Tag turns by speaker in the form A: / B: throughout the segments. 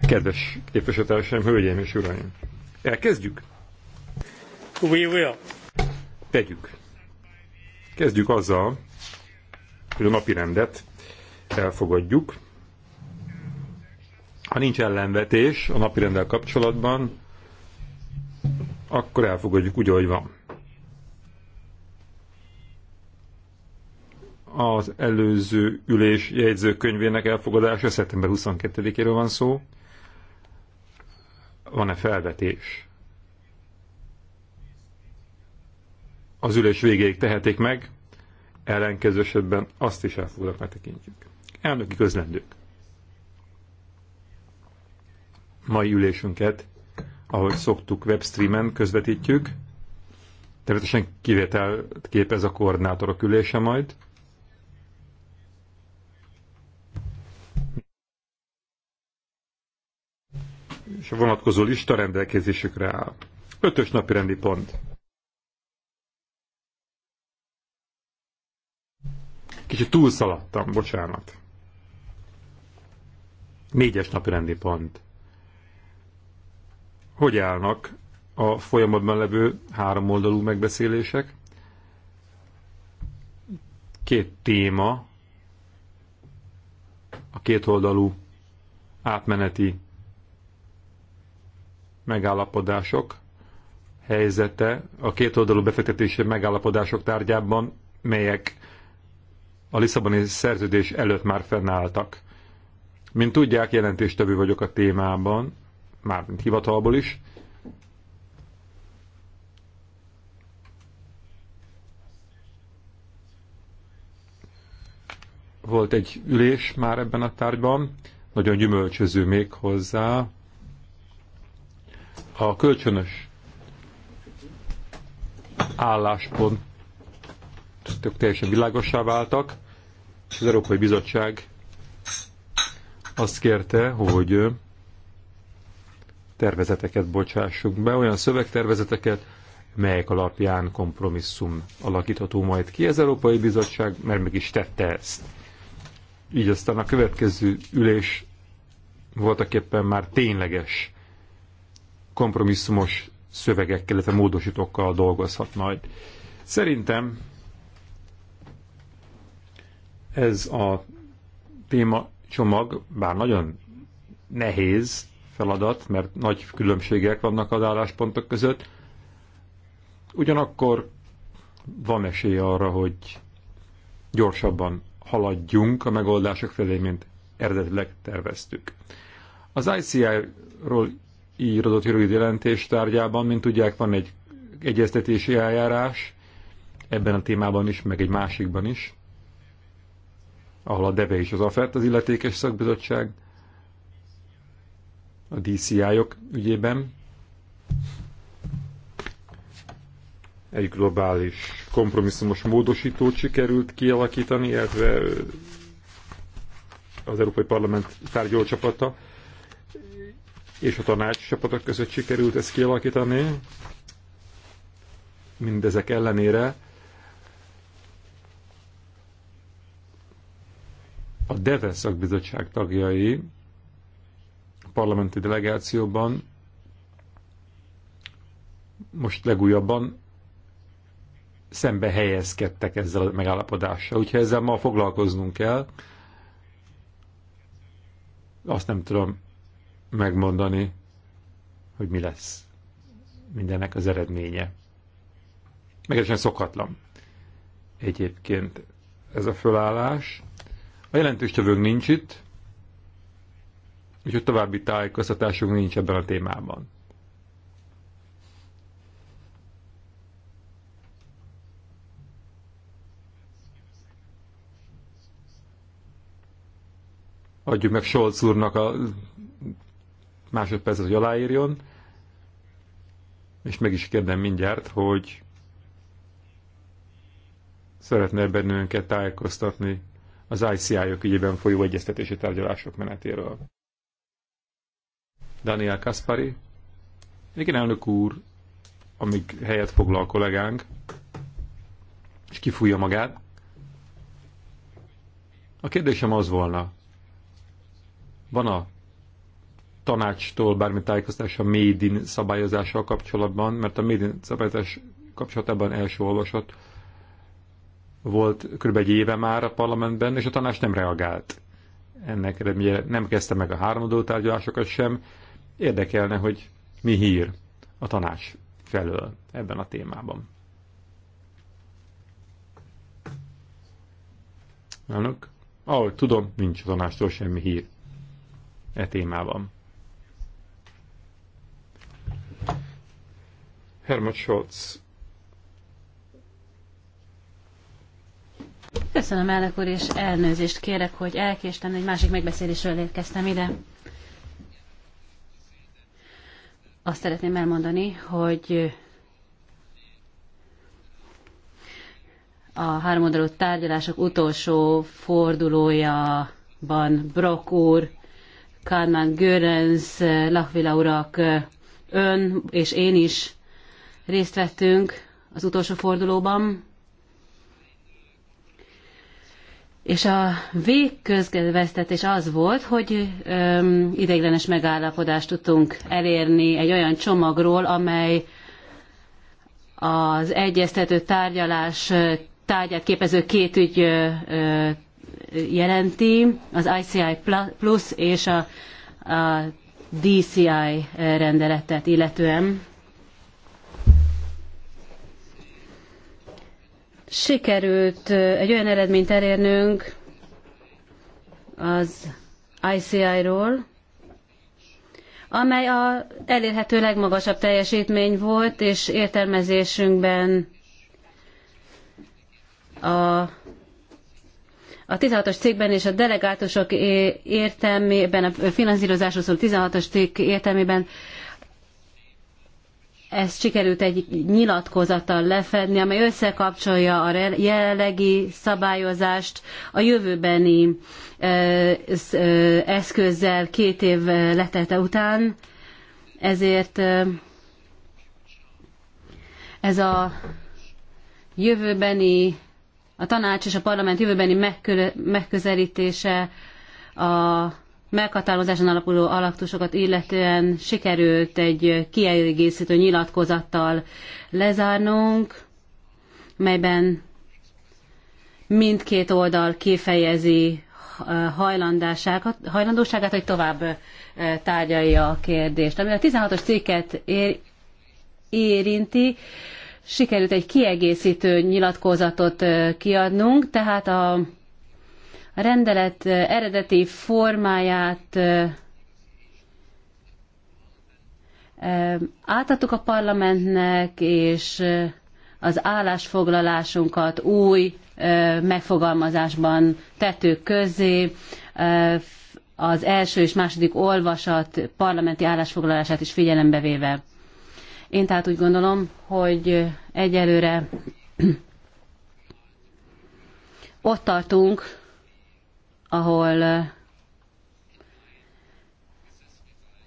A: Kedves képviselőtársaim, hölgyeim és uraim! Elkezdjük? We will. Tegyük. Kezdjük azzal, hogy a napi rendet elfogadjuk. Ha nincs ellenvetés a napi rendel kapcsolatban, akkor elfogadjuk úgy, ahogy van. az előző ülés jegyzőkönyvének elfogadása, szeptember 22-éről van szó. Van-e felvetés? Az ülés végéig tehetik meg, ellenkező esetben azt is mert tekintjük. Elnöki közlendők. Mai ülésünket, ahogy szoktuk, webstreamen közvetítjük. Természetesen kivételt képez a koordinátorok ülése majd és a vonatkozó lista rendelkezésükre áll. Ötös napi rendi pont. Kicsit túlszaladtam, bocsánat. Négyes napi rendi pont. Hogy állnak a folyamatban levő háromoldalú megbeszélések? Két téma, a kétoldalú átmeneti megállapodások helyzete a két oldalú befektetési megállapodások tárgyában, melyek a Lisszaboni szerződés előtt már fennálltak. Mint tudják, jelentéstevő vagyok a témában, már mint hivatalból is. Volt egy ülés már ebben a tárgyban, nagyon gyümölcsöző még hozzá, a kölcsönös álláspont tök teljesen világossá váltak, és az Európai Bizottság azt kérte, hogy tervezeteket bocsássunk be, olyan szövegtervezeteket, melyek alapján kompromisszum alakítható majd ki. Az Európai Bizottság mert meg is tette ezt. Így aztán a következő ülés voltak éppen már tényleges kompromisszumos szövegekkel, illetve módosítókkal dolgozhat majd. Szerintem ez a téma csomag, bár nagyon nehéz feladat, mert nagy különbségek vannak az álláspontok között, ugyanakkor van esély arra, hogy gyorsabban haladjunk a megoldások felé, mint eredetileg terveztük. Az ICI-ról írodott rövid jelentés tárgyában, mint tudják, van egy egyeztetési eljárás ebben a témában is, meg egy másikban is, ahol a DEVE és az AFET az illetékes szakbizottság, a DCI-ok -ok ügyében. Egy globális kompromisszumos módosítót sikerült kialakítani, illetve az Európai Parlament tárgyalócsapata és a tanács csapatok között sikerült ezt kialakítani. Mindezek ellenére a DEVE szakbizottság tagjai a parlamenti delegációban most legújabban szembe helyezkedtek ezzel a megállapodással. Úgyhogy ezzel ma foglalkoznunk kell. Azt nem tudom, megmondani, hogy mi lesz mindennek az eredménye. Megesen szokatlan egyébként ez a fölállás. A jelentős tövőnk nincs itt, úgyhogy további tájékoztatásunk nincs ebben a témában. Adjuk meg Scholz úrnak a másodpercet, hogy aláírjon, és meg is kérdem mindjárt, hogy szeretne bennünket tájékoztatni az ICI-ok ügyében folyó egyeztetési tárgyalások menetéről. Daniel Kaspari. Igen, elnök úr, amíg helyet foglal a kollégánk, és kifújja magát. A kérdésem az volna, van a tanácstól bármi tájékoztatás a médin szabályozással kapcsolatban, mert a médin szabályozás kapcsolatában első olvasott volt kb. egy éve már a parlamentben, és a tanács nem reagált. Ennek eredménye nem kezdte meg a háromadó tárgyalásokat sem. Érdekelne, hogy mi hír a tanács felől ebben a témában. Önök? Ahogy tudom, nincs a tanástól semmi hír e témában. Hermann Scholz.
B: Köszönöm, elnök úr, és elnőzést kérek, hogy elkéstem, egy másik megbeszélésről érkeztem ide. Azt szeretném elmondani, hogy a háromoldalú tárgyalások utolsó fordulójában Brock úr, Kálmán Görens, Lachvila urak, ön és én is részt vettünk az utolsó fordulóban, és a végközvesztetés az volt, hogy öm, ideiglenes megállapodást tudtunk elérni egy olyan csomagról, amely az egyeztető tárgyalás tárgyát képező két ügy ö, ö, jelenti, az ICI Plus és a, a DCI rendeletet illetően. sikerült egy olyan eredményt elérnünk az ICI-ról, amely a elérhető legmagasabb teljesítmény volt, és értelmezésünkben a, a 16-os cégben és a delegátusok értelmében, a finanszírozásról szóló 16-os cikk értelmében ezt sikerült egy nyilatkozattal lefedni, amely összekapcsolja a jelenlegi szabályozást a jövőbeni eszközzel két év letete után. Ezért ez a jövőbeni, a tanács és a parlament jövőbeni megközelítése a meghatározáson alapuló alaktusokat illetően sikerült egy kiegészítő nyilatkozattal lezárnunk, melyben mindkét oldal kifejezi eh, hajlandóságát, hogy tovább eh, tárgyalja a kérdést. Ami a 16-os cikket ér, érinti, sikerült egy kiegészítő nyilatkozatot eh, kiadnunk, tehát a rendelet eredeti formáját átadtuk a parlamentnek, és az állásfoglalásunkat új megfogalmazásban tettük közé. Az első és második olvasat parlamenti állásfoglalását is figyelembe véve. Én tehát úgy gondolom, hogy egyelőre ott tartunk, ahol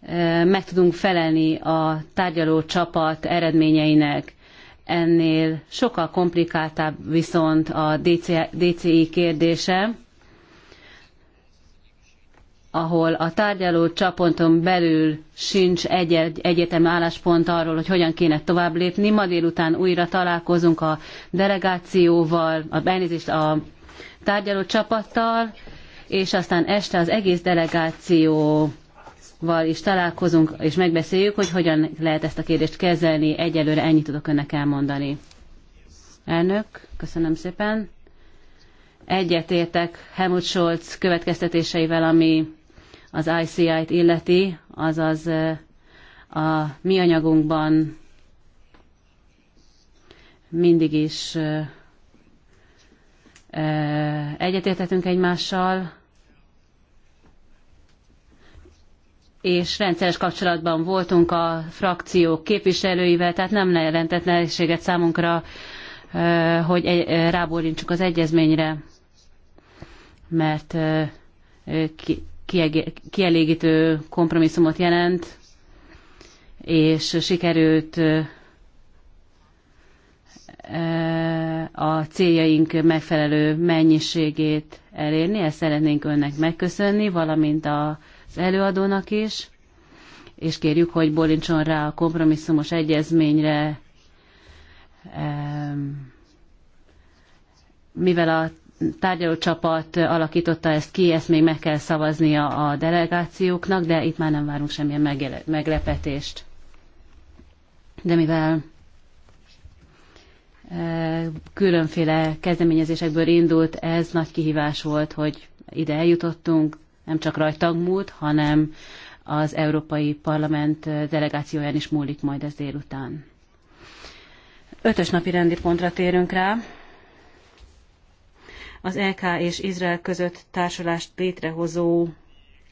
B: eh, meg tudunk felelni a tárgyaló csapat eredményeinek. Ennél sokkal komplikáltabb viszont a DCI kérdése, ahol a tárgyaló csaponton belül sincs egy egyetem álláspont arról, hogy hogyan kéne tovább lépni. Ma délután újra találkozunk a delegációval, a, elnézést a tárgyaló csapattal, és aztán este az egész delegáció is találkozunk, és megbeszéljük, hogy hogyan lehet ezt a kérdést kezelni. Egyelőre ennyit tudok önnek elmondani. Elnök, köszönöm szépen. Egyetértek Helmut Scholz következtetéseivel, ami az ICI-t illeti, azaz eh, a mi anyagunkban mindig is eh, eh, egyetértetünk egymással, és rendszeres kapcsolatban voltunk a frakciók képviselőivel, tehát nem jelentett nehézséget számunkra, hogy rábólintsuk az egyezményre, mert kielégítő kompromisszumot jelent, és sikerült a céljaink megfelelő mennyiségét elérni, ezt szeretnénk önnek megköszönni, valamint a az előadónak is, és kérjük, hogy bolincson rá a kompromisszumos egyezményre, mivel a tárgyalócsapat alakította ezt ki, ezt még meg kell szavaznia a delegációknak, de itt már nem várunk semmilyen meglepetést. De mivel e, különféle kezdeményezésekből indult, ez nagy kihívás volt, hogy ide eljutottunk, nem csak rajtag múlt, hanem az Európai Parlament delegációján is múlik majd ez délután. Ötös napi rendi pontra térünk rá. Az EK és Izrael között társulást létrehozó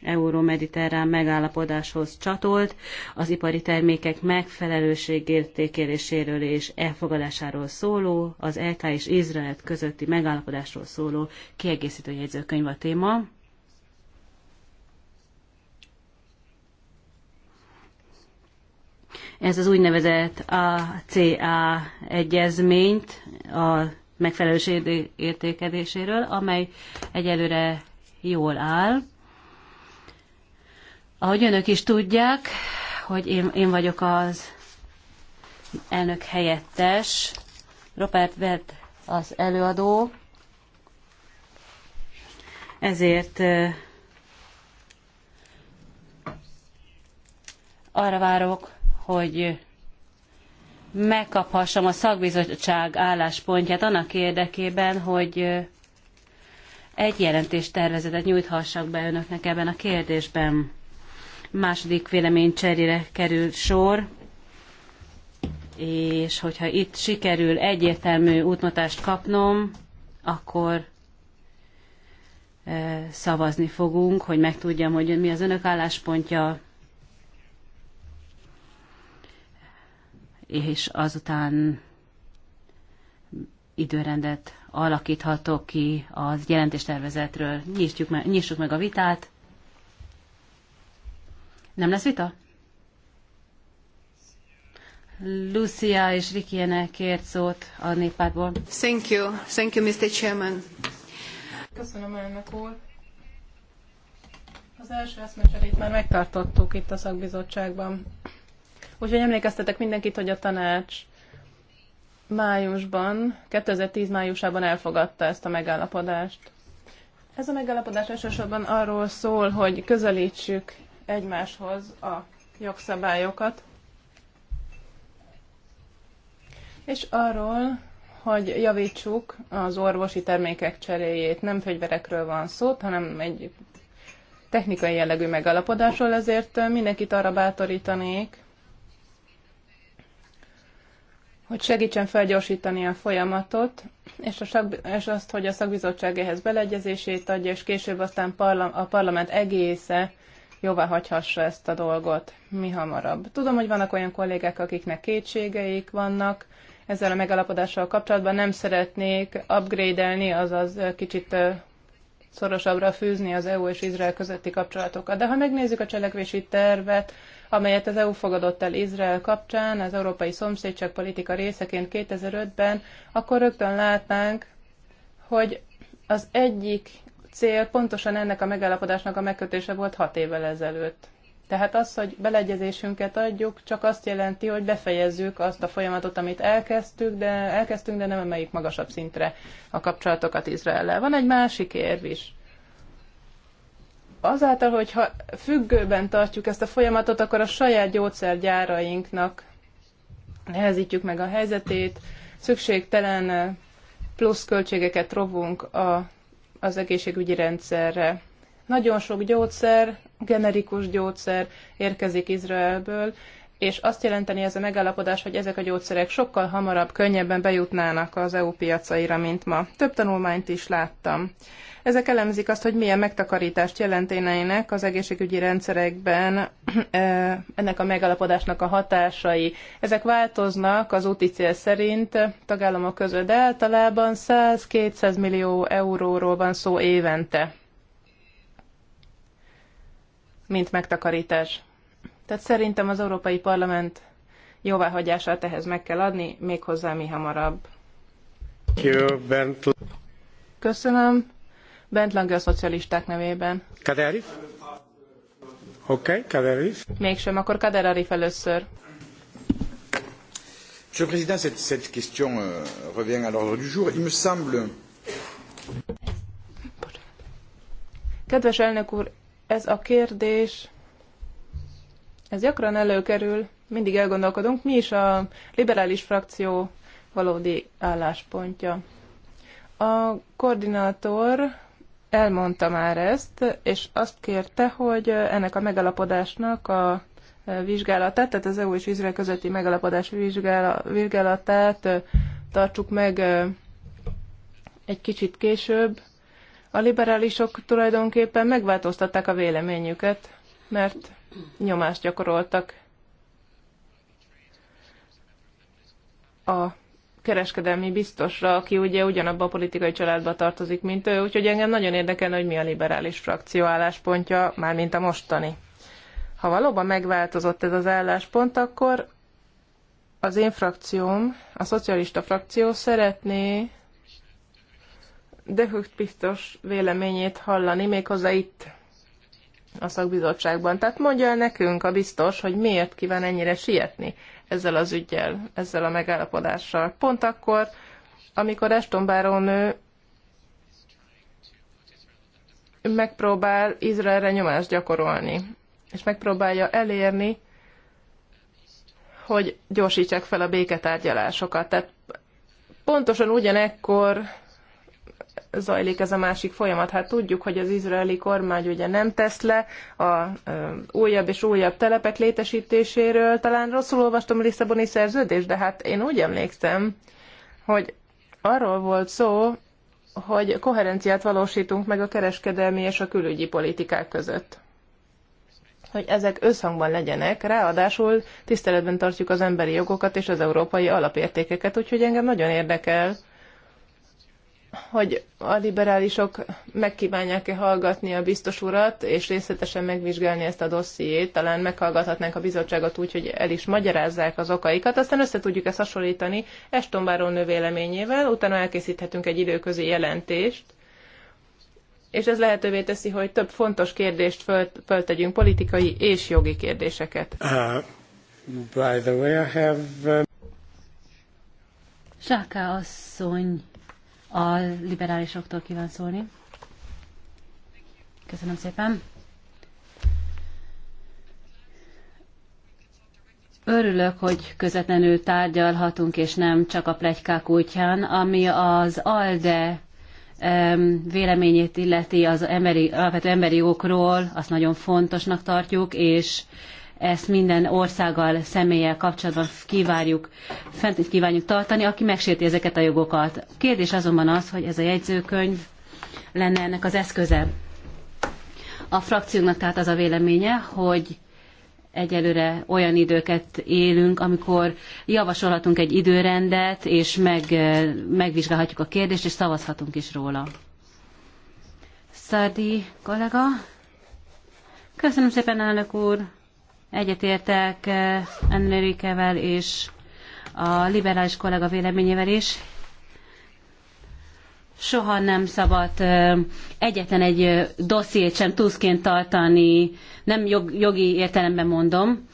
B: euró-mediterrán megállapodáshoz csatolt, az ipari termékek megfelelőségértékeléséről és elfogadásáról szóló, az EK és Izrael közötti megállapodásról szóló kiegészítő jegyzőkönyv a téma. ez az úgynevezett ACA egyezményt a megfelelőség értékeléséről, amely egyelőre jól áll. Ahogy önök is tudják, hogy én, én vagyok az elnök helyettes, Robert Bert az előadó, ezért arra várok, hogy megkaphassam a szakbizottság álláspontját annak érdekében, hogy egy jelentés tervezetet nyújthassak be önöknek ebben a kérdésben. Második vélemény cserére kerül sor, és hogyha itt sikerül egyértelmű útmatást kapnom, akkor eh, szavazni fogunk, hogy megtudjam, hogy mi az önök álláspontja, és azután időrendet alakíthatok ki az jelentéstervezetről. Nyissuk meg, nyissuk meg a vitát. Nem lesz vita? Lucia és Rikiene kért szót a néppártból. Thank you. Thank you, Mr. Chairman.
C: Köszönöm, elnök úr. Az első eszmecserét már megtartottuk itt a szakbizottságban Úgyhogy emlékeztetek mindenkit, hogy a tanács májusban, 2010 májusában elfogadta ezt a megállapodást. Ez a megállapodás elsősorban arról szól, hogy közelítsük egymáshoz a jogszabályokat, és arról, hogy javítsuk az orvosi termékek cseréjét. Nem fegyverekről van szó, hanem egy technikai jellegű megalapodásról, ezért mindenkit arra bátorítanék, hogy segítsen felgyorsítani a folyamatot, és, a szak és azt, hogy a szakbizottság ehhez beleegyezését adja, és később aztán parla, a parlament egésze jóvá hagyhassa ezt a dolgot mi hamarabb. Tudom, hogy vannak olyan kollégák, akiknek kétségeik vannak ezzel a megalapodással kapcsolatban, nem szeretnék upgrade-elni, azaz kicsit szorosabbra fűzni az EU és Izrael közötti kapcsolatokat. De ha megnézzük a cselekvési tervet, amelyet az EU fogadott el Izrael kapcsán, az európai szomszédság politika részeként 2005-ben, akkor rögtön látnánk, hogy az egyik cél pontosan ennek a megállapodásnak a megkötése volt hat évvel ezelőtt. Tehát az, hogy beleegyezésünket adjuk, csak azt jelenti, hogy befejezzük azt a folyamatot, amit elkezdtük, de elkezdtünk, de nem emeljük magasabb szintre a kapcsolatokat Izraellel. Van egy másik érv is azáltal, hogyha függőben tartjuk ezt a folyamatot, akkor a saját gyógyszergyárainknak nehezítjük meg a helyzetét, szükségtelen eh, plusz költségeket rovunk a, az egészségügyi rendszerre. Nagyon sok gyógyszer, generikus gyógyszer érkezik Izraelből, és azt jelenteni ez a megállapodás, hogy ezek a gyógyszerek sokkal hamarabb, könnyebben bejutnának az EU piacaira, mint ma. Több tanulmányt is láttam. Ezek elemzik azt, hogy milyen megtakarítást jelentenének az egészségügyi rendszerekben ennek a megalapodásnak a hatásai. Ezek változnak az úti cél szerint tagállamok között, de általában 100-200 millió euróról van szó évente, mint megtakarítás. Tehát szerintem az Európai Parlament jóváhagyását ehhez meg kell adni, méghozzá mi hamarabb. Köszönöm. Bent Lange a szocialisták nevében.
A: Kaderif? Oké, okay, Kaderif.
C: Mégsem, akkor Kader először. Monsieur
A: le Président, cette, cette question euh, revient à l'ordre du jour. Il me semble...
C: Kedves elnök úr, ez a kérdés, ez gyakran előkerül, mindig elgondolkodunk, mi is a liberális frakció valódi álláspontja. A koordinátor elmondta már ezt, és azt kérte, hogy ennek a megalapodásnak a vizsgálatát, tehát az EU és Izrael közötti megalapodás vizsgálatát tartsuk meg egy kicsit később. A liberálisok tulajdonképpen megváltoztatták a véleményüket, mert nyomást gyakoroltak a kereskedelmi biztosra, aki ugye ugyanabba a politikai családba tartozik, mint ő, úgyhogy engem nagyon érdekel, hogy mi a liberális frakció álláspontja, mármint a mostani. Ha valóban megváltozott ez az álláspont, akkor az én frakcióm, a szocialista frakció szeretné de Dehücht biztos véleményét hallani, méghozzá itt a szakbizottságban. Tehát mondja el nekünk a biztos, hogy miért kíván ennyire sietni ezzel az ügyjel, ezzel a megállapodással. Pont akkor, amikor Eston Barónő megpróbál Izraelre nyomást gyakorolni, és megpróbálja elérni, hogy gyorsítsák fel a béketárgyalásokat. Tehát pontosan ugyanekkor zajlik ez a másik folyamat. Hát tudjuk, hogy az izraeli kormány ugye nem tesz le a újabb és újabb telepek létesítéséről. Talán rosszul olvastam a Lisszaboni szerződést, de hát én úgy emlékszem, hogy arról volt szó, hogy koherenciát valósítunk meg a kereskedelmi és a külügyi politikák között. Hogy ezek összhangban legyenek, ráadásul tiszteletben tartjuk az emberi jogokat és az európai alapértékeket, úgyhogy engem nagyon érdekel, hogy a liberálisok megkívánják-e hallgatni a biztos urat, és részletesen megvizsgálni ezt a dossziét. Talán meghallgathatnánk a bizottságot úgy, hogy el is magyarázzák az okaikat, aztán össze tudjuk ezt hasonlítani Eston Baron véleményével, utána elkészíthetünk egy időközi jelentést, és ez lehetővé teszi, hogy több fontos kérdést föl, föltegyünk, politikai és jogi kérdéseket.
A: Uh, by the way, I have... Uh,
B: Sáka asszony a liberálisoktól kíván szólni. Köszönöm szépen. Örülök, hogy közvetlenül tárgyalhatunk, és nem csak a plegykák útján, ami az ALDE véleményét illeti az emberi, alapvető emberi jogokról, azt nagyon fontosnak tartjuk, és ezt minden országgal, személlyel kapcsolatban kívánjuk, fent kívánjuk tartani, aki megsérti ezeket a jogokat. Kérdés azonban az, hogy ez a jegyzőkönyv lenne ennek az eszköze. A frakciónak tehát az a véleménye, hogy egyelőre olyan időket élünk, amikor javasolhatunk egy időrendet, és meg, megvizsgálhatjuk a kérdést, és szavazhatunk is róla. Szardi kollega. Köszönöm szépen, elnök úr. Egyetértek eh, Enriquevel és a liberális kollega véleményével is. Soha nem szabad eh, egyetlen egy eh, dossziét sem túszként tartani, nem jogi értelemben mondom,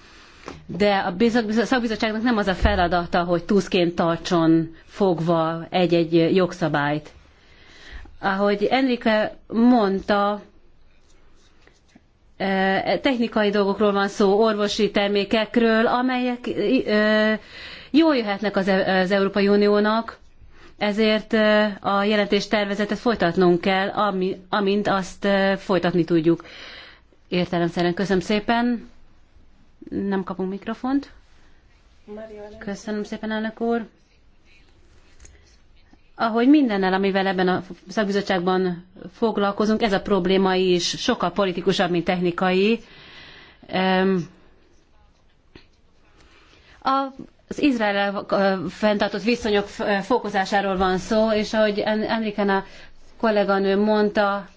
B: de a szakbizottságnak nem az a feladata, hogy túszként tartson fogva egy-egy jogszabályt. Ahogy Enrique mondta, technikai dolgokról van szó, orvosi termékekről, amelyek jól jöhetnek e- az, Európai Uniónak, ezért a jelentés tervezetet folytatnunk kell, amint azt folytatni tudjuk. Értelemszerűen köszönöm szépen. Nem kapunk mikrofont. Köszönöm szépen, elnök úr ahogy mindennel, amivel ebben a szakbizottságban foglalkozunk, ez a probléma is sokkal politikusabb, mint technikai. Az Izrael fenntartott viszonyok fokozásáról van szó, és ahogy Enriken a kolléganő mondta,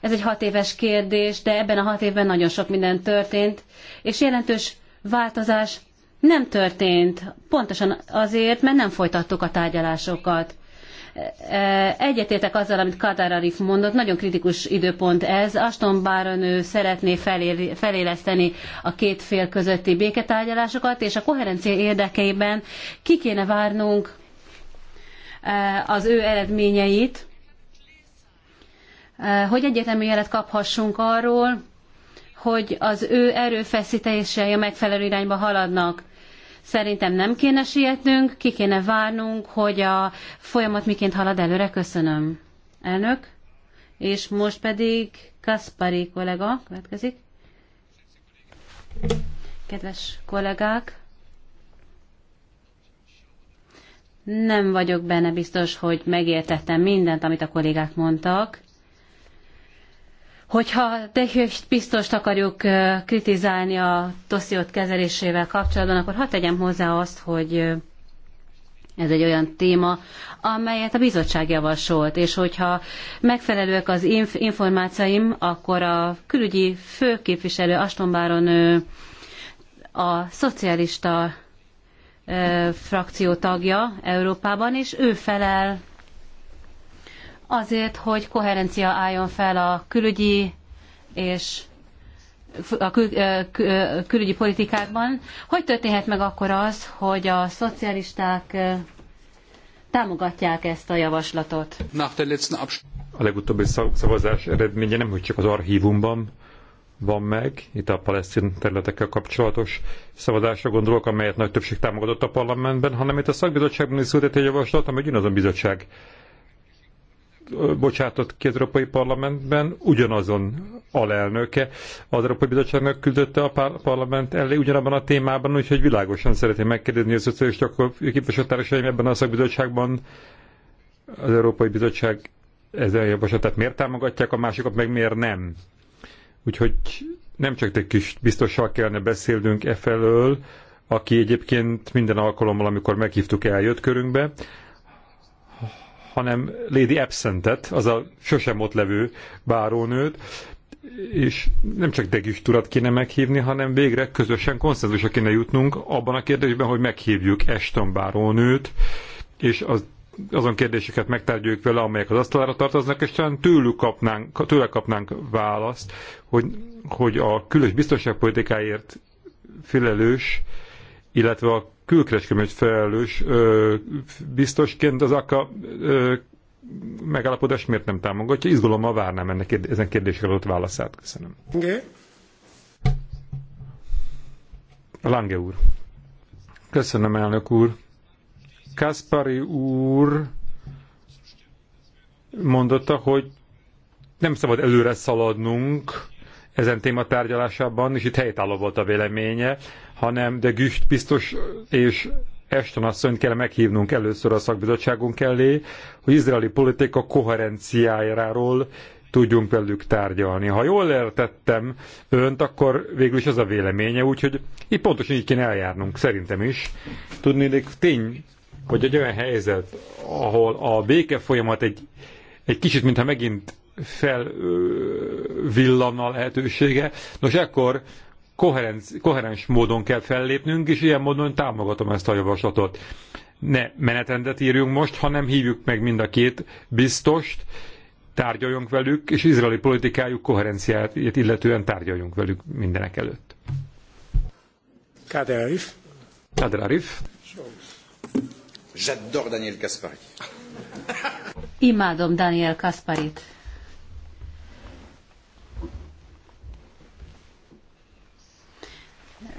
B: ez egy hat éves kérdés, de ebben a hat évben nagyon sok minden történt, és jelentős változás nem történt, pontosan azért, mert nem folytattuk a tárgyalásokat. Egyetértek azzal, amit Kadar Arif mondott, nagyon kritikus időpont ez. Aston Baron szeretné feléleszteni a két fél közötti béketárgyalásokat, és a koherencia érdekében ki kéne várnunk e, az ő eredményeit, e, hogy egyértelmű jelet kaphassunk arról, hogy az ő erőfeszítései a megfelelő irányba haladnak. Szerintem nem kéne sietnünk, ki kéne várnunk, hogy a folyamat miként halad előre. Köszönöm. Elnök. És most pedig Kaspari kollega következik. Kedves kollégák! Nem vagyok benne biztos, hogy megértettem mindent, amit a kollégák mondtak. Hogyha Dehőst biztost akarjuk kritizálni a dossziót kezelésével kapcsolatban, akkor hadd tegyem hozzá azt, hogy ez egy olyan téma, amelyet a bizottság javasolt, és hogyha megfelelőek az inf- információim, akkor a külügyi főképviselő Astonbáron a szocialista frakció tagja Európában, és ő felel azért, hogy koherencia álljon fel a külügyi és a kül, kül, külügyi politikákban. Hogy történhet meg akkor az, hogy a szocialisták támogatják ezt a javaslatot?
A: A legutóbbi szavazás eredménye nem, hogy csak az archívumban van meg, itt a palesztin területekkel kapcsolatos szavazásra gondolok, amelyet nagy többség támogatott a parlamentben, hanem itt a szakbizottságban is született egy javaslat, amely ugyanazon bizottság bocsátott ki az Európai Parlamentben, ugyanazon alelnöke az Európai Bizottságnak küldötte a parlament elé ugyanabban a témában, úgyhogy világosan szeretném megkérdezni a szocialista képviselőtársaim ebben a szakbizottságban az Európai Bizottság ezen javaslatát miért támogatják, a másikat meg miért nem. Úgyhogy nem csak egy kis biztossal kellene beszélnünk e felől, aki egyébként minden alkalommal, amikor meghívtuk, eljött körünkbe, hanem Lady Absentet, az a sosem ott levő bárónőt, és nem csak Degis kéne meghívni, hanem végre közösen konszenzusra kéne jutnunk abban a kérdésben, hogy meghívjuk Eston bárónőt, és az, azon kérdéseket megtárgyaljuk vele, amelyek az asztalára tartoznak, és talán tőlük kapnánk, tőle kapnánk választ, hogy, hogy a külös biztonságpolitikáért felelős, illetve a külkereskedelmi felelős biztosként az AKA megállapodást miért nem támogatja? Izgalommal várnám ennek, ezen kérdésre adott válaszát. Köszönöm. Lange úr. Köszönöm, elnök úr. Kaspari úr mondotta, hogy nem szabad előre szaladnunk ezen téma tárgyalásában, és itt helytálló volt a véleménye hanem de Güst biztos és Eston asszonyt kell meghívnunk először a szakbizottságunk elé, hogy izraeli politika koherenciájáról tudjunk velük tárgyalni. Ha jól értettem önt, akkor végül is az a véleménye, úgyhogy így pontosan így kéne eljárnunk, szerintem is. Tudnélik tény, hogy egy olyan helyzet, ahol a béke folyamat egy, egy kicsit, mintha megint felvillanna lehetősége, nos ekkor koherenc, koherens módon kell fellépnünk, és ilyen módon támogatom ezt a javaslatot. Ne menetrendet írjunk most, hanem hívjuk meg mind a két biztost, tárgyaljunk velük, és izraeli politikájuk koherenciáját illetően tárgyaljunk velük mindenek előtt. Kader Arif. Kader Arif. J'adore Daniel Kaspari.
B: Imádom Daniel Kasparit.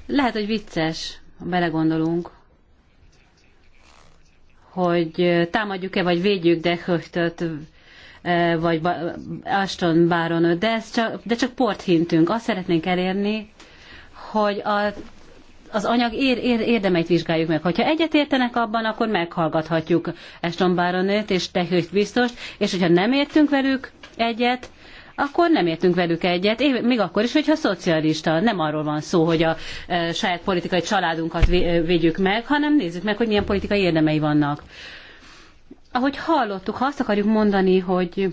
B: Lehet, hogy vicces, ha belegondolunk, hogy támadjuk-e vagy védjük Höchtöt, vagy Aston Baronot, de, ez csak, de csak port hintünk. Azt szeretnénk elérni, hogy a, az anyag ér, ér, érdemeit vizsgáljuk meg. Hogyha egyetértenek abban, akkor meghallgathatjuk Aston Baronőt és Tehőt biztos, és hogyha nem értünk velük egyet, akkor nem értünk velük egyet, Én, még akkor is, hogyha szocialista. Nem arról van szó, hogy a e, saját politikai családunkat e, védjük meg, hanem nézzük meg, hogy milyen politikai érdemei vannak. Ahogy hallottuk, ha azt akarjuk mondani, hogy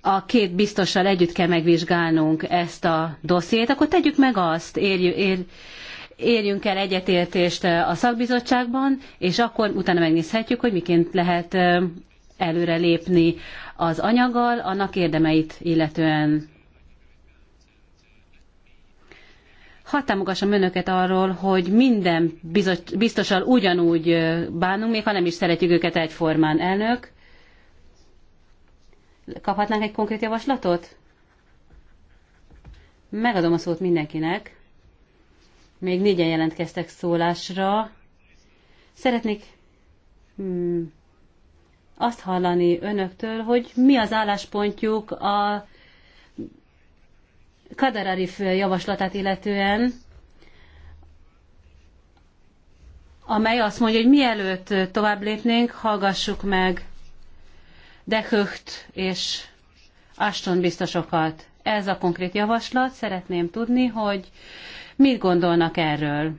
B: a két biztossal együtt kell megvizsgálnunk ezt a dossziét, akkor tegyük meg azt, érjük, ér, érjünk el egyetértést e, a szakbizottságban, és akkor utána megnézhetjük, hogy miként lehet e, előre lépni az anyaggal, annak érdemeit illetően. Hadd támogassam önöket arról, hogy minden biztosan ugyanúgy bánunk, még ha nem is szeretjük őket egyformán. Elnök, kaphatnánk egy konkrét javaslatot? Megadom a szót mindenkinek. Még négyen jelentkeztek szólásra. Szeretnék... Hmm azt hallani önöktől, hogy mi az álláspontjuk a Kadararif javaslatát illetően, amely azt mondja, hogy mielőtt tovább lépnénk, hallgassuk meg Dehöcht és Aston biztosokat. Ez a konkrét javaslat. Szeretném tudni, hogy mit gondolnak erről.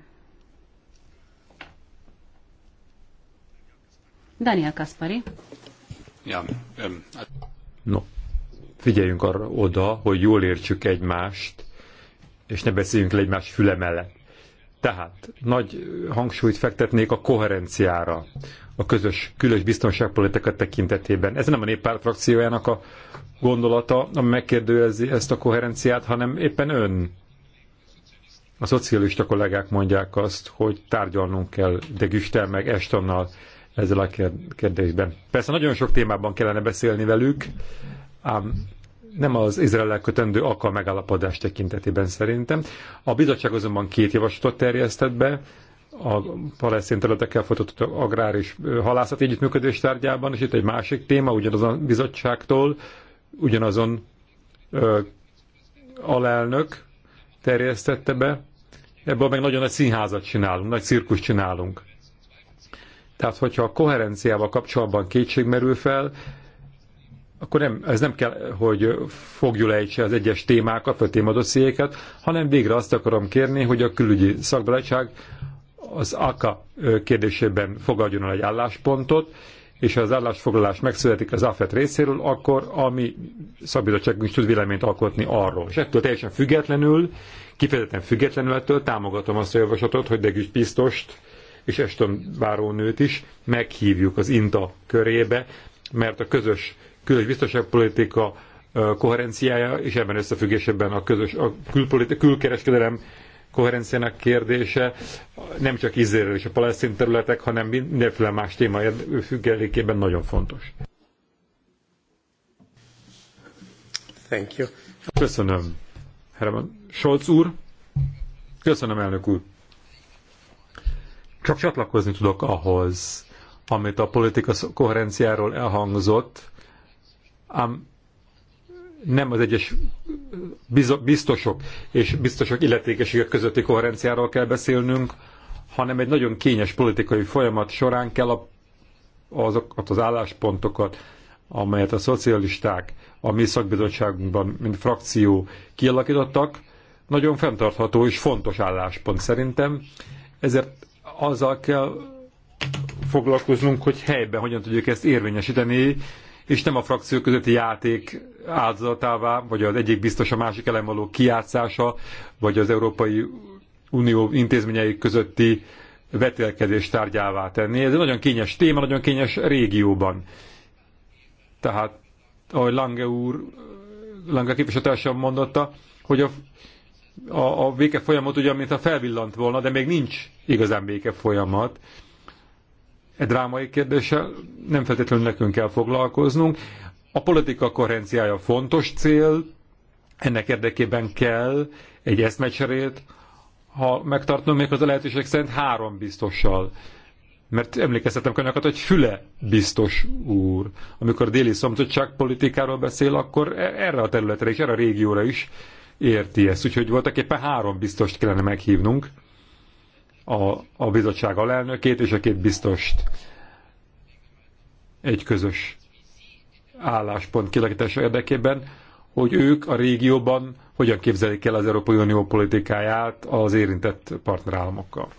B: Daniel Kaspari.
A: Ja, hát... No, figyeljünk arra oda, hogy jól értsük egymást, és ne beszéljünk le egymás füle mellett. Tehát nagy hangsúlyt fektetnék a koherenciára a közös külös biztonságpolitika tekintetében. Ez nem a néppárt frakciójának a gondolata, ami megkérdőjezi ezt a koherenciát, hanem éppen ön. A szocialista kollégák mondják azt, hogy tárgyalnunk kell de Güstel meg Estonnal ezzel a kérdésben. Persze nagyon sok témában kellene beszélni velük, ám nem az izrael kötendő akka megállapodás tekintetében szerintem. A bizottság azonban két javaslatot terjesztett be, a palesztin területekkel folytatott agrár és halászat együttműködés tárgyában, és itt egy másik téma, ugyanazon a bizottságtól, ugyanazon ö, alelnök terjesztette be. Ebből meg nagyon nagy színházat csinálunk, nagy cirkus csinálunk. Tehát, hogyha a koherenciával kapcsolatban kétség merül fel, akkor nem, ez nem kell, hogy fogjul ejtse az egyes témákat, vagy témadossziéket, hanem végre azt akarom kérni, hogy a külügyi szakbarátság az AKA kérdésében fogadjon el egy álláspontot, és ha az állásfoglalás megszületik az AFET részéről, akkor a mi szakbizottságunk is tud véleményt alkotni arról. És ettől teljesen függetlenül, kifejezetten függetlenül ettől támogatom azt a javaslatot, hogy Degüst biztost és Eston bárónőt is meghívjuk az INTA körébe, mert a közös külös biztonságpolitika koherenciája, és ebben összefüggésében a közös a külkereskedelem koherenciának kérdése nem csak Izrael és a palesztin területek, hanem mindenféle más téma függelékében nagyon fontos. Thank you. Köszönöm. Herman Scholz úr. Köszönöm, elnök úr. Csak csatlakozni tudok ahhoz, amit a politika koherenciáról elhangzott, ám nem az egyes biztosok és biztosok illetékeségek közötti koherenciáról kell beszélnünk, hanem egy nagyon kényes politikai folyamat során kell a, azokat az álláspontokat, amelyet a szocialisták a mi szakbizottságunkban, mint frakció kialakítottak, nagyon fenntartható és fontos álláspont szerintem, ezért azzal kell foglalkoznunk, hogy helyben hogyan tudjuk ezt érvényesíteni, és nem a frakciók közötti játék áldozatává, vagy az egyik biztos a másik elem való kiátszása, vagy az Európai Unió intézményei közötti vetélkedés tárgyává tenni. Ez egy nagyon kényes téma, nagyon kényes régióban. Tehát, ahogy Lange úr, Lange képviselőtársam mondotta, hogy a, a, a véke folyamat ugyan, mint a felvillant volna, de még nincs igazán béke folyamat. E drámai kérdéssel nem feltétlenül nekünk kell foglalkoznunk. A politika koherenciája fontos cél, ennek érdekében kell egy eszmecserét, ha megtartom még az a lehetőség szerint három biztossal. Mert emlékeztetem könyveket, hogy Füle biztos úr. Amikor a déli szomszédság politikáról beszél, akkor e- erre a területre és erre a régióra is érti ezt. Úgyhogy voltak éppen három biztost kellene meghívnunk a, a bizottság alelnökét és a két biztost egy közös álláspont kilakítása érdekében, hogy ők a régióban hogyan képzelik el az Európai Unió politikáját az érintett partnerállamokkal.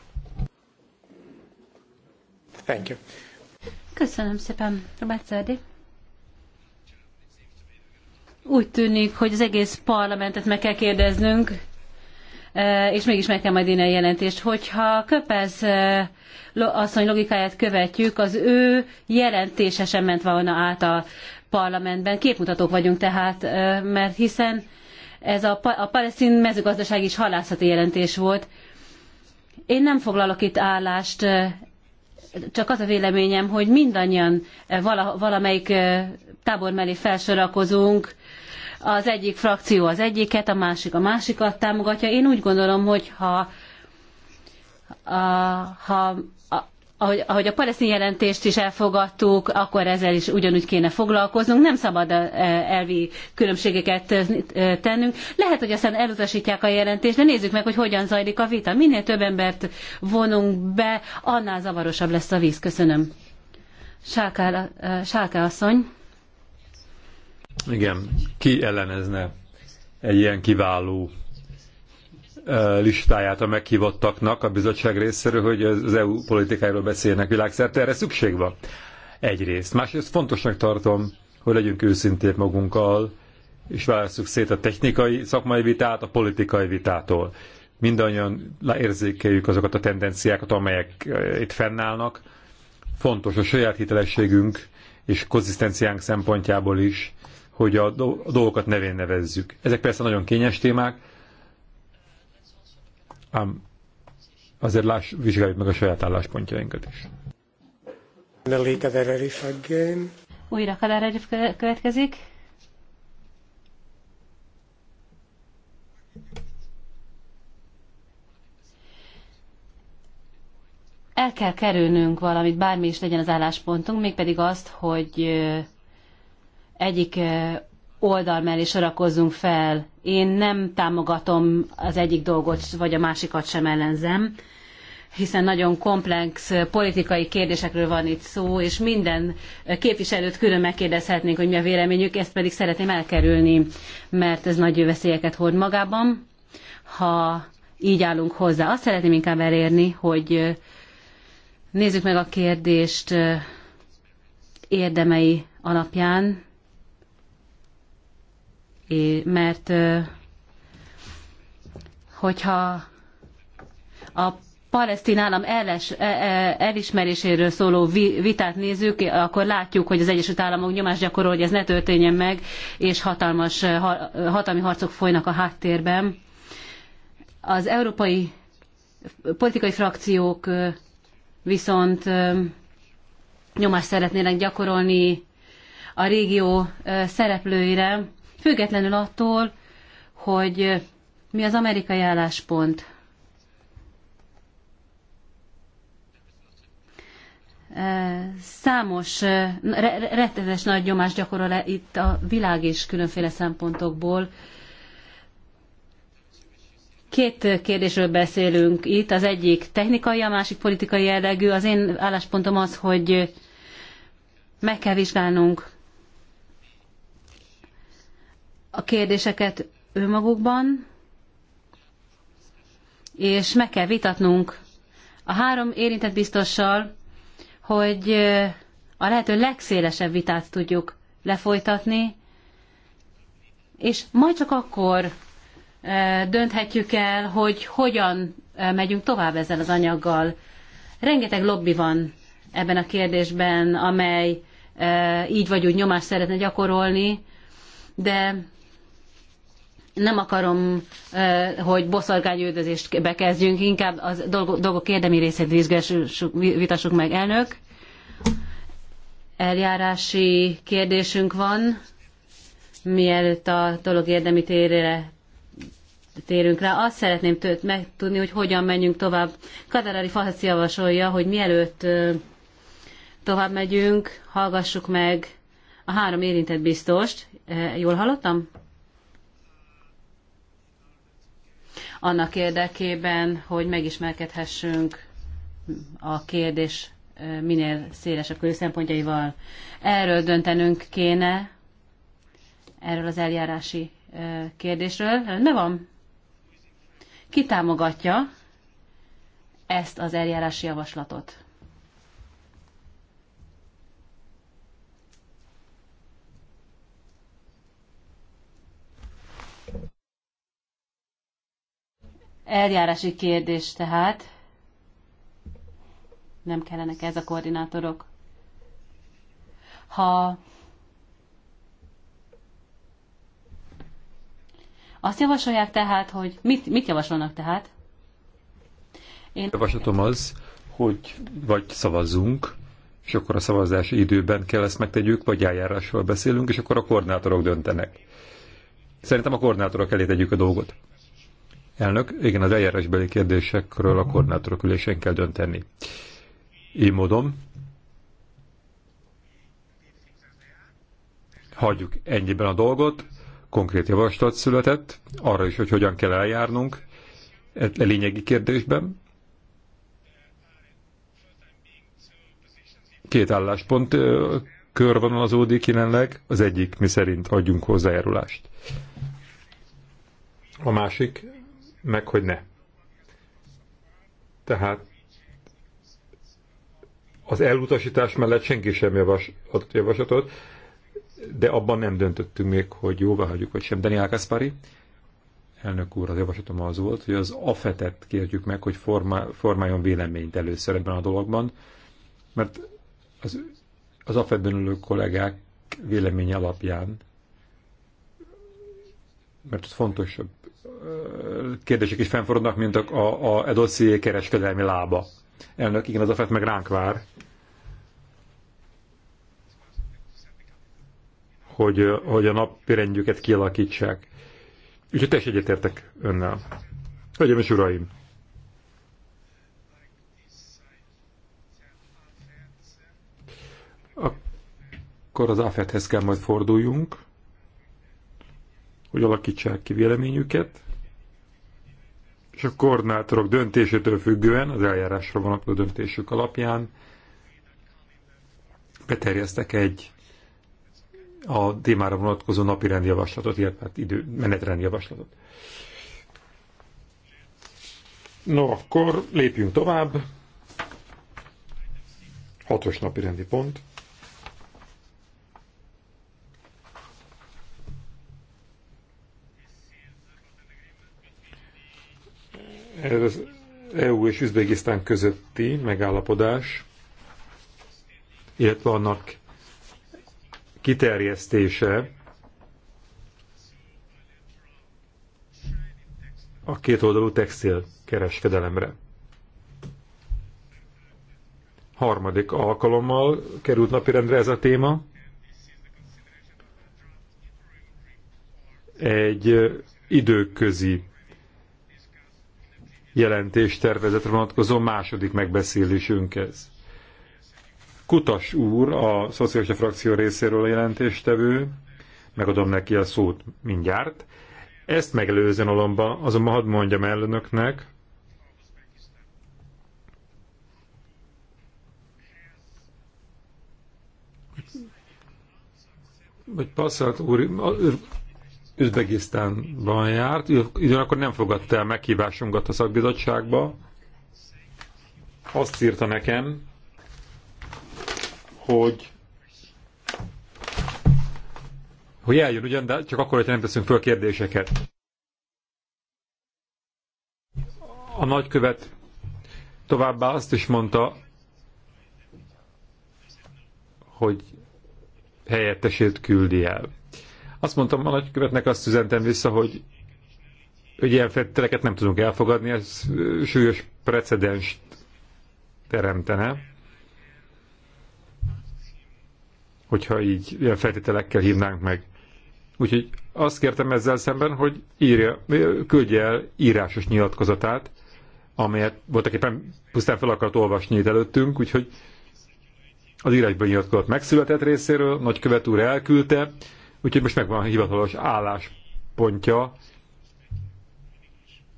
A: Thank you.
B: Köszönöm szépen, Robert Szerdi. Úgy tűnik, hogy az egész parlamentet meg kell kérdeznünk, és mégis meg kell majd írni a jelentést. Hogyha Köpez asszony logikáját követjük, az ő jelentése sem ment volna át a parlamentben. Képmutatók vagyunk tehát, mert hiszen ez a, a palesztin mezőgazdaság is halászati jelentés volt. Én nem foglalok itt állást, csak az a véleményem, hogy mindannyian vala, valamelyik tábor mellé felsorakozunk, az egyik frakció az egyiket, a másik a másikat támogatja. Én úgy gondolom, hogy ha, ha a, ahogy, ahogy a palesztin jelentést is elfogadtuk, akkor ezzel is ugyanúgy kéne foglalkoznunk. Nem szabad e, elvi különbségeket e, tennünk. Lehet, hogy aztán elutasítják a jelentést, de nézzük meg, hogy hogyan zajlik a vita. Minél több embert vonunk be, annál zavarosabb lesz a víz. Köszönöm. Sálká, e, Sálká asszony.
A: Igen, ki ellenezne egy ilyen kiváló listáját a meghívottaknak a bizottság részéről, hogy az EU politikáiról beszélnek világszerte. Erre szükség van. Egyrészt. Másrészt fontosnak tartom, hogy legyünk őszinték magunkkal, és válasszuk szét a technikai szakmai vitát a politikai vitától. Mindannyian érzékeljük azokat a tendenciákat, amelyek itt fennállnak. Fontos a saját hitelességünk és konzisztenciánk szempontjából is, hogy a dolgokat nevén nevezzük. Ezek persze nagyon kényes témák, ám azért láss, vizsgáljuk meg a saját álláspontjainkat is.
B: Újra Arif következik. El kell kerülnünk valamit, bármi is legyen az álláspontunk, mégpedig azt, hogy egyik eh, oldal mellé sorakozzunk fel. Én nem támogatom az egyik dolgot, vagy a másikat sem ellenzem, hiszen nagyon komplex eh, politikai kérdésekről van itt szó, és minden eh, képviselőt külön megkérdezhetnénk, hogy mi a véleményük, ezt pedig szeretném elkerülni, mert ez nagy veszélyeket hord magában, ha így állunk hozzá. Azt szeretném inkább elérni, hogy nézzük meg a kérdést érdemei alapján, mert hogyha a palesztin állam eles, e, e, elismeréséről szóló vitát nézzük, akkor látjuk, hogy az Egyesült Államok nyomást gyakorol, hogy ez ne történjen meg, és hatalmas hatalmi harcok folynak a háttérben. Az európai politikai frakciók viszont nyomást szeretnének gyakorolni a régió szereplőire, függetlenül attól, hogy mi az amerikai álláspont. Számos rettenetes nagy nyomás gyakorol -e itt a világ és különféle szempontokból. Két kérdésről beszélünk itt, az egyik technikai, a másik politikai jellegű. Az én álláspontom az, hogy meg kell vizsgálnunk a kérdéseket önmagukban, és meg kell vitatnunk a három érintett biztossal, hogy a lehető legszélesebb vitát tudjuk lefolytatni, és majd csak akkor dönthetjük el, hogy hogyan megyünk tovább ezzel az anyaggal. Rengeteg lobby van ebben a kérdésben, amely így vagy úgy nyomást szeretne gyakorolni, de nem akarom, hogy boszorkányüldözést bekezdjünk, inkább a dolgok érdemi részét vitassuk meg, elnök. Eljárási kérdésünk van, mielőtt a dolog érdemi térére térünk rá. Azt szeretném tőt megtudni, hogy hogyan menjünk tovább. Kadarari Fahasz javasolja, hogy mielőtt tovább megyünk, hallgassuk meg a három érintett biztost. Jól hallottam? annak érdekében, hogy megismerkedhessünk a kérdés minél szélesebb körű szempontjaival. Erről döntenünk kéne, erről az eljárási kérdésről. Ne van? Ki támogatja ezt az eljárási javaslatot? Eljárási kérdés tehát. Nem kellenek ez a koordinátorok. Ha azt javasolják tehát, hogy mit, mit javasolnak tehát?
A: Én... Javaslatom az, hogy vagy szavazzunk, és akkor a szavazási időben kell ezt megtegyük, vagy eljárásról beszélünk, és akkor a koordinátorok döntenek. Szerintem a koordinátorok elé tegyük a dolgot. Elnök, igen, az eljárásbeli kérdésekről a koordinátorok ülésén kell dönteni. Így módon hagyjuk ennyiben a dolgot, konkrét javaslat született, arra is, hogy hogyan kell eljárnunk e, e lényegi kérdésben. Két álláspont körvonalazódik jelenleg, az egyik mi szerint adjunk hozzájárulást. A másik meg hogy ne. Tehát az elutasítás mellett senki sem javas, javaslatot, de abban nem döntöttünk még, hogy jóvá hagyjuk, vagy sem. Daniel Kaspari, elnök úr, az javaslatom az volt, hogy az afetet kérjük meg, hogy formá, formáljon véleményt először ebben a dologban, mert az, az afetben ülő kollégák véleménye alapján, mert ez fontosabb kérdések is fennforognak, mint a, a, a e dosszié kereskedelmi lába. Elnök, igen, az a fett meg ránk vár, hogy, hogy a napirendjüket kialakítsák. Úgyhogy teljesen egyetértek önnel. Hölgyeim és uraim! Akkor az AFET-hez kell majd forduljunk hogy alakítsák ki véleményüket, és a koordinátorok döntésétől függően, az eljárásra vonatkozó döntésük alapján beterjesztek egy a témára vonatkozó napi rendjavaslatot, illetve hát idő, menetrendjavaslatot. No, akkor lépjünk tovább. Hatos napi rendi pont. Ez az EU és Üzbegisztán közötti megállapodás, illetve annak kiterjesztése a kétoldalú textil kereskedelemre. Harmadik alkalommal került napirendre ez a téma. Egy időközi jelentés vonatkozó második megbeszélésünkhez. Kutas úr, a Szociális frakció részéről a jelentéstevő, megadom neki a szót mindjárt. Ezt megelőzően alomba, azonban hadd mondjam el önöknek, hogy Passzát úr Üzbegisztánban járt, ugyanakkor nem fogadta el meghívásunkat a szakbizottságba. Azt írta nekem, hogy hogy eljön ugyan, de csak akkor, hogyha nem teszünk föl kérdéseket. A nagykövet továbbá azt is mondta, hogy helyettesét küldi el. Azt mondtam a nagykövetnek, azt üzentem vissza, hogy, hogy ilyen feltételeket nem tudunk elfogadni, ez súlyos precedens teremtene. Hogyha így ilyen feltételekkel hívnánk meg. Úgyhogy azt kértem ezzel szemben, hogy írja, küldje el írásos nyilatkozatát, amelyet voltak éppen pusztán fel akart olvasni itt előttünk, úgyhogy az írásban nyilatkozat megszületett részéről, nagykövet úr elküldte, Úgyhogy most megvan a hivatalos álláspontja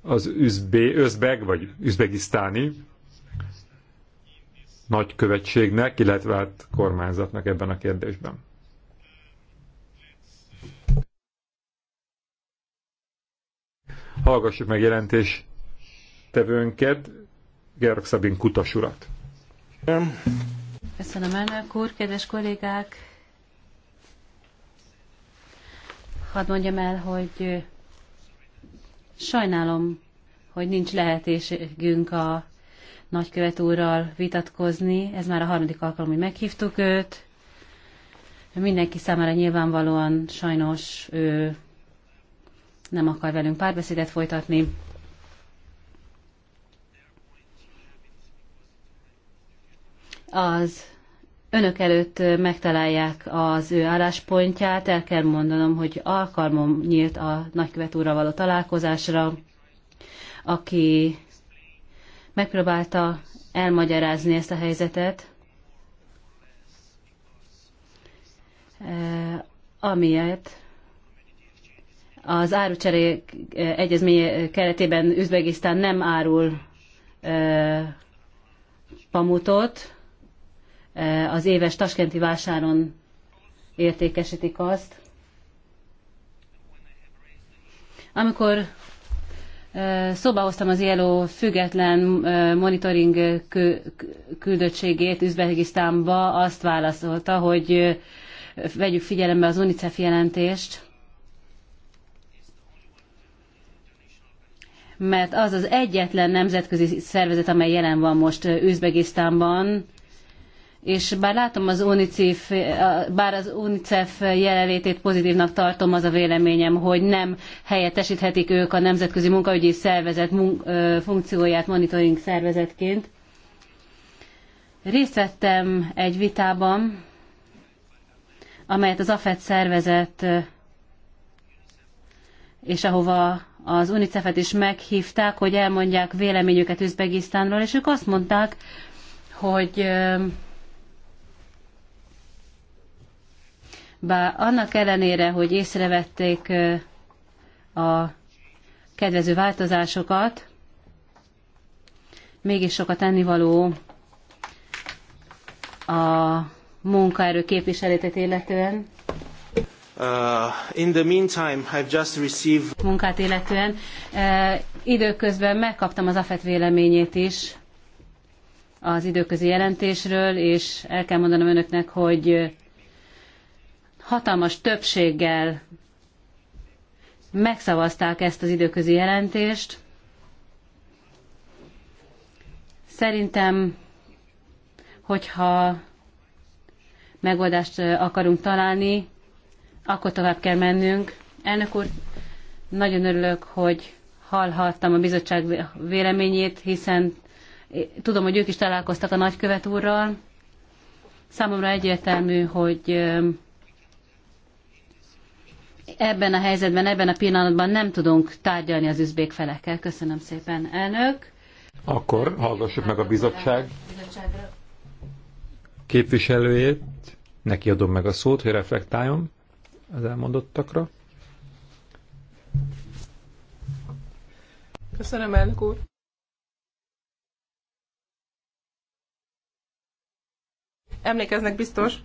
A: az üzbe, özbeg vagy üzbegisztáni nagykövetségnek, illetve hát kormányzatnak ebben a kérdésben. Hallgassuk meg jelentés tevőnket, Gerok Szabin Kutasurat.
B: Köszönöm elnök úr, kedves kollégák! hadd mondjam el, hogy sajnálom, hogy nincs lehetőségünk a nagykövet úrral vitatkozni. Ez már a harmadik alkalom, hogy meghívtuk őt. Mindenki számára nyilvánvalóan sajnos ő nem akar velünk párbeszédet folytatni. Az önök előtt megtalálják az ő álláspontját. El kell mondanom, hogy alkalmom nyílt a nagykövet úrra való találkozásra, aki megpróbálta elmagyarázni ezt a helyzetet, amiért az árucseré egyezmény keretében Üzbegisztán nem árul pamutot, Eh, az éves taskenti vásáron értékesítik azt. Amikor eh, szóba hoztam az ILO független eh, monitoring küldöttségét Üzbegisztánba, azt válaszolta, hogy vegyük figyelembe az UNICEF jelentést, mert az az egyetlen nemzetközi szervezet, amely jelen van most Üzbegisztánban, és bár látom az UNICEF, bár az UNICEF jelenlétét pozitívnak tartom, az a véleményem, hogy nem helyettesíthetik ők a Nemzetközi Munkaügyi Szervezet funkcióját monitoring szervezetként. Részt vettem egy vitában, amelyet az AFET szervezett, és ahova az UNICEF-et is meghívták, hogy elmondják véleményüket Üzbegisztánról, és ők azt mondták, hogy bár annak ellenére, hogy észrevették a kedvező változásokat, mégis sok a tennivaló a munkaerő képviseletét illetően.
C: Uh, in the meantime, I've just received...
B: Munkát illetően. Uh, időközben megkaptam az AFET véleményét is az időközi jelentésről, és el kell mondanom önöknek, hogy hatalmas többséggel megszavazták ezt az időközi jelentést. Szerintem, hogyha megoldást akarunk találni, akkor tovább kell mennünk. Elnök úr, nagyon örülök, hogy hallhattam a bizottság véleményét, hiszen tudom, hogy ők is találkoztak a nagykövet úrral. Számomra egyértelmű, hogy ebben a helyzetben, ebben a pillanatban nem tudunk tárgyalni az üzbék felekkel. Köszönöm szépen, elnök.
A: Akkor hallgassuk meg a bizottság képviselőjét. Neki adom meg a szót, hogy reflektáljon az elmondottakra.
C: Köszönöm, elnök úr. Emlékeznek biztos,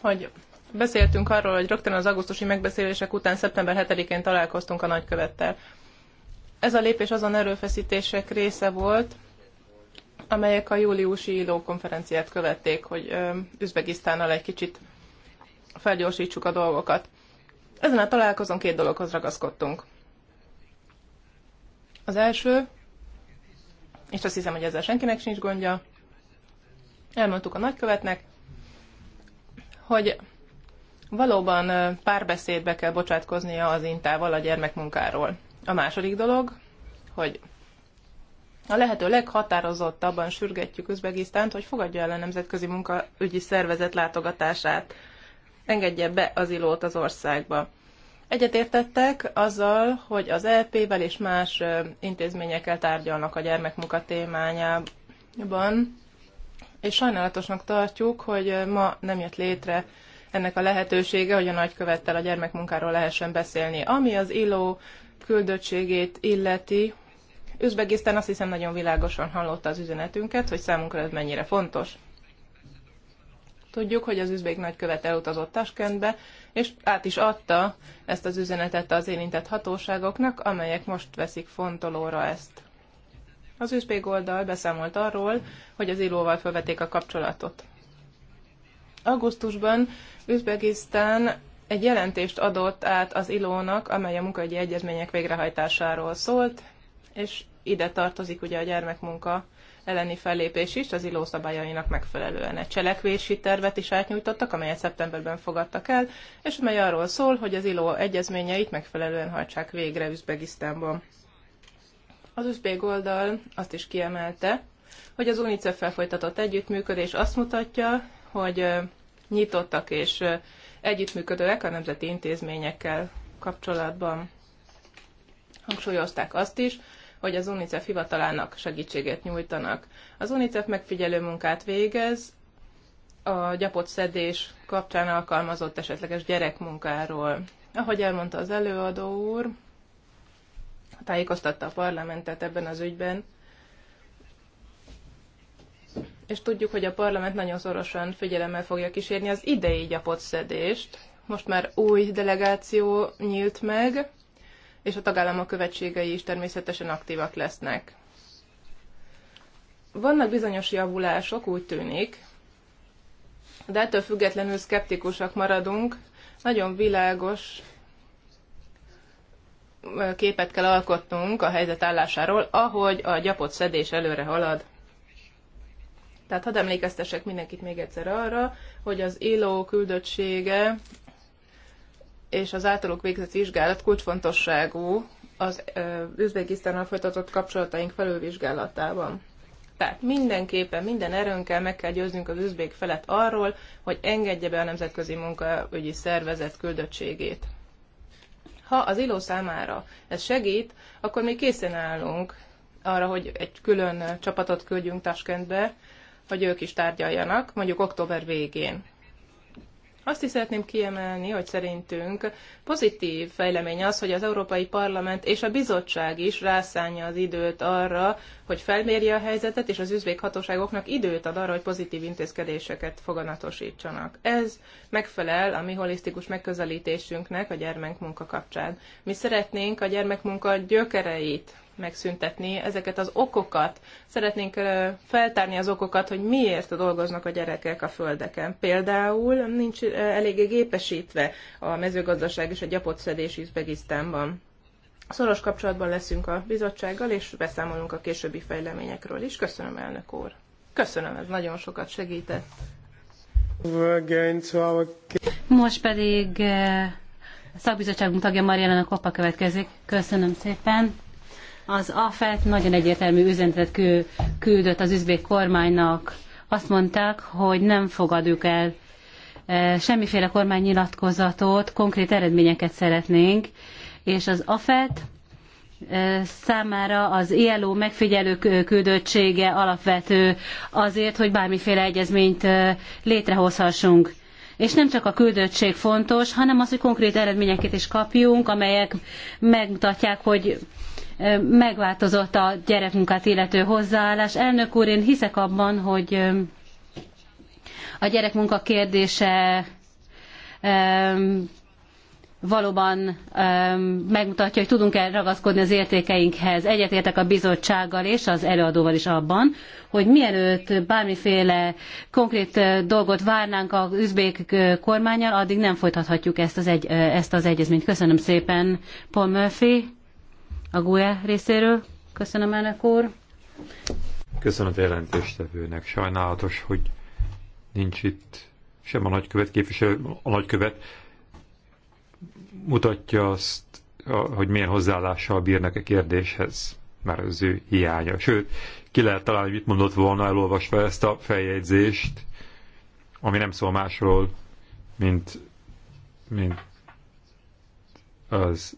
C: hogy beszéltünk arról, hogy rögtön az augusztusi megbeszélések után szeptember 7-én találkoztunk a nagykövettel. Ez a lépés azon erőfeszítések része volt, amelyek a júliusi ILO konferenciát követték, hogy Üzbegisztánnal egy kicsit felgyorsítsuk a dolgokat. Ezen a találkozón két dologhoz ragaszkodtunk. Az első, és azt hiszem, hogy ezzel senkinek sincs gondja, elmondtuk a nagykövetnek, hogy Valóban párbeszédbe kell bocsátkoznia az intával a gyermekmunkáról. A második dolog, hogy a lehető leghatározottabban sürgetjük Üzbegisztánt, hogy fogadja el a Nemzetközi Munkaügyi Szervezet látogatását, engedje be az ilót az országba. Egyetértettek azzal, hogy az lp e vel és más intézményekkel tárgyalnak a gyermekmunka témájában, és sajnálatosnak tartjuk, hogy ma nem jött létre ennek a lehetősége, hogy a nagykövettel a gyermekmunkáról lehessen beszélni. Ami az ILO küldöttségét illeti, Üzbegisztán azt hiszem nagyon világosan hallotta az üzenetünket, hogy számunkra ez mennyire fontos. Tudjuk, hogy az üzbék nagykövet elutazott Taskentbe, és át is adta ezt az üzenetet az érintett hatóságoknak, amelyek most veszik fontolóra ezt. Az üzbék oldal beszámolt arról, hogy az illóval felvették a kapcsolatot. Augusztusban Üzbegisztán egy jelentést adott át az ILO-nak, amely a munkahogyi egyezmények végrehajtásáról szólt, és ide tartozik ugye a gyermekmunka elleni fellépés is az ILO szabályainak megfelelően. Egy cselekvési tervet is átnyújtottak, amelyet szeptemberben fogadtak el, és amely arról szól, hogy az ILO egyezményeit megfelelően hajtsák végre Üzbegisztánban. Az üzbék oldal azt is kiemelte, hogy az UNICEF-fel folytatott együttműködés azt mutatja, hogy nyitottak és együttműködőek a nemzeti intézményekkel kapcsolatban. Hangsúlyozták azt is, hogy az UNICEF hivatalának segítséget nyújtanak. Az UNICEF megfigyelő munkát végez, a gyapot szedés kapcsán alkalmazott esetleges gyerekmunkáról. Ahogy elmondta az előadó úr, tájékoztatta a parlamentet ebben az ügyben, és tudjuk, hogy a parlament nagyon szorosan figyelemmel fogja kísérni az idei gyapotszedést. Most már új delegáció nyílt meg, és a tagállamok követségei is természetesen aktívak lesznek. Vannak bizonyos javulások, úgy tűnik, de ettől függetlenül szkeptikusak maradunk. Nagyon világos képet kell alkotnunk a helyzet állásáról, ahogy a gyapot szedés előre halad. Tehát hadd emlékeztessek mindenkit még egyszer arra, hogy az ILO küldöttsége és az általuk végzett vizsgálat kulcsfontosságú az Üzbegisztánnal folytatott kapcsolataink felülvizsgálatában. Tehát mindenképpen, minden erőnkkel meg kell győznünk az üzbék felett arról, hogy engedje be a Nemzetközi Munkaügyi Szervezet küldöttségét. Ha az ILO számára ez segít, akkor mi készen állunk arra, hogy egy külön csapatot küldjünk Taskentbe, hogy ők is tárgyaljanak, mondjuk október végén. Azt is szeretném kiemelni, hogy szerintünk pozitív fejlemény az, hogy az Európai Parlament és a bizottság is rászánja az időt arra, hogy felmérje a helyzetet, és az üzbék hatóságoknak időt ad arra, hogy pozitív intézkedéseket foganatosítsanak. Ez megfelel a mi holisztikus megközelítésünknek a gyermekmunka kapcsán. Mi szeretnénk a gyermekmunka gyökereit megszüntetni ezeket az okokat. Szeretnénk feltárni az okokat, hogy miért dolgoznak a gyerekek a földeken. Például nincs eléggé gépesítve a mezőgazdaság és a gyapotszedés Üzbegisztánban. Szoros kapcsolatban leszünk a bizottsággal, és beszámolunk a későbbi fejleményekről is. Köszönöm, elnök úr. Köszönöm, ez nagyon sokat segített.
B: Most pedig a szakbizottságunk tagja Mariana Koppa következik. Köszönöm szépen. Az AFET nagyon egyértelmű üzenetet küldött az üzbék kormánynak. Azt mondták, hogy nem fogadjuk el e, semmiféle kormánynyilatkozatot, konkrét eredményeket szeretnénk, és az AFET e, számára az ILO megfigyelő küldöttsége alapvető azért, hogy bármiféle egyezményt e, létrehozhassunk. És nem csak a küldöttség fontos, hanem az, hogy konkrét eredményeket is kapjunk, amelyek megmutatják, hogy megváltozott a gyerekmunkát illető hozzáállás. Elnök úr, én hiszek abban, hogy a gyerekmunka kérdése valóban um, megmutatja, hogy tudunk-e ragaszkodni az értékeinkhez. Egyetértek a bizottsággal és az előadóval is abban, hogy mielőtt bármiféle konkrét uh, dolgot várnánk az üzbék uh, kormányal, addig nem folytathatjuk ezt az, egy, uh, ezt az egyezményt. Köszönöm szépen Paul Murphy a GUE részéről. Köszönöm elnök úr.
A: Köszönöm a jelentéstevőnek. Sajnálatos, hogy nincs itt sem a nagykövet képviselő, a nagykövet, mutatja azt, hogy milyen hozzáállással bírnak a kérdéshez, mert az ő hiánya. Sőt, ki lehet találni, hogy mit mondott volna elolvasva ezt a feljegyzést, ami nem szól másról, mint, mint az,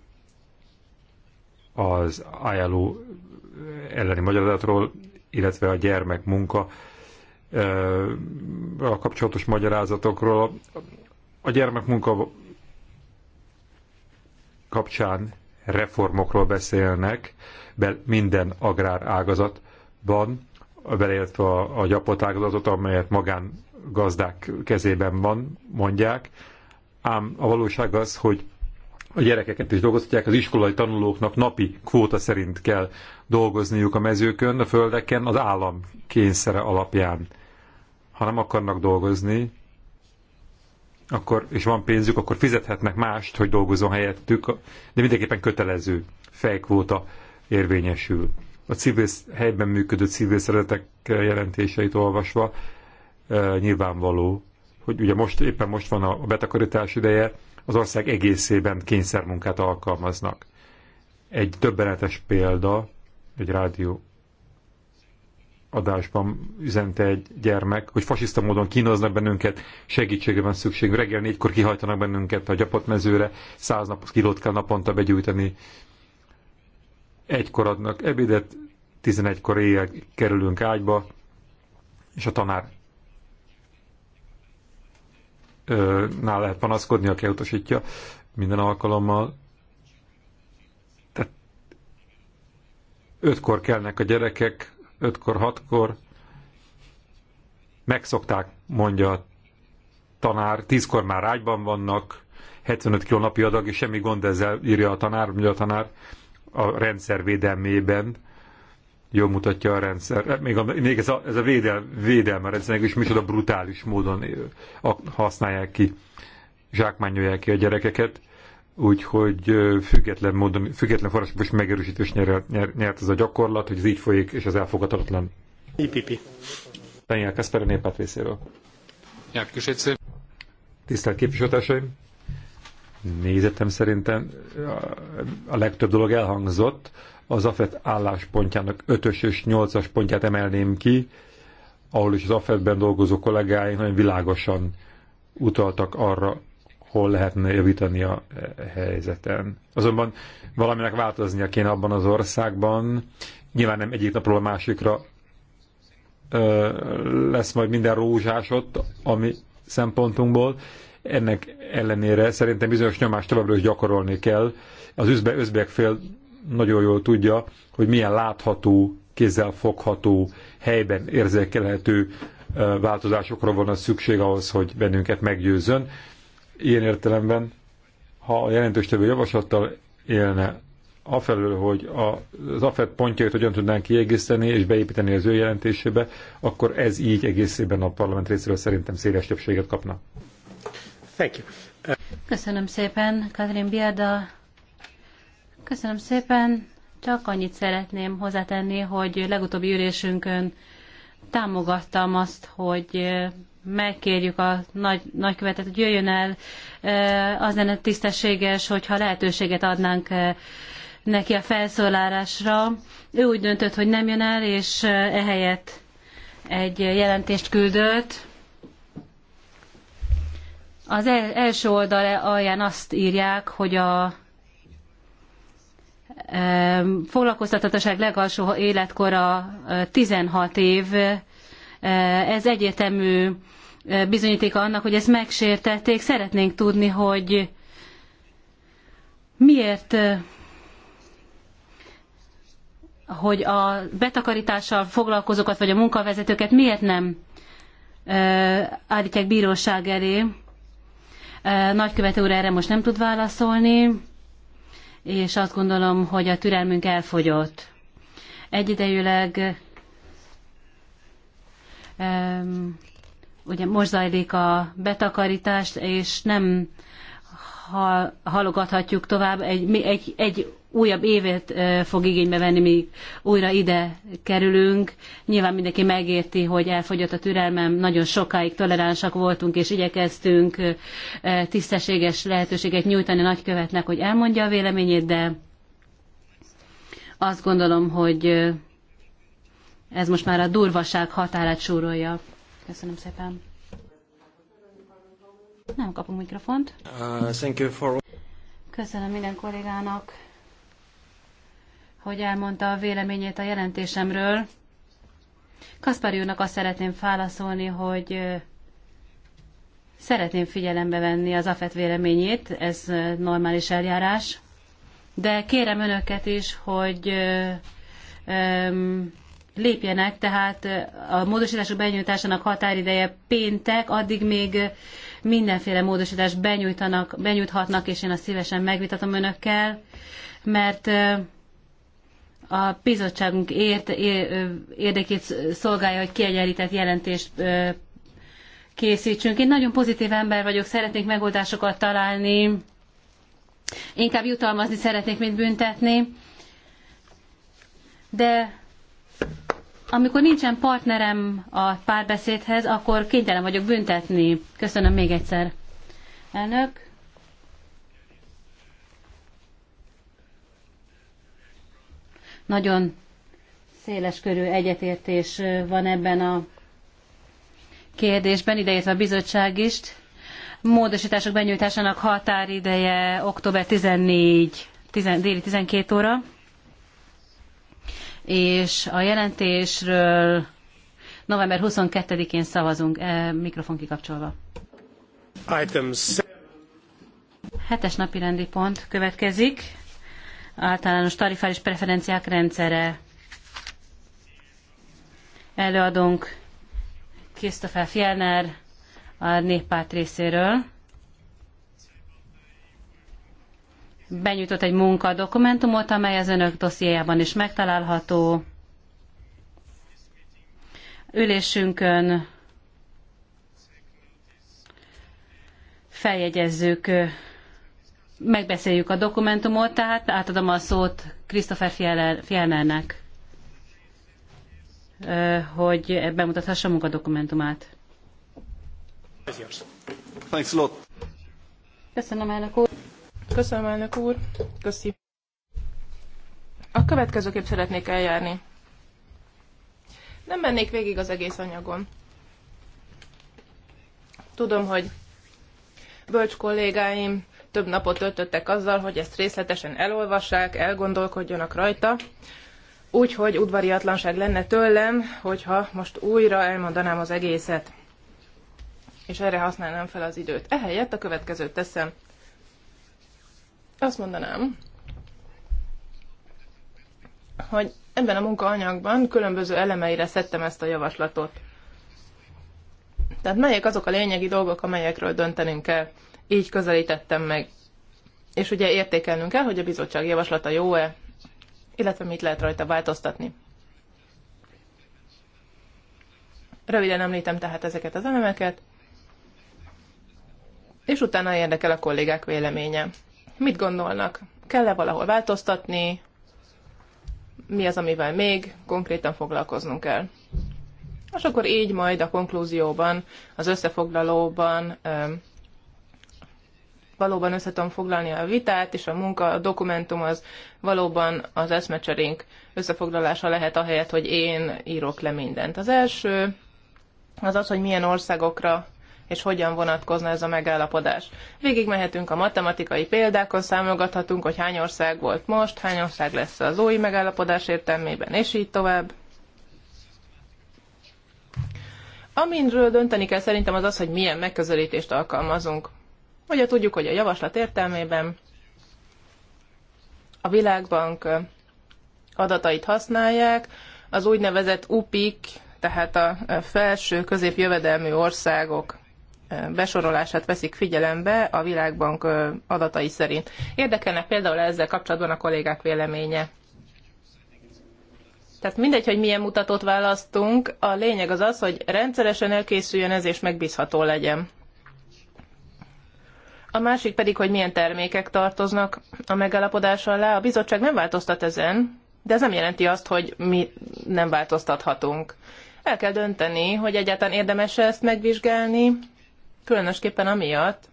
A: az ILO elleni magyarázatról, illetve a gyermekmunka a kapcsolatos magyarázatokról. A gyermekmunka kapcsán reformokról beszélnek be minden agrárágazatban, beleértve a, a ágazatot, amelyet magán gazdák kezében van, mondják, ám a valóság az, hogy a gyerekeket is dolgoztatják, az iskolai tanulóknak napi kvóta szerint kell dolgozniuk a mezőkön, a földeken, az állam kényszere alapján. Ha nem akarnak dolgozni, akkor, és van pénzük, akkor fizethetnek mást, hogy dolgozzon helyettük, de mindenképpen kötelező fejkvóta érvényesül. A civil, helyben működő civil szeretek jelentéseit olvasva e, nyilvánvaló, hogy ugye most, éppen most van a betakarítás ideje, az ország egészében kényszermunkát alkalmaznak. Egy döbbenetes példa, egy rádió adásban üzente egy gyermek, hogy fasiszta módon kínoznak bennünket, segítségre van szükség. Reggel négykor kihajtanak bennünket a gyapotmezőre, száz napos kilót kell naponta begyűjteni. Egykor adnak ebédet, 11-kor éjjel kerülünk ágyba, és a tanár nál lehet panaszkodni, aki utasítja minden alkalommal. Tehát ötkor kelnek a gyerekek, ötkor, hatkor megszokták, mondja a tanár, tízkor már ágyban vannak, 75 kiló napi adag, és semmi gond ezzel írja a tanár, mondja a tanár, a rendszer védelmében jól mutatja a rendszer. Hát még, a, még ez a, ez a védel, védelme a rendszernek is micsoda brutális módon használják ki, zsákmányolják ki a gyerekeket úgyhogy független módon, független forrásból is megerősítés nyer, nyer, nyert ez a gyakorlat, hogy ez így folyik, és ez elfogadhatatlan. Ipipi. Daniel Kasper a néppárt részéről. Tisztelt képviselőtársaim! Nézetem szerintem a legtöbb dolog elhangzott. Az AFET álláspontjának 5-ös és 8-as pontját emelném ki, ahol is az AFET-ben dolgozó kollégái nagyon világosan utaltak arra, hol lehetne javítani a e, helyzeten. Azonban valaminek változnia kéne abban az országban, nyilván nem egyik napról a másikra ö, e, lesz majd minden rózsás ott, ami szempontunkból. Ennek ellenére szerintem bizonyos nyomást továbbra is gyakorolni kell. Az üzbe, özbek fél nagyon jól tudja, hogy milyen látható, kézzel fogható, helyben érzékelhető e, változásokra van a szükség ahhoz, hogy bennünket meggyőzön. Ilyen értelemben, ha a többi javaslattal élne, afelől, hogy az AFED pontjait hogyan tudnánk kiegészíteni és beépíteni az ő jelentésébe, akkor ez így egészében a parlament részéről szerintem széles többséget kapna. Thank you.
B: Köszönöm szépen, Katrin Biada. Köszönöm szépen. Csak annyit szeretném hozzátenni, hogy legutóbbi ülésünkön támogattam azt, hogy megkérjük a nagy, nagykövetet, hogy jöjjön el, az lenne tisztességes, hogyha lehetőséget adnánk neki a felszólalásra. Ő úgy döntött, hogy nem jön el, és ehelyett egy jelentést küldött. Az első oldal alján azt írják, hogy a foglalkoztatottság legalsó életkora 16 év, ez egyetemű bizonyítéka annak, hogy ezt megsértették. Szeretnénk tudni, hogy miért hogy a betakarítással foglalkozókat vagy a munkavezetőket miért nem állítják bíróság elé. Nagykövető úr erre most nem tud válaszolni, és azt gondolom, hogy a türelmünk elfogyott. Egyidejűleg ugye most zajlik a betakarítás, és nem halogathatjuk tovább, egy, egy, egy újabb évet fog igénybe venni, míg újra ide kerülünk. Nyilván mindenki megérti, hogy elfogyott a türelmem, nagyon sokáig toleránsak voltunk, és igyekeztünk tisztességes lehetőséget nyújtani a nagykövetnek, hogy elmondja a véleményét, de azt gondolom, hogy ez most már a durvaság határát súrolja. Köszönöm szépen. Nem kapunk mikrofont. Uh, thank you for... Köszönöm minden kollégának, hogy elmondta a véleményét a jelentésemről. Kaspari úrnak azt szeretném válaszolni, hogy uh, szeretném figyelembe venni az AFET véleményét, ez uh, normális eljárás, de kérem önöket is, hogy uh, um, lépjenek, tehát a módosítások benyújtásának határideje péntek, addig még mindenféle módosítást benyújtanak, benyújthatnak, és én azt szívesen megvitatom önökkel, mert a bizottságunk ért, érdekét szolgálja, hogy kiegyenlített jelentést készítsünk. Én nagyon pozitív ember vagyok, szeretnék megoldásokat találni, inkább jutalmazni szeretnék, mint büntetni, de amikor nincsen partnerem a párbeszédhez, akkor kénytelen vagyok büntetni. Köszönöm még egyszer. Elnök. Nagyon széles körű egyetértés van ebben a kérdésben, idejét a bizottság is. Módosítások benyújtásának határideje október 14, 10, déli 12 óra és a jelentésről november 22-én szavazunk, e, mikrofon kikapcsolva. Hetes napi rendi pont következik. Általános tarifális preferenciák rendszere. Előadunk Christopher Fjellner a néppárt részéről. benyújtott egy munkadokumentumot, amely az önök dossziéjában is megtalálható. Ülésünkön feljegyezzük, megbeszéljük a dokumentumot, tehát átadom a szót Christopher Fjellernek, hogy bemutathassa a munkadokumentumát.
C: Köszönöm, elnök úr. Köszönöm, elnök úr. Köszi. A következőképp szeretnék eljárni. Nem mennék végig az egész anyagon. Tudom, hogy bölcs kollégáim több napot töltöttek azzal, hogy ezt részletesen elolvassák, elgondolkodjanak rajta. Úgyhogy udvariatlanság lenne tőlem, hogyha most újra elmondanám az egészet. És erre használnám fel az időt. Ehelyett a következőt teszem azt mondanám, hogy ebben a munkaanyagban különböző elemeire szedtem ezt a javaslatot. Tehát melyek azok a lényegi dolgok, amelyekről döntenünk kell. Így közelítettem meg. És ugye értékelnünk kell, hogy a bizottság javaslata jó-e, illetve mit lehet rajta változtatni. Röviden említem tehát ezeket az elemeket, és utána érdekel a kollégák véleménye. Mit gondolnak? Kell-e valahol változtatni? Mi az, amivel még konkrétan foglalkoznunk kell? És akkor így majd a konklúzióban, az összefoglalóban valóban össze tudom foglalni a vitát, és a munka, a dokumentum az valóban az eszmecserénk összefoglalása lehet ahelyett, hogy én írok le mindent. Az első az az, hogy milyen országokra és hogyan vonatkozna ez a megállapodás. Végig mehetünk a matematikai példákon, számolgathatunk, hogy hány ország volt most, hány ország lesz az új megállapodás értelmében, és így tovább. Aminről dönteni kell szerintem az az, hogy milyen megközelítést alkalmazunk. Ugye tudjuk, hogy a javaslat értelmében a Világbank adatait használják, az úgynevezett UPIK, tehát a felső középjövedelmű országok besorolását veszik figyelembe a Világbank adatai szerint. Érdekelne például ezzel kapcsolatban a kollégák véleménye. Tehát mindegy, hogy milyen mutatót választunk, a lényeg az az, hogy rendszeresen elkészüljön ez és megbízható legyen. A másik pedig, hogy milyen termékek tartoznak a megállapodás alá. A bizottság nem változtat ezen, de ez nem jelenti azt, hogy mi nem változtathatunk. El kell dönteni, hogy egyáltalán érdemes -e ezt megvizsgálni, Különösképpen amiatt,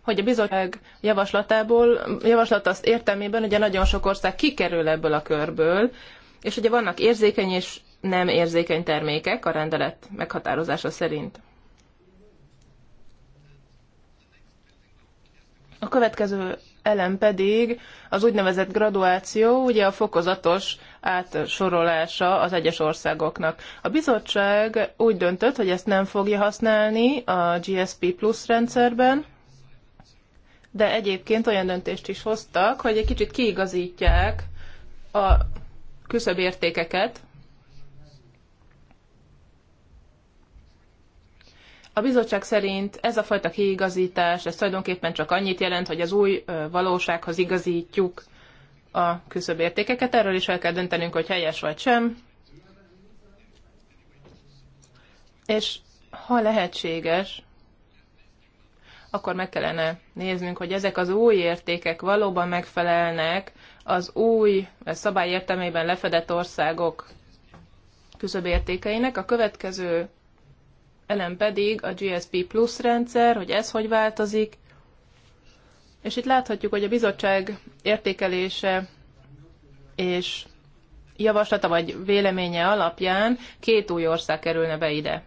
C: hogy a bizottság javaslatából, javaslat azt értelmében ugye nagyon sok ország kikerül ebből a körből, és ugye vannak érzékeny és nem érzékeny termékek a rendelet meghatározása szerint. A következő elem pedig az úgynevezett graduáció, ugye a fokozatos átsorolása az egyes országoknak. A bizottság úgy döntött, hogy ezt nem fogja használni a GSP Plus rendszerben, de egyébként olyan döntést is hoztak, hogy egy kicsit kiigazítják a értékeket. A bizottság szerint ez a fajta kiigazítás, ez tulajdonképpen csak annyit jelent, hogy az új valósághoz igazítjuk a értékeket erről is el kell döntenünk, hogy helyes vagy sem. És ha lehetséges, akkor meg kellene néznünk, hogy ezek az új értékek valóban megfelelnek az új szabály értelmében lefedett országok értékeinek. A következő elem pedig a GSP Plus rendszer, hogy ez hogy változik, és itt láthatjuk, hogy a bizottság értékelése és javaslata vagy véleménye alapján két új ország kerülne be ide.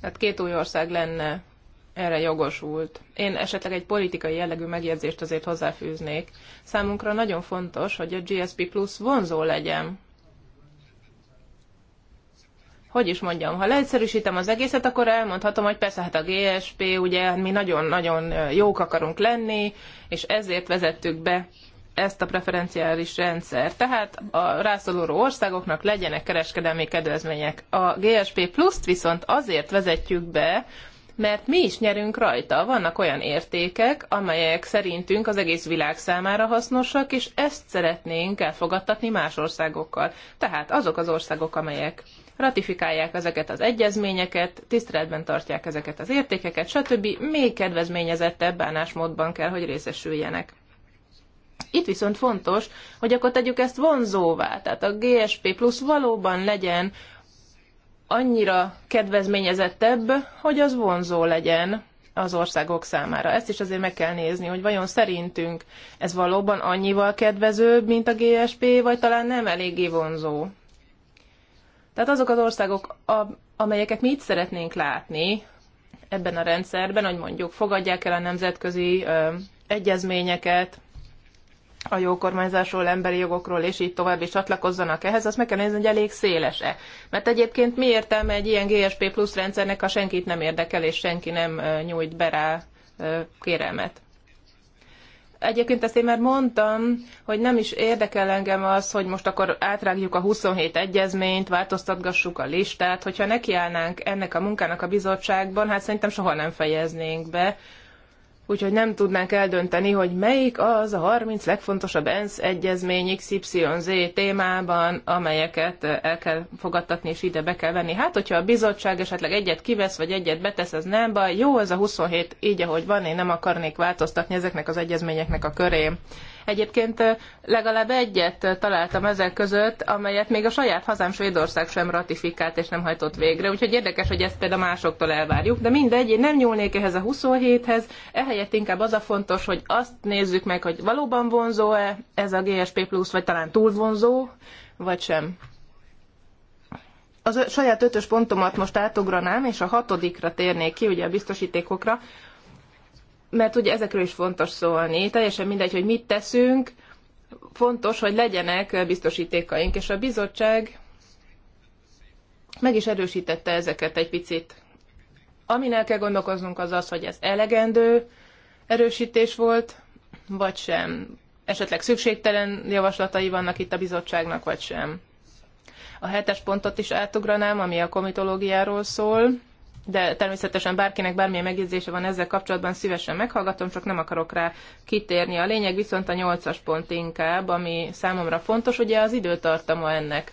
C: Tehát két új ország lenne erre jogosult. Én esetleg egy politikai jellegű megjegyzést azért hozzáfűznék. Számunkra nagyon fontos, hogy a GSP Plus vonzó legyen hogy is mondjam, ha leegyszerűsítem az egészet, akkor elmondhatom, hogy persze hát a GSP, ugye mi nagyon-nagyon jók akarunk lenni, és ezért vezettük be ezt a preferenciális rendszer. Tehát a rászoruló országoknak legyenek kereskedelmi kedvezmények. A GSP pluszt viszont azért vezetjük be, mert mi is nyerünk rajta. Vannak olyan értékek, amelyek szerintünk az egész világ számára hasznosak, és ezt szeretnénk elfogadtatni más országokkal. Tehát azok az országok, amelyek ratifikálják ezeket az egyezményeket, tiszteletben tartják ezeket az értékeket, stb. még kedvezményezettebb bánásmódban kell, hogy részesüljenek. Itt viszont fontos, hogy akkor tegyük ezt vonzóvá, tehát a GSP plusz valóban legyen annyira kedvezményezettebb, hogy az vonzó legyen az országok számára. Ezt is azért meg kell nézni, hogy vajon szerintünk ez valóban annyival kedvezőbb, mint a GSP, vagy talán nem eléggé vonzó. Tehát azok az országok, amelyeket mi itt szeretnénk látni ebben a rendszerben, hogy mondjuk fogadják el a nemzetközi egyezményeket, a jó kormányzásról, emberi jogokról, és így tovább, is csatlakozzanak ehhez, azt meg kell nézni, hogy elég széles-e. Mert egyébként mi értelme egy ilyen GSP plusz rendszernek, ha senkit nem érdekel, és senki nem nyújt be rá kérelmet. Egyébként ezt én már mondtam, hogy nem is érdekel engem az, hogy most akkor átrágjuk a 27 egyezményt, változtatgassuk a listát. Hogyha nekiállnánk ennek a munkának a bizottságban, hát szerintem soha nem fejeznénk be, úgyhogy nem tudnánk eldönteni, hogy melyik az a 30 legfontosabb ENSZ egyezmény XYZ témában, amelyeket eh, el kell fogadtatni és ide be kell venni. Hát, hogyha a bizottság esetleg egyet kivesz, vagy egyet betesz, az nem baj. Jó, ez a 27 így, ahogy van, én nem akarnék változtatni ezeknek az egyezményeknek a körén. Egyébként legalább egyet találtam ezek között, amelyet még a saját hazám Svédország sem ratifikált és nem hajtott végre. Úgyhogy érdekes, hogy ezt például másoktól elvárjuk. De mindegy, én nem nyúlnék ehhez a 27-hez, ehelyett inkább az a fontos, hogy azt nézzük meg, hogy valóban vonzó-e ez a GSP plusz, vagy talán túl vonzó, vagy sem. Az saját ötös pontomat most átugranám, és a hatodikra térnék ki, ugye a biztosítékokra, mert ugye ezekről is fontos szólni. Teljesen mindegy, hogy mit teszünk, fontos, hogy legyenek biztosítékaink, és a bizottság meg is erősítette ezeket egy picit. Amin el kell gondolkoznunk az az, hogy ez elegendő erősítés volt, vagy sem. Esetleg szükségtelen javaslatai vannak itt a bizottságnak, vagy sem. A hetes pontot is átugranám, ami a komitológiáról szól de természetesen bárkinek bármilyen megjegyzése van ezzel kapcsolatban, szívesen meghallgatom, csak nem akarok rá kitérni. A lényeg viszont a nyolcas pont inkább, ami számomra fontos, ugye az időtartama ennek.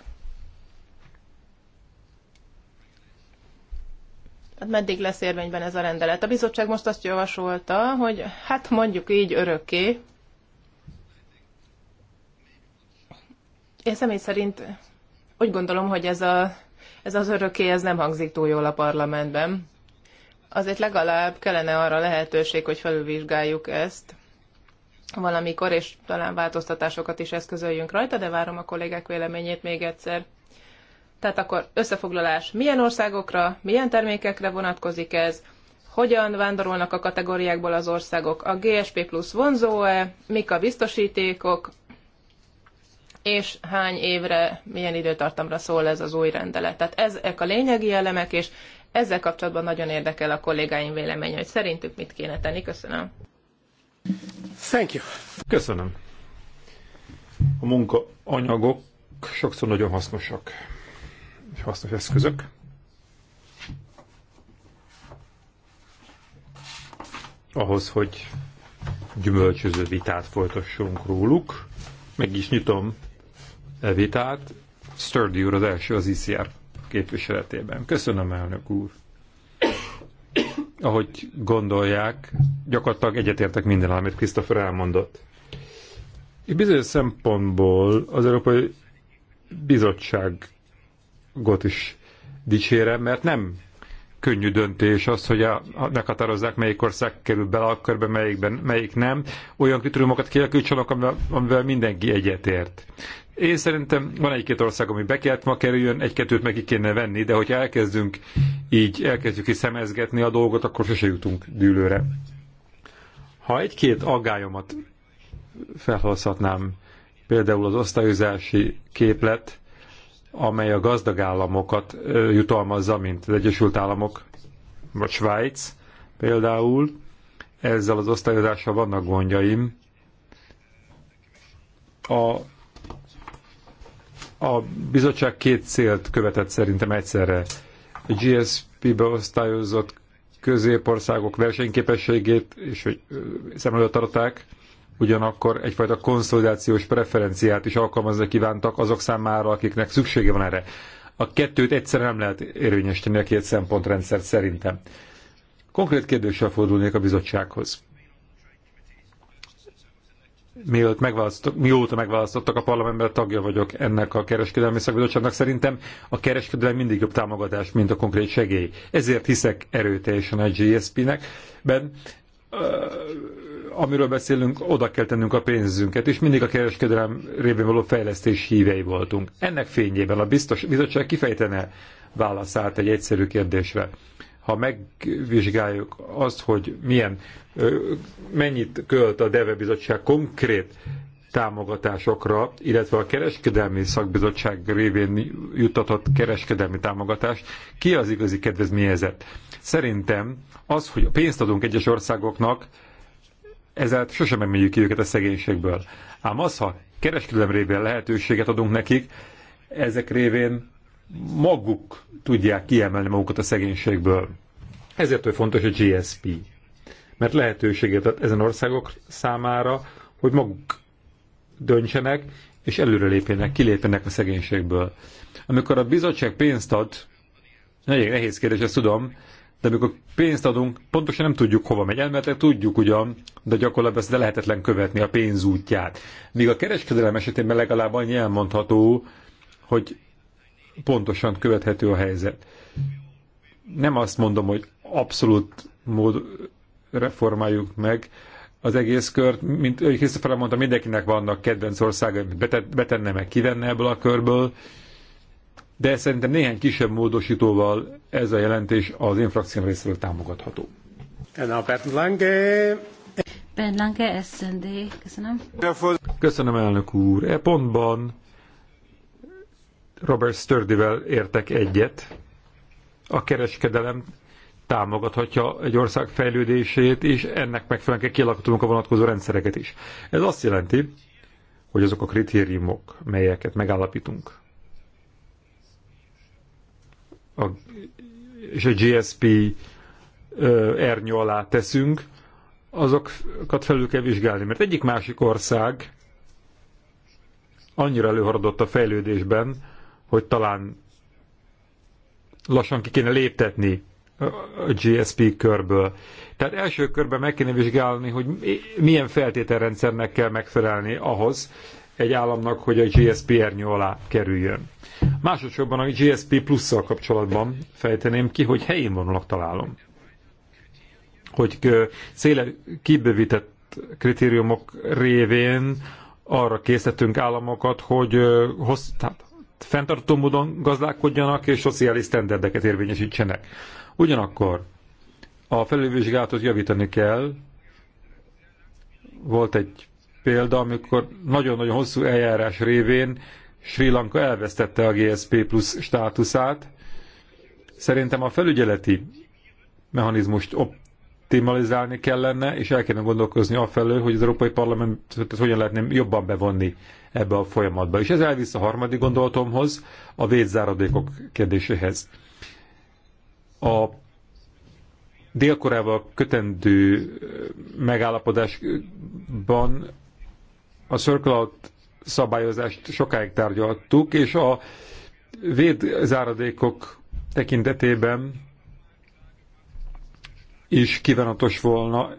C: Hát meddig lesz érvényben ez a rendelet? A bizottság most azt javasolta, hogy hát mondjuk így örökké. Én személy szerint úgy gondolom, hogy ez a ez az örökké, ez nem hangzik túl jól a parlamentben. Azért legalább kellene arra lehetőség, hogy felülvizsgáljuk ezt valamikor, és talán változtatásokat is eszközöljünk rajta, de várom a kollégák véleményét még egyszer. Tehát akkor összefoglalás, milyen országokra, milyen termékekre vonatkozik ez, hogyan vándorolnak a kategóriákból az országok, a GSP plusz vonzó-e, mik a biztosítékok, és hány évre, milyen időtartamra szól ez az új rendelet. Tehát ezek a lényegi elemek, és ezzel kapcsolatban nagyon érdekel a kollégáim véleménye, hogy szerintük mit kéne tenni. Köszönöm.
A: Thank you. Köszönöm. A munkaanyagok sokszor nagyon hasznosak, és hasznos eszközök. Ahhoz, hogy gyümölcsöző vitát folytassunk róluk, meg is nyitom E vitát. Sturdy úr az első az ICR képviseletében. Köszönöm, elnök úr. Ahogy gondolják, gyakorlatilag egyetértek minden, amit Christopher elmondott. És bizonyos szempontból az Európai Bizottságot is dicsérem, mert nem könnyű döntés az, hogy a, a, meghatározzák, melyik ország kerül bele a körbe, melyikben, melyik nem. Olyan kritériumokat kialakítsanak, amivel, amivel mindenki egyetért. Én szerintem van egy-két ország, ami be kellett ma kerüljön, egy-kettőt meg kéne venni, de hogyha elkezdünk így, elkezdjük is szemezgetni a dolgot, akkor sose jutunk dűlőre. Ha egy-két aggályomat felhozhatnám, például az osztályozási képlet, amely a gazdag államokat jutalmazza, mint az Egyesült Államok vagy Svájc például, ezzel az osztályozással vannak gondjaim. A a bizottság két célt követett szerintem egyszerre. A GSP-be osztályozott középországok versenyképességét és hogy szem előtt tartották, ugyanakkor egyfajta konszolidációs preferenciát is alkalmazni kívántak azok számára, akiknek szüksége van erre. A kettőt egyszer nem lehet érvényesíteni a két szempontrendszer szerintem. Konkrét kérdéssel fordulnék a bizottsághoz mielőtt mióta megválasztottak a parlamentben, tagja vagyok ennek a kereskedelmi szakbizottságnak. Szerintem a kereskedelem mindig jobb támogatás, mint a konkrét segély. Ezért hiszek erőteljesen a GSP-nek. Ben, amiről beszélünk, oda kell tennünk a pénzünket, és mindig a kereskedelem révén való fejlesztés hívei voltunk. Ennek fényében a biztos, bizottság kifejtene válaszát egy egyszerű kérdésre ha megvizsgáljuk azt, hogy milyen, mennyit költ a DEVE bizottság konkrét támogatásokra, illetve a kereskedelmi szakbizottság révén juttatott kereskedelmi támogatást, ki az igazi kedvezményezett? Szerintem az, hogy a pénzt adunk egyes országoknak, ezzel sosem emeljük ki őket a szegénységből. Ám az, ha kereskedelem révén lehetőséget adunk nekik, ezek révén maguk tudják kiemelni magukat a szegénységből. Ezért hogy fontos a GSP, mert lehetőséget ad ezen országok számára, hogy maguk döntsenek, és előrelépjenek, kilépjenek a szegénységből. Amikor a bizottság pénzt ad, nagyon nehéz kérdés, ezt tudom, de amikor pénzt adunk, pontosan nem tudjuk hova megy. Elméletileg tudjuk ugyan, de gyakorlatilag ezt lehetetlen követni a pénz útját. Míg a kereskedelem esetében legalább annyi elmondható, hogy pontosan követhető a helyzet. Nem azt mondom, hogy abszolút mód reformáljuk meg az egész kört, mint Krisztofele mondta, mindenkinek vannak kedvenc országai, betenne meg, kivenne ebből a körből, de szerintem néhány kisebb módosítóval ez a jelentés az infrakción részéről támogatható. Bernd Lange.
B: Bernd Lange, SND,
A: köszönöm. Köszönöm, elnök úr. E pontban Robert Sturdyvel értek egyet. A kereskedelem támogathatja egy ország fejlődését, és ennek megfelelően kell kialakítanunk a vonatkozó rendszereket is. Ez azt jelenti, hogy azok a kritériumok, melyeket megállapítunk, a, és a GSP ernyő alá teszünk, azokat felül kell vizsgálni. Mert egyik másik ország annyira előharadott a fejlődésben, hogy talán lassan ki kéne léptetni a GSP körből. Tehát első körben meg kéne vizsgálni, hogy milyen feltételrendszernek kell megfelelni ahhoz egy államnak, hogy a GSP ernyő alá kerüljön. Másodszorban a GSP plusszal kapcsolatban fejteném ki, hogy helyén vonulak találom. Hogy széle kibővített kritériumok révén arra készítettünk államokat, hogy hossz, tehát fenntartó módon gazdálkodjanak és szociális sztenderdeket érvényesítsenek. Ugyanakkor a felülvizsgálatot javítani kell. Volt egy példa, amikor nagyon-nagyon hosszú eljárás révén Sri Lanka elvesztette a GSP plusz státuszát. Szerintem a felügyeleti mechanizmust op optimalizálni kellene, és el kellene gondolkozni afelől, hogy az Európai Parlamentet hogyan lehetne jobban bevonni ebbe a folyamatba. És ez elvisz a harmadik gondolatomhoz, a védzáradékok kérdéséhez. A délkorával kötendő megállapodásban a Circle Out szabályozást sokáig tárgyaltuk, és a védzáradékok tekintetében is kívánatos volna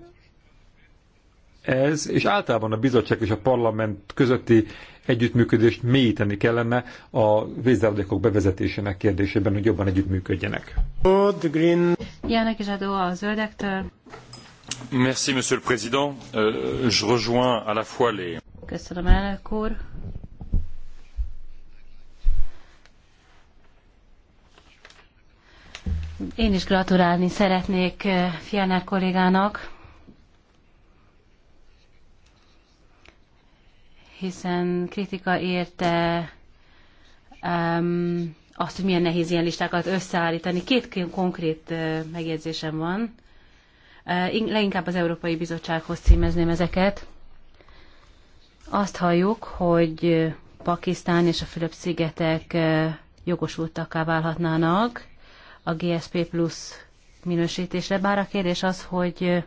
A: ez, és általában a bizottság és a parlament közötti együttműködést mélyíteni kellene a vízzáradékok bevezetésének kérdésében, hogy jobban együttműködjenek.
B: Jánek és Adó a zöldektől.
A: Merci, Monsieur le Président. Euh, je rejoins à la fois les...
B: Köszönöm, elnök úr. Én is gratulálni szeretnék eh, Fianár kollégának, hiszen kritika érte um, azt, hogy milyen nehéz ilyen listákat összeállítani. Két konkrét eh, megjegyzésem van. Eh, leginkább az Európai Bizottsághoz címezném ezeket. Azt halljuk, hogy Pakisztán és a Fülöp-szigetek jogosultakká válhatnának a GSP plusz minősítésre, bár a kérdés az, hogy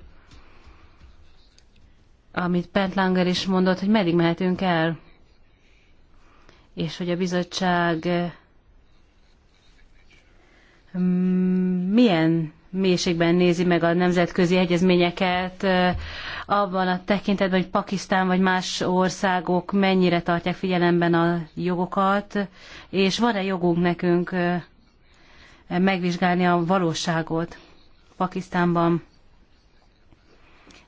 B: amit Bent Langer is mondott, hogy meddig mehetünk el, és hogy a bizottság milyen mélységben nézi meg a nemzetközi egyezményeket, abban a tekintetben, hogy Pakisztán vagy más országok mennyire tartják figyelemben a jogokat, és van-e jogunk nekünk megvizsgálni a valóságot. Pakisztánban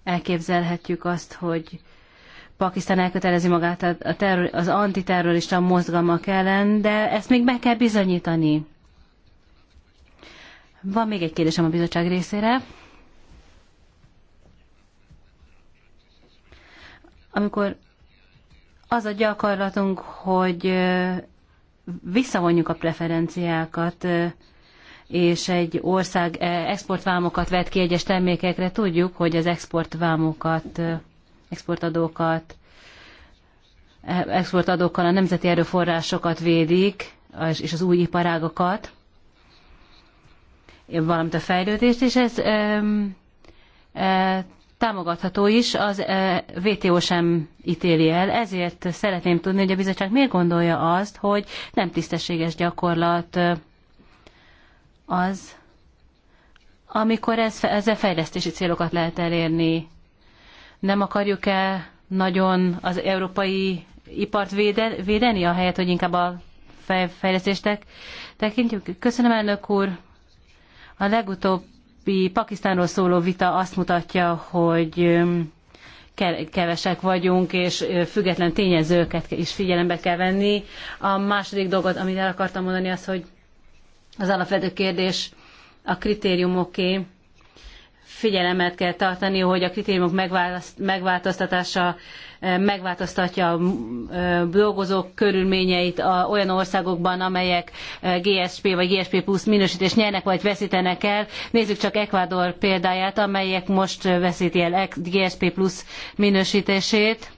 B: elképzelhetjük azt, hogy Pakisztán elkötelezi magát a az antiterrorista mozgalmak ellen, de ezt még meg kell bizonyítani. Van még egy kérdésem a bizottság részére. Amikor az a gyakorlatunk, hogy visszavonjuk a preferenciákat, és egy ország eh, exportvámokat vet ki egyes termékekre, tudjuk, hogy az exportvámokat, eh, exportadókat, eh, exportadókkal a nemzeti erőforrásokat védik, és az új iparágokat, valamint a fejlődést, és ez e, e, támogatható is, az e, WTO sem ítéli el. Ezért szeretném tudni, hogy a bizottság miért gondolja azt, hogy nem tisztességes gyakorlat az, amikor ez, ezzel fejlesztési célokat lehet elérni. Nem akarjuk-e nagyon az európai ipart védeni, ahelyett, hogy inkább a fejlesztéstek tekintjük? Köszönöm, elnök úr! A legutóbbi Pakisztánról szóló vita azt mutatja, hogy um, kevesek vagyunk, és független tényezőket is figyelembe kell venni. A második dolgot, amit el akartam mondani, az, hogy az alapvető kérdés a kritériumoké. Figyelemet kell tartani, hogy a kritériumok megváltoztatása eh, megváltoztatja a eh, dolgozók körülményeit olyan országokban, amelyek eh, GSP vagy GSP plusz minősítést nyernek vagy veszítenek el. Nézzük csak Ecuador példáját, amelyek most veszíti el GSP plusz minősítését.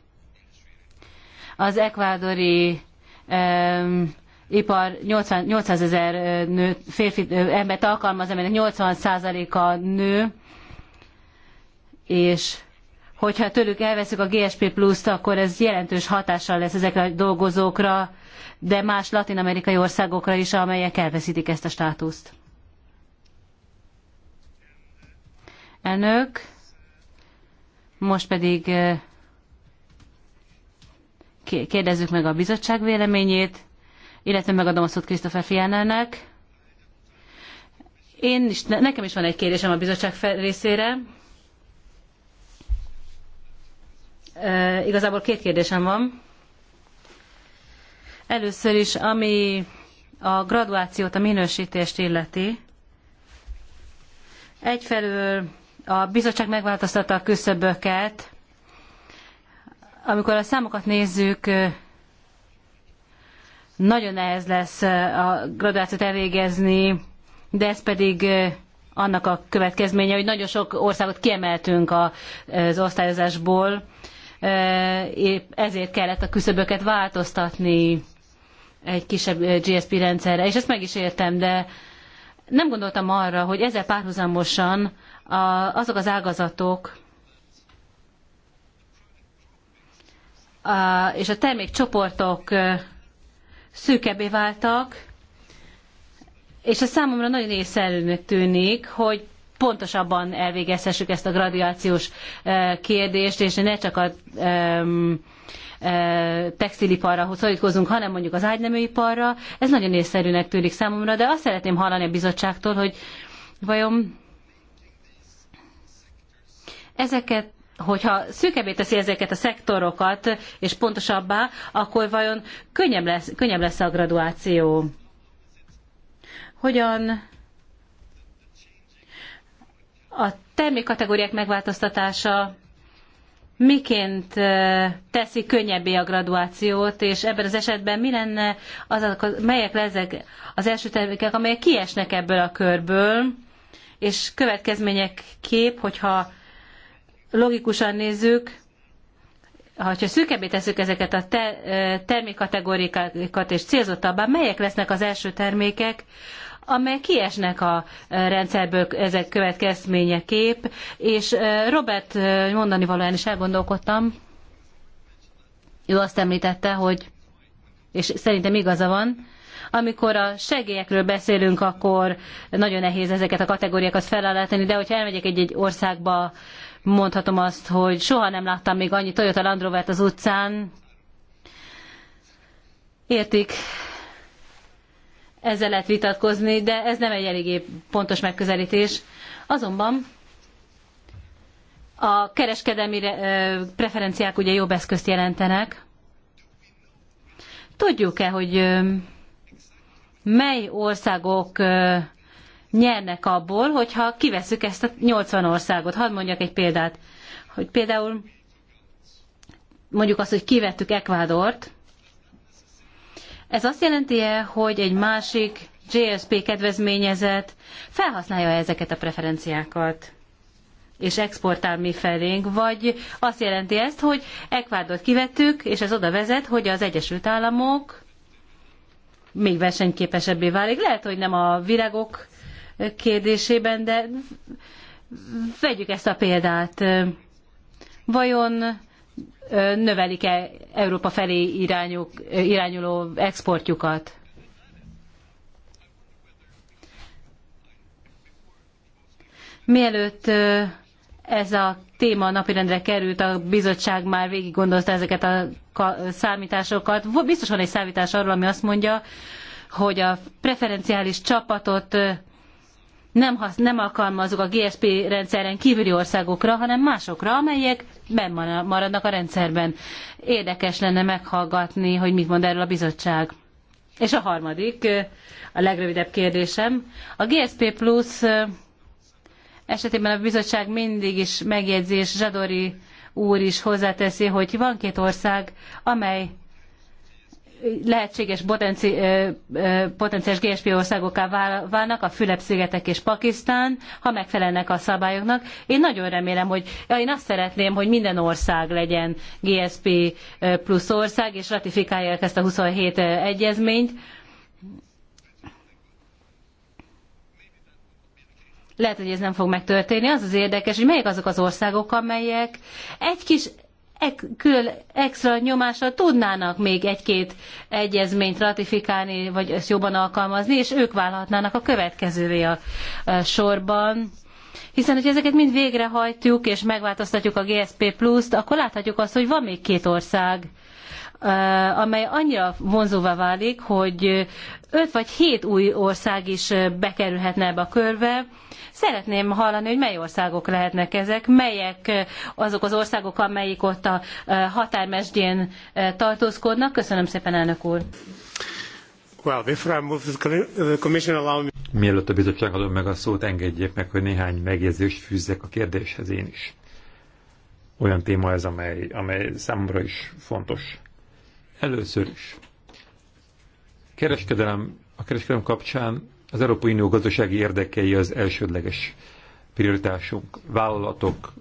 B: Az ekvádori um, ipar 80, 800 ezer nő, férfi, embert alkalmaz, aminek 80%-a nő, és hogyha tőlük elveszük a GSP pluszt, akkor ez jelentős hatással lesz ezekre a dolgozókra, de más latin-amerikai országokra is, amelyek elveszítik ezt a státuszt. Elnök, most pedig kérdezzük meg a bizottság véleményét illetve megadom a szót Christopher Fiennelnek. Én is, nekem is van egy kérdésem a bizottság részére. E, igazából két kérdésem van. Először is, ami a graduációt, a minősítést illeti. Egyfelől a bizottság megváltoztatta a küszöböket. Amikor a számokat nézzük, nagyon nehéz lesz a graduációt elvégezni, de ez pedig annak a következménye, hogy nagyon sok országot kiemeltünk az osztályozásból, épp ezért kellett a küszöböket változtatni egy kisebb GSP rendszerre, és ezt meg is értem, de nem gondoltam arra, hogy ezzel párhuzamosan azok az ágazatok és a termékcsoportok szűkebbé váltak, és ez számomra nagyon észszerűnek tűnik, hogy pontosabban elvégezhessük ezt a graduációs e, kérdést, és ne csak a e, e, textiliparra szorítkozunk, hanem mondjuk az ágyneműiparra. Ez nagyon észszerűnek tűnik számomra, de azt szeretném hallani a bizottságtól, hogy vajon ezeket hogyha szűkebbé teszi ezeket a szektorokat, és pontosabbá, akkor vajon könnyebb lesz, könnyebb lesz a graduáció? Hogyan a termékkategóriák megváltoztatása miként teszi könnyebbé a graduációt, és ebben az esetben mi lenne azok, melyek ezek az első termékek, amelyek kiesnek ebből a körből, és következmények kép, hogyha logikusan nézzük, ha szűkebbé tesszük ezeket a te, termékkategóriákat és célzottabbá, melyek lesznek az első termékek, amelyek kiesnek a rendszerből ezek következményeképp, és Robert mondani valóján is elgondolkodtam, ő azt említette, hogy, és szerintem igaza van, amikor a segélyekről beszélünk, akkor nagyon nehéz ezeket a kategóriákat felállítani, de hogyha elmegyek egy-egy országba, mondhatom azt, hogy soha nem láttam még annyi Toyota Land Rover-t az utcán. Értik, ezzel lehet vitatkozni, de ez nem egy eléggé pontos megközelítés. Azonban a kereskedelmi preferenciák ugye jobb eszközt jelentenek. Tudjuk-e, hogy mely országok nyernek abból, hogyha kivesszük ezt a 80 országot. Hadd mondjak egy példát, hogy például mondjuk azt, hogy kivettük Ekvádort, ez azt jelenti -e, hogy egy másik GSP kedvezményezett felhasználja ezeket a preferenciákat? és exportál mi felénk, vagy azt jelenti ezt, hogy Ekvádort kivettük, és ez oda vezet, hogy az Egyesült Államok még versenyképesebbé válik. Lehet, hogy nem a virágok kérdésében, de vegyük ezt a példát. Vajon növelik-e Európa felé irányuk, irányuló exportjukat? Mielőtt ez a téma napirendre került, a bizottság már végig gondolta ezeket a számításokat. Biztos van egy számítás arról, ami azt mondja, hogy a preferenciális csapatot nem, nem alkalmazzuk a GSP rendszeren kívüli országokra, hanem másokra, amelyek benn maradnak a rendszerben. Érdekes lenne meghallgatni, hogy mit mond erről a bizottság. És a harmadik, a legrövidebb kérdésem. A GSP Plus esetében a bizottság mindig is megjegyzi, és Zsadori úr is hozzáteszi, hogy van két ország, amely lehetséges potenci, potenciális GSP országokká válnak a Fülep-szigetek és Pakisztán, ha megfelelnek a szabályoknak. Én nagyon remélem, hogy ja, én azt szeretném, hogy minden ország legyen GSP plusz ország, és ratifikálják ezt a 27 egyezményt. Lehet, hogy ez nem fog megtörténni. Az az érdekes, hogy melyek azok az országok, amelyek egy kis külön extra nyomásra tudnának még egy-két egyezményt ratifikálni, vagy ezt jobban alkalmazni, és ők válhatnának a következővé a, sorban. Hiszen, hogyha ezeket mind végrehajtjuk, és megváltoztatjuk a GSP Plus-t, akkor láthatjuk azt, hogy van még két ország, Eh, amely annyira vonzóvá válik, hogy öt vagy hét új ország is eh, bekerülhetne ebbe a körbe. Szeretném hallani, hogy mely országok lehetnek ezek, melyek eh, azok az országok, amelyik ott a határmesdjén tartózkodnak. Köszönöm szépen, elnök úr!
A: Well, me... Mielőtt a bizottság adom meg a szót, engedjék meg, hogy néhány megjegyzést fűzzek a kérdéshez én is. Olyan téma ez, amely, amely számomra is fontos. Először is. Kereskedelem, a kereskedelem kapcsán az Európai Unió gazdasági érdekei az elsődleges prioritásunk. Vállalatok,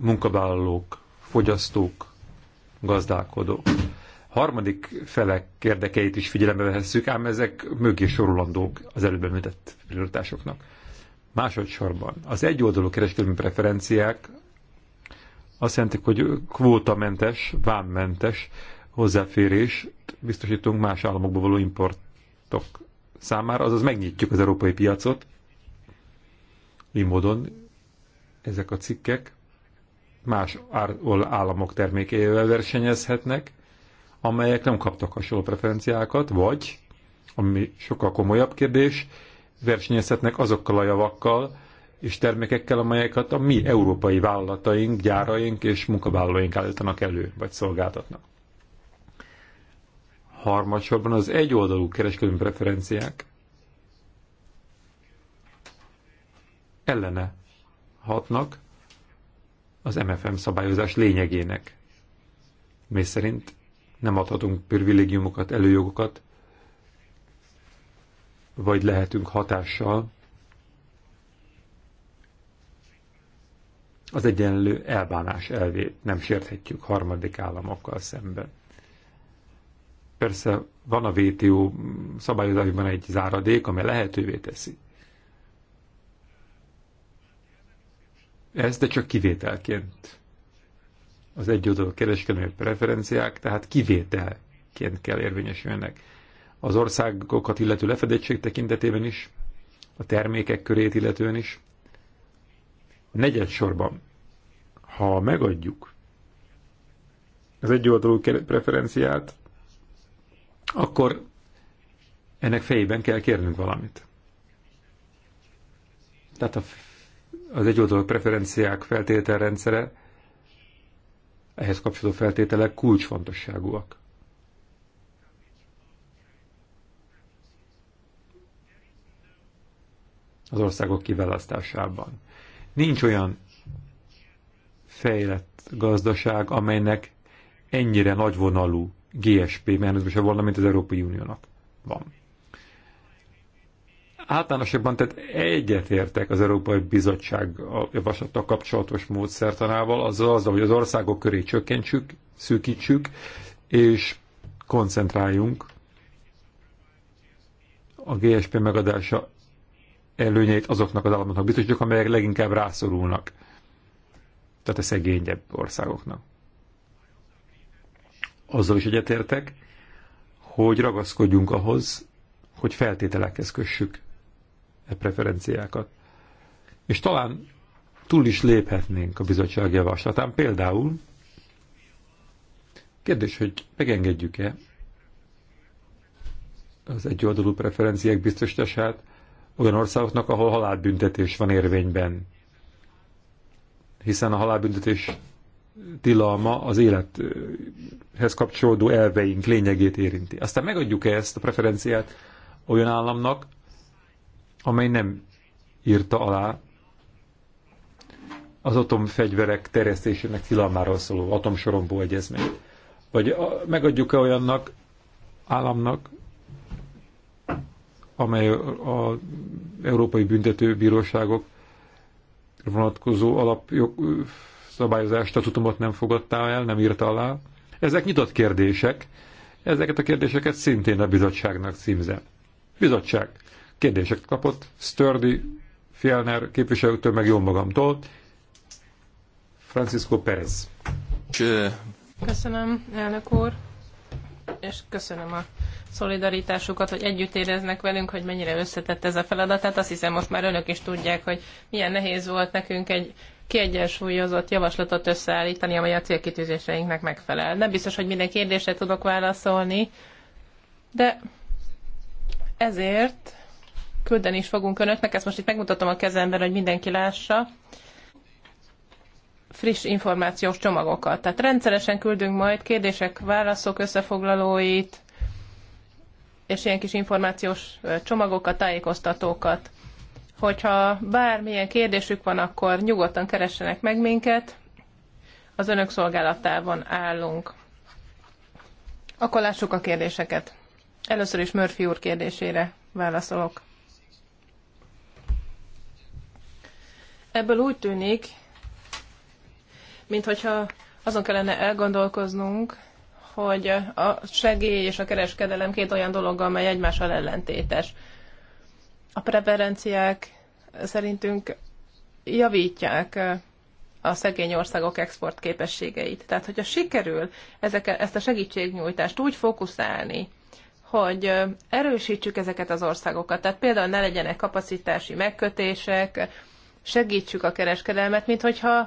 A: munkavállalók, fogyasztók, gazdálkodók. Harmadik felek érdekeit is figyelembe vehesszük, ám ezek mögé sorolandók az előbb említett prioritásoknak. Másodszorban az egyoldalú kereskedelmi preferenciák azt jelenti, hogy kvótamentes, vámmentes hozzáférést biztosítunk más államokból való importok számára, azaz megnyitjuk az európai piacot. Így módon ezek a cikkek más államok termékeivel versenyezhetnek, amelyek nem kaptak hasonló preferenciákat, vagy, ami sokkal komolyabb kérdés, versenyezhetnek azokkal a javakkal és termékekkel, amelyeket a mi európai vállalataink, gyáraink és munkavállalóink állítanak elő, vagy szolgáltatnak. Harmadsorban az egyoldalú kereskedelmi preferenciák ellene hatnak az MFM szabályozás lényegének, Mi szerint nem adhatunk privilégiumokat, előjogokat, vagy lehetünk hatással az egyenlő elbánás elvét nem sérthetjük harmadik államokkal szemben. Persze van a VTO szabályozásban egy záradék, amely lehetővé teszi. Ez, de csak kivételként. Az egyoldalú kereskedelmi preferenciák, tehát kivételként kell érvényesülnek. Az országokat illető lefedettség tekintetében is, a termékek körét illetően is. Negyed sorban, ha megadjuk az egyoldalú preferenciát, akkor ennek fejében kell kérnünk valamit. Tehát a, az egyoldalú preferenciák feltételrendszere, ehhez kapcsolódó feltételek kulcsfontosságúak. az országok kiválasztásában. Nincs olyan fejlett gazdaság, amelynek ennyire nagyvonalú GSP mechanizmusa volna, mint az Európai Uniónak van. Általánosabban tehát egyetértek az Európai Bizottság javaslattal kapcsolatos módszertanával, az az, hogy az országok köré csökkentsük, szűkítsük, és koncentráljunk a GSP megadása előnyeit azoknak az államoknak biztosítjuk, amelyek leginkább rászorulnak, tehát a szegényebb országoknak azzal is egyetértek, hogy ragaszkodjunk ahhoz, hogy feltételekhez kössük e preferenciákat. És talán túl is léphetnénk a bizottság javaslatán. Például kérdés, hogy megengedjük-e az egyoldalú preferenciák biztosítását olyan országoknak, ahol halálbüntetés van érvényben. Hiszen a halálbüntetés tilalma az élethez kapcsolódó elveink lényegét érinti. Aztán megadjuk -e ezt a preferenciát olyan államnak, amely nem írta alá az atomfegyverek terjesztésének tilalmáról szóló atomsorombó egyezményt. Vagy megadjuk-e olyannak államnak, amely az Európai Büntetőbíróságok vonatkozó alapjog szabályozás statutumot nem fogadta el, nem írta alá. Ezek nyitott kérdések. Ezeket a kérdéseket szintén a bizottságnak címzem. Bizottság. Kérdéseket kapott Sturdy, Fjellner képviselőtől meg jó magamtól. Francisco Perez.
C: Köszönöm, elnök úr, és köszönöm a szolidaritásukat, hogy együtt éreznek velünk, hogy mennyire összetett ez a feladat. Tehát azt hiszem, most már önök is tudják, hogy milyen nehéz volt nekünk egy kiegyensúlyozott javaslatot összeállítani, amely a célkitűzéseinknek megfelel. Nem biztos, hogy minden kérdésre tudok válaszolni, de ezért küldeni is fogunk önöknek, ezt most itt megmutatom a kezemben, hogy mindenki lássa, friss információs csomagokat. Tehát rendszeresen küldünk majd kérdések, válaszok, összefoglalóit, és ilyen kis információs csomagokat, tájékoztatókat hogyha bármilyen kérdésük van, akkor nyugodtan keressenek meg minket, az önök szolgálatában állunk. Akkor lássuk a kérdéseket. Először is Murphy úr kérdésére válaszolok. Ebből úgy tűnik, mintha azon kellene elgondolkoznunk, hogy a segély és a kereskedelem két olyan dolog, amely egymással ellentétes a preferenciák szerintünk javítják a szegény országok export képességeit. Tehát, hogyha sikerül ezeket, ezt a segítségnyújtást úgy fókuszálni, hogy erősítsük ezeket az országokat, tehát például ne legyenek kapacitási megkötések, segítsük a kereskedelmet, mint hogyha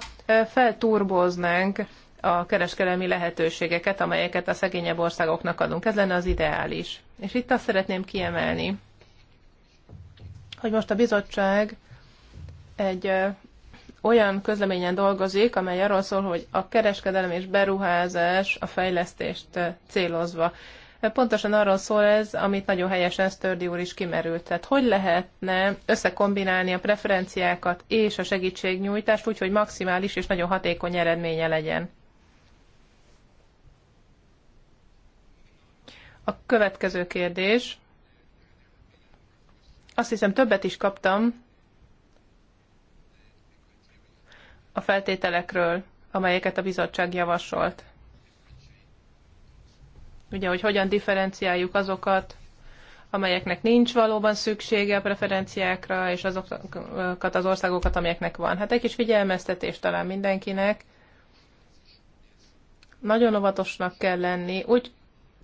C: felturboznánk a kereskedelmi lehetőségeket, amelyeket a szegényebb országoknak adunk. Ez lenne az ideális. És itt azt szeretném kiemelni, hogy most a bizottság egy olyan közleményen dolgozik, amely arról szól, hogy a kereskedelem és beruházás a fejlesztést célozva. Pontosan arról szól ez, amit nagyon helyesen Sztördi úr is kimerült. Tehát hogy lehetne összekombinálni a preferenciákat és a segítségnyújtást úgy, hogy maximális és nagyon hatékony eredménye legyen? A következő kérdés azt hiszem többet is kaptam a feltételekről, amelyeket a bizottság javasolt. Ugye, hogy hogyan differenciáljuk azokat, amelyeknek nincs valóban szüksége a preferenciákra, és azokat az országokat, amelyeknek van. Hát egy kis figyelmeztetés talán mindenkinek. Nagyon óvatosnak kell lenni. Úgy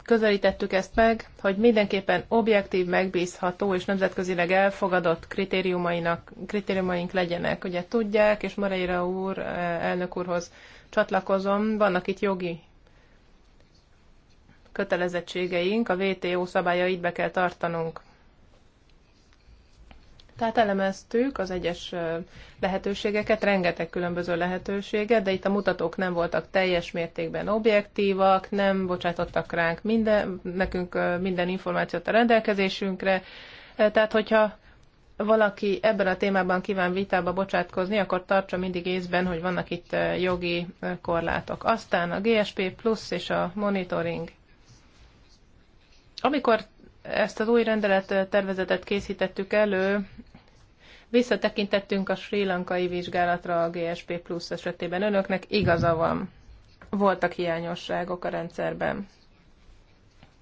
C: közelítettük ezt meg, hogy mindenképpen objektív, megbízható és nemzetközileg elfogadott kritériumainak, kritériumaink legyenek. Ugye tudják, és Mareira úr, eh, elnök úrhoz csatlakozom, vannak itt jogi kötelezettségeink, a WTO szabályait be kell tartanunk. Tehát elemeztük az egyes lehetőségeket, rengeteg különböző lehetőséget, de itt a mutatók nem voltak teljes mértékben objektívak, nem bocsátottak ránk minden, nekünk minden információt a rendelkezésünkre. Tehát, hogyha valaki ebben a témában kíván vitába bocsátkozni, akkor tartsa mindig észben, hogy vannak itt jogi korlátok. Aztán a GSP Plus és a monitoring. Amikor ezt az új rendelet tervezetet készítettük elő, Visszatekintettünk a sri lankai vizsgálatra a GSP Plus esetében. Önöknek igaza van. Voltak hiányosságok a rendszerben.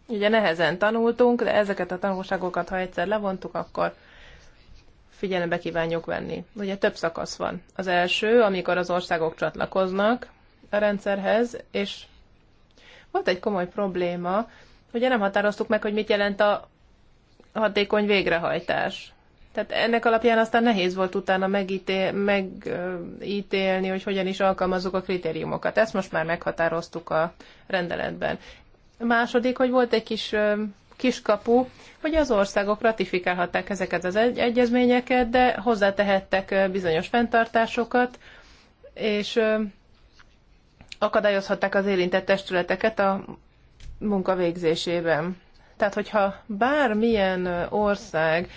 C: Ugye nehezen tanultunk, de ezeket a tanulságokat, ha egyszer levontuk, akkor figyelembe kívánjuk venni. Ugye több szakasz van. Az első, amikor az országok csatlakoznak a rendszerhez, és volt egy komoly probléma, ugye nem határoztuk meg, hogy mit jelent a hatékony végrehajtás. Tehát ennek alapján aztán nehéz volt utána megítélni, hogy hogyan is alkalmazzuk a kritériumokat. Ezt most már meghatároztuk a rendeletben. A második, hogy volt egy kis kiskapu, hogy az országok ratifikálhatták ezeket az egy- egyezményeket, de hozzátehettek bizonyos fenntartásokat, és akadályozhatták az érintett testületeket a munka végzésében. Tehát, hogyha bármilyen ország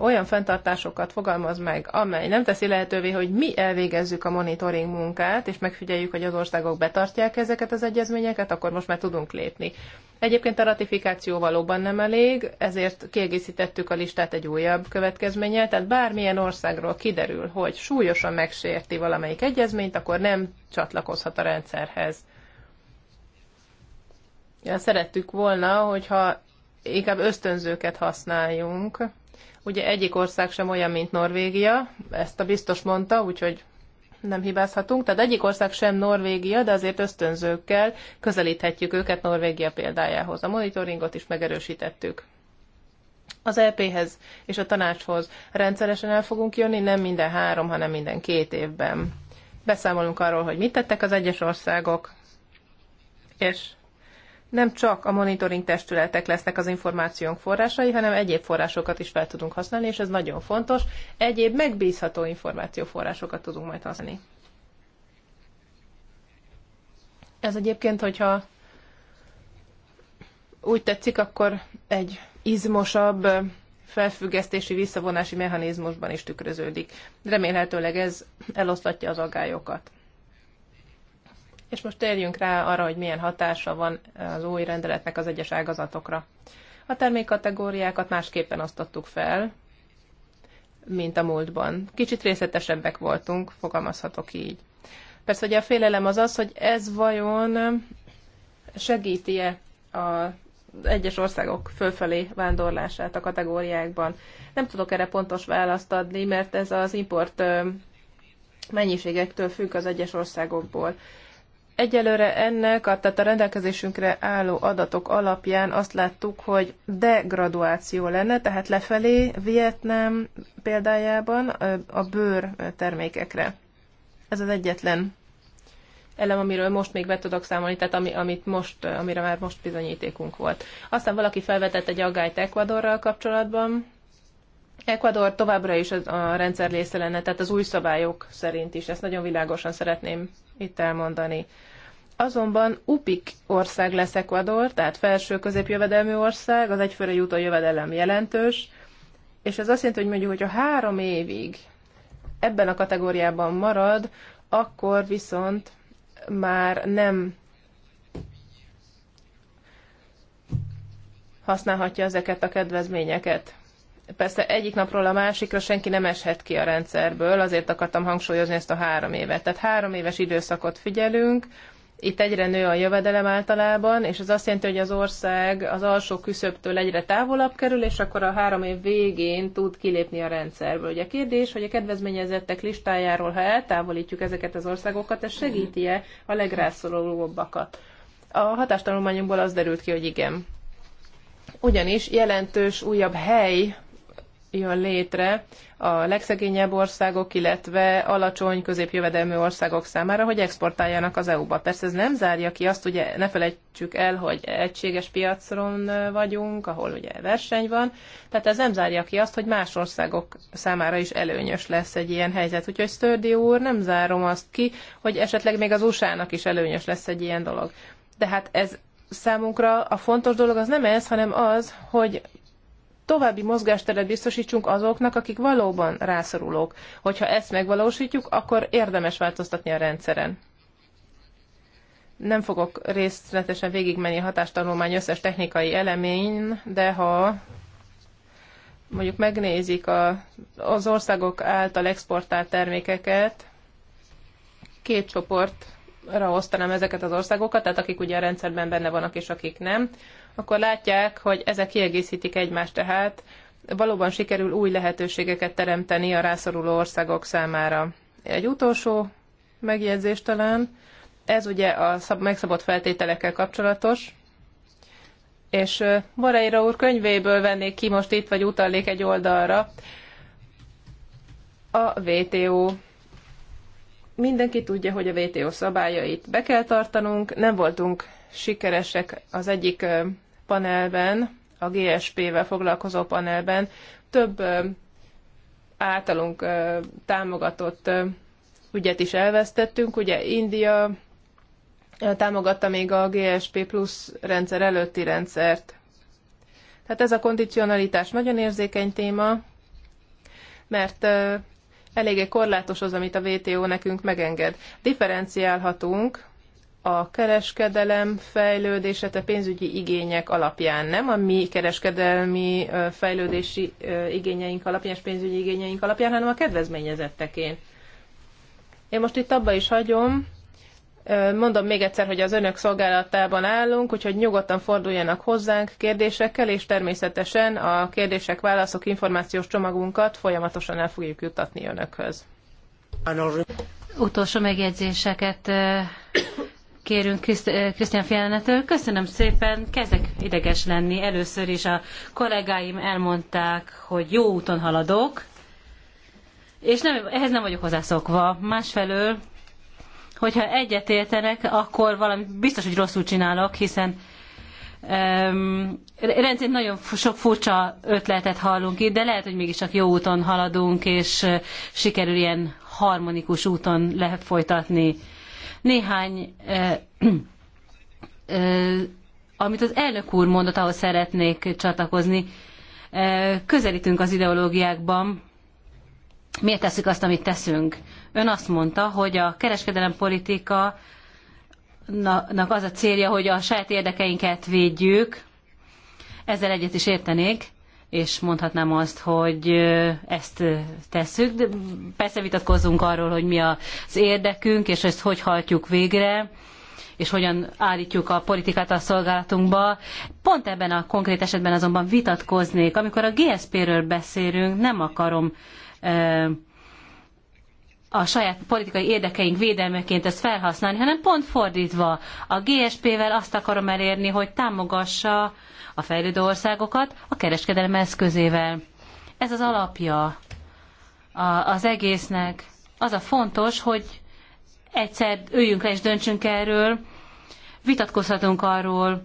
C: olyan fenntartásokat fogalmaz meg, amely nem teszi lehetővé, hogy mi elvégezzük a monitoring munkát, és megfigyeljük, hogy az országok betartják ezeket az egyezményeket, akkor most már tudunk lépni. Egyébként a ratifikáció valóban nem elég, ezért kiegészítettük a listát egy újabb következménye, tehát bármilyen országról kiderül, hogy súlyosan megsérti valamelyik egyezményt, akkor nem csatlakozhat a rendszerhez. Ja, szerettük volna, hogyha inkább ösztönzőket használjunk. Ugye egyik ország sem olyan, mint Norvégia, ezt a biztos mondta, úgyhogy nem hibázhatunk. Tehát egyik ország sem Norvégia, de azért ösztönzőkkel közelíthetjük őket Norvégia példájához. A monitoringot is megerősítettük. Az EP-hez és a tanácshoz rendszeresen el fogunk jönni, nem minden három, hanem minden két évben. Beszámolunk arról, hogy mit tettek az egyes országok, és nem csak a monitoring testületek lesznek az információnk forrásai, hanem egyéb forrásokat is fel tudunk használni, és ez nagyon fontos. Egyéb megbízható információforrásokat tudunk majd használni. Ez egyébként, hogyha úgy tetszik, akkor egy izmosabb felfüggesztési visszavonási mechanizmusban is tükröződik. Remélhetőleg ez eloszlatja az aggályokat. És most térjünk rá arra, hogy milyen hatása van az új rendeletnek az egyes ágazatokra. A termékkategóriákat másképpen osztottuk fel, mint a múltban. Kicsit részletesebbek voltunk, fogalmazhatok így. Persze ugye a félelem az az, hogy ez vajon segíti-e a egyes országok fölfelé vándorlását a kategóriákban. Nem tudok erre pontos választ adni, mert ez az import mennyiségektől függ az egyes országokból. Egyelőre ennek, tehát a rendelkezésünkre álló adatok alapján azt láttuk, hogy degraduáció lenne, tehát lefelé Vietnám példájában a bőr termékekre. Ez az egyetlen elem, amiről most még be tudok számolni, tehát ami, amit most, amire már most bizonyítékunk volt. Aztán valaki felvetett egy aggályt Ecuadorral kapcsolatban. Ecuador továbbra is a rendszer része lenne, tehát az új szabályok szerint is. Ezt nagyon világosan szeretném itt elmondani. Azonban UPIK ország lesz Ecuador, tehát felső középjövedelmi ország, az egyfőre jutó jövedelem jelentős, és ez azt jelenti, hogy mondjuk, hogyha három évig ebben a kategóriában marad, akkor viszont már nem használhatja ezeket a kedvezményeket persze egyik napról a másikra senki nem eshet ki a rendszerből, azért akartam hangsúlyozni ezt a három évet. Tehát három éves időszakot figyelünk, itt egyre nő a jövedelem általában, és ez azt jelenti, hogy az ország az alsó küszöbtől egyre távolabb kerül, és akkor a három év végén tud kilépni a rendszerből. Ugye a kérdés, hogy a kedvezményezettek listájáról, ha eltávolítjuk ezeket az országokat, ez segíti-e a legrászorulóbbakat? A hatástanulmányunkból az derült ki, hogy igen. Ugyanis jelentős újabb hely jön létre a legszegényebb országok, illetve alacsony középjövedelmű országok számára, hogy exportáljanak az EU-ba. Persze ez nem zárja ki azt, ugye ne felejtsük el, hogy egységes piacon vagyunk, ahol ugye verseny van, tehát ez nem zárja ki azt, hogy más országok számára is előnyös lesz egy ilyen helyzet. Úgyhogy Sztördi úr, nem zárom azt ki, hogy esetleg még az USA-nak is előnyös lesz egy ilyen dolog. De hát ez számunkra a fontos dolog az nem ez, hanem az, hogy további mozgásteret biztosítsunk azoknak, akik valóban rászorulók. Hogyha ezt megvalósítjuk, akkor érdemes változtatni a rendszeren. Nem fogok részletesen végigmenni a hatástanulmány összes technikai elemén, de ha mondjuk megnézik a, az országok által exportált termékeket, két csoportra osztanám ezeket az országokat, tehát akik ugye a rendszerben benne vannak és akik nem akkor látják, hogy ezek kiegészítik egymást, tehát valóban sikerül új lehetőségeket teremteni a rászoruló országok számára. Egy utolsó megjegyzés talán, ez ugye a megszabott feltételekkel kapcsolatos, és Moreira úr könyvéből vennék ki most itt, vagy utalnék egy oldalra, a VTO mindenki tudja, hogy a WTO szabályait be kell tartanunk, nem voltunk sikeresek az egyik panelben, a GSP-vel foglalkozó panelben több általunk támogatott ügyet is elvesztettünk. Ugye India támogatta még a GSP plusz rendszer előtti rendszert. Tehát ez a kondicionalitás nagyon érzékeny téma, mert eléggé korlátos az, amit a WTO nekünk megenged. Differenciálhatunk, a kereskedelem fejlődése, a pénzügyi igények alapján, nem a mi kereskedelmi fejlődési igényeink alapján, és pénzügyi igényeink alapján, hanem a kedvezményezettekén. Én most itt abba is hagyom, Mondom még egyszer, hogy az önök szolgálatában állunk, úgyhogy nyugodtan forduljanak hozzánk kérdésekkel, és természetesen a kérdések, válaszok, információs csomagunkat folyamatosan el fogjuk juttatni önökhöz.
B: Utolsó megjegyzéseket kérünk eh, Krisztián Fjellenetől. Köszönöm szépen, kezdek ideges lenni. Először is a kollégáim elmondták, hogy jó úton haladok, és nem, ehhez nem vagyok hozzászokva. Másfelől, hogyha egyetértenek, akkor valami biztos, hogy rosszul csinálok, hiszen um, rendszerint nagyon sok furcsa ötletet hallunk itt, de lehet, hogy mégis csak jó úton haladunk, és uh, sikerül ilyen harmonikus úton lehet folytatni. Néhány, eh, eh, amit az elnök úr mondott, ahhoz szeretnék csatlakozni. Eh, közelítünk az ideológiákban. Miért tesszük azt, amit teszünk? Ön azt mondta, hogy a kereskedelem politika az a célja, hogy a saját érdekeinket védjük. Ezzel egyet is értenék és mondhatnám azt, hogy ezt tesszük, de persze vitatkozunk arról, hogy mi az érdekünk, és ezt hogy hajtjuk végre, és hogyan állítjuk a politikát a szolgálatunkba. Pont ebben a konkrét esetben azonban vitatkoznék. Amikor a GSP-ről beszélünk, nem akarom a saját politikai érdekeink védelmeként ezt felhasználni, hanem pont fordítva. A GSP-vel azt akarom elérni, hogy támogassa a fejlődő országokat a kereskedelem eszközével. Ez az alapja az egésznek. Az a fontos, hogy egyszer üljünk le és döntsünk erről, vitatkozhatunk arról,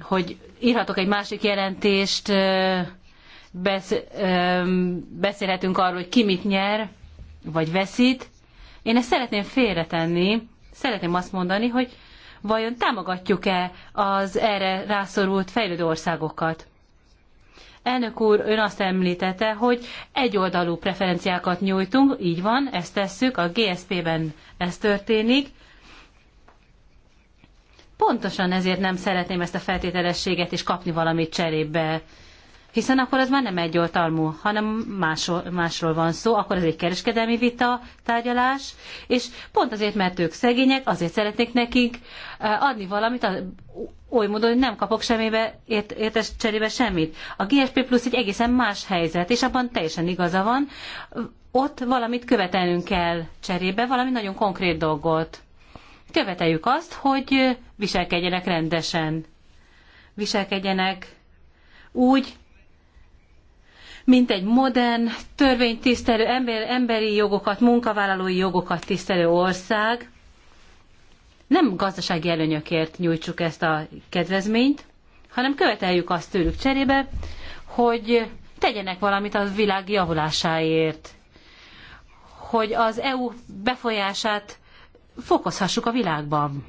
B: hogy írhatok egy másik jelentést, beszélhetünk arról, hogy ki mit nyer, vagy veszít. Én ezt szeretném félretenni, szeretném azt mondani, hogy vajon támogatjuk-e az erre rászorult fejlődő országokat. Elnök úr, ön azt említette, hogy egyoldalú preferenciákat nyújtunk, így van, ezt tesszük, a GSP-ben ez történik. Pontosan ezért nem szeretném ezt a feltételességet és kapni valamit cserébe hiszen akkor az már nem egyoldalmú, hanem másról, másról van szó, akkor ez egy kereskedelmi vita tárgyalás, és pont azért, mert ők szegények, azért szeretnék nekik eh, adni valamit, oly módon, hogy nem kapok semmibe, ért, értes cserébe semmit. A GSP plusz egy egészen más helyzet, és abban teljesen igaza van, ott valamit követelnünk kell cserébe, valami nagyon konkrét dolgot. Követeljük azt, hogy viselkedjenek rendesen. Viselkedjenek úgy, mint egy modern, törvénytisztelő, ember, emberi jogokat, munkavállalói jogokat tisztelő ország. Nem gazdasági előnyökért nyújtsuk ezt a kedvezményt, hanem követeljük azt tőlük cserébe, hogy tegyenek valamit a világ javulásáért, hogy az EU befolyását fokozhassuk a világban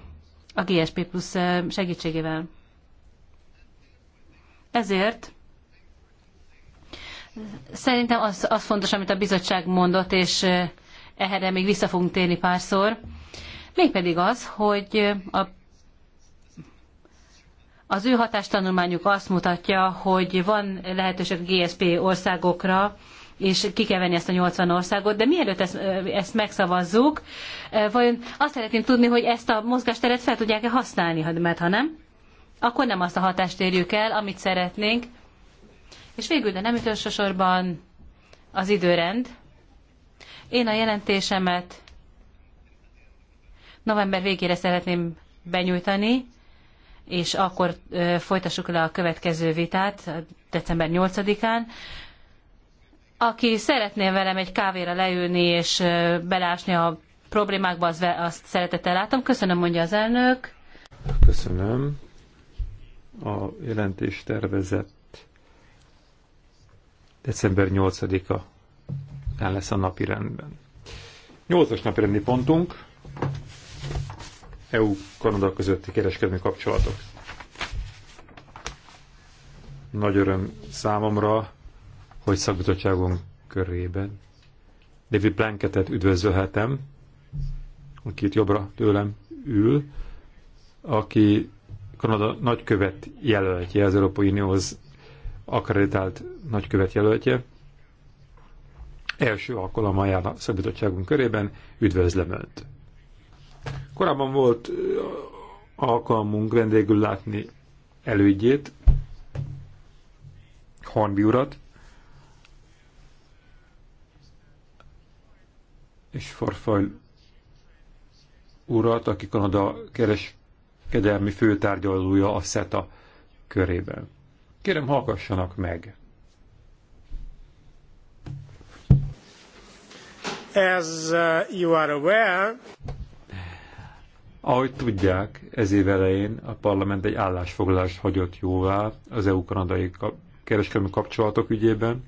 B: a GSP plusz eh, segítségével. Ezért Szerintem az, az fontos, amit a bizottság mondott, és erre még vissza fogunk térni párszor. Mégpedig az, hogy a, az ő hatástanulmányuk azt mutatja, hogy van lehetőség a GSP országokra, és ki kell venni ezt a 80 országot, de mielőtt ezt, ezt megszavazzuk, vajon azt szeretném tudni, hogy ezt a mozgásteret fel tudják-e használni, mert ha nem, akkor nem azt a hatást érjük el, amit szeretnénk, és végül, de nem utolsó sorban az időrend. Én a jelentésemet november végére szeretném benyújtani, és akkor folytassuk le a következő vitát, december 8-án. Aki szeretné velem egy kávéra leülni és belásni a problémákba, az, azt szeretettel látom. Köszönöm, mondja az elnök.
A: Köszönöm. A jelentés tervezett december 8-a el lesz a napi rendben. Nyolcas napi rendi pontunk EU-Kanada közötti kereskedelmi kapcsolatok. Nagy öröm számomra, hogy szakbizottságunk körében David Blanketet üdvözölhetem, aki itt jobbra tőlem ül, aki Kanada nagykövet jelöltje az Európai Unióhoz akreditált nagykövet jelöltje. Első alkalom jár a szabadottságunk körében, üdvözlöm Önt! Korábban volt alkalmunk vendégül látni elődjét, Hornby urat, és Farfajl urat, aki Kanada kereskedelmi főtárgyalója a SETA körében. Kérem, hallgassanak meg. As uh, you are aware, ahogy tudják, ez év elején a parlament egy állásfoglalást hagyott jóvá az EU-kanadai kereskedelmi kapcsolatok ügyében.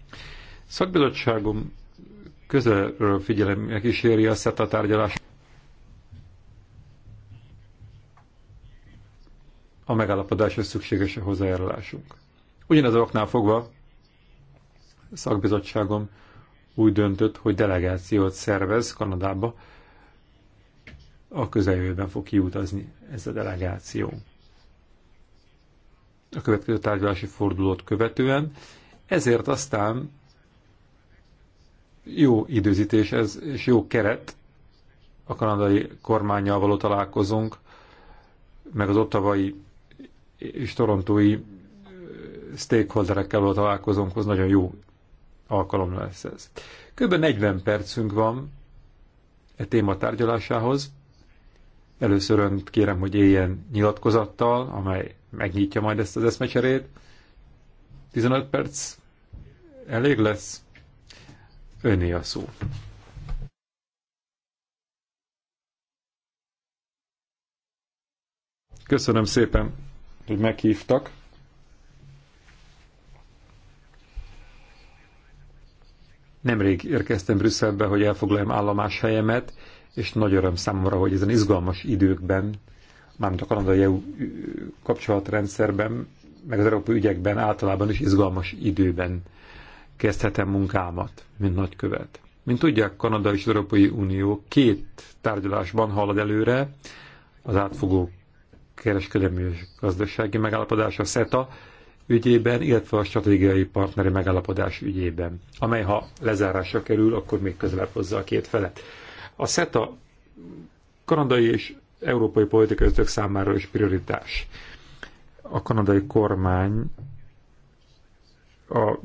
A: Szakbizottságom közelről figyelemmel kíséri a SETA tárgyalás. A megállapodáshoz szükséges a hozzájárulásunk oknál fogva szakbizottságom úgy döntött, hogy delegációt szervez Kanadába, a közeljövőben fog kiutazni ez a delegáció. A következő tárgyalási fordulót követően, ezért aztán jó időzítés ez, és jó keret a kanadai kormányjal való találkozunk, meg az ottavai és torontói stakeholderekkel való találkozónkhoz nagyon jó alkalom lesz ez. Kb. 40 percünk van e téma tárgyalásához. Először önt kérem, hogy éljen nyilatkozattal, amely megnyitja majd ezt az eszmecserét. 15 perc elég lesz. Öné a szó. Köszönöm szépen, hogy meghívtak. Nemrég érkeztem Brüsszelbe, hogy elfoglaljam állomás helyemet, és nagy öröm számomra, hogy ezen izgalmas időkben, mármint a kanadai EU kapcsolatrendszerben, meg az európai ügyekben általában is izgalmas időben kezdhetem munkámat, mint nagykövet. Mint tudják, Kanada és az Európai Unió két tárgyalásban halad előre, az átfogó kereskedelmi és gazdasági megállapodás, a SETA, ügyében, illetve a stratégiai partneri megállapodás ügyében, amely ha lezárásra kerül, akkor még közelebb hozza a két felet. A SETA kanadai és európai politikai ötök számára is prioritás. A kanadai kormány a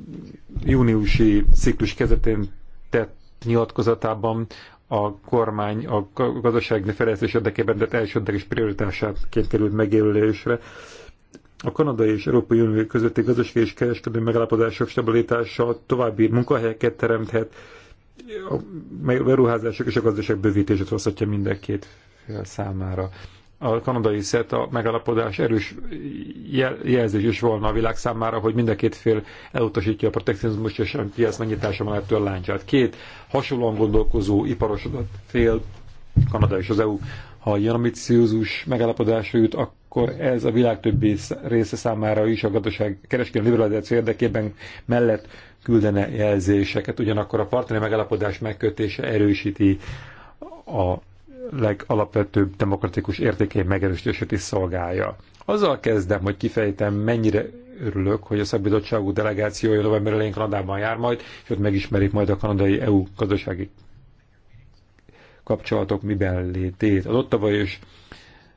A: júniusi ciklus kezdetén tett nyilatkozatában a kormány a gazdasági fejlesztés érdekében tett elsődleges prioritását került megjelölésre a Kanada és Európai Unió közötti gazdasági és kereskedő megállapodások stabilitása további munkahelyeket teremthet, a beruházások és a gazdaság bővítését hozhatja mindenkét fél számára. A kanadai szett a megállapodás erős jelzés is volna a világ számára, hogy mind a két fél elutasítja a protekcionizmus és a piac megnyitása mellett a láncsát. Két hasonlóan gondolkozó iparosodott fél, Kanada és az EU ha ilyen ambiciózus megállapodásra jut, akkor ez a világ többi része számára is a gazdaság kereskedelmi liberalizáció érdekében mellett küldene jelzéseket. Ugyanakkor a partneri megállapodás megkötése erősíti a legalapvetőbb demokratikus értékei megerősítését is szolgálja. Azzal kezdem, hogy kifejtem, mennyire örülök, hogy a szakbizottságú delegációja november elején Kanadában jár majd, és ott megismerik majd a kanadai EU gazdasági kapcsolatok miben létét. Az ottavai és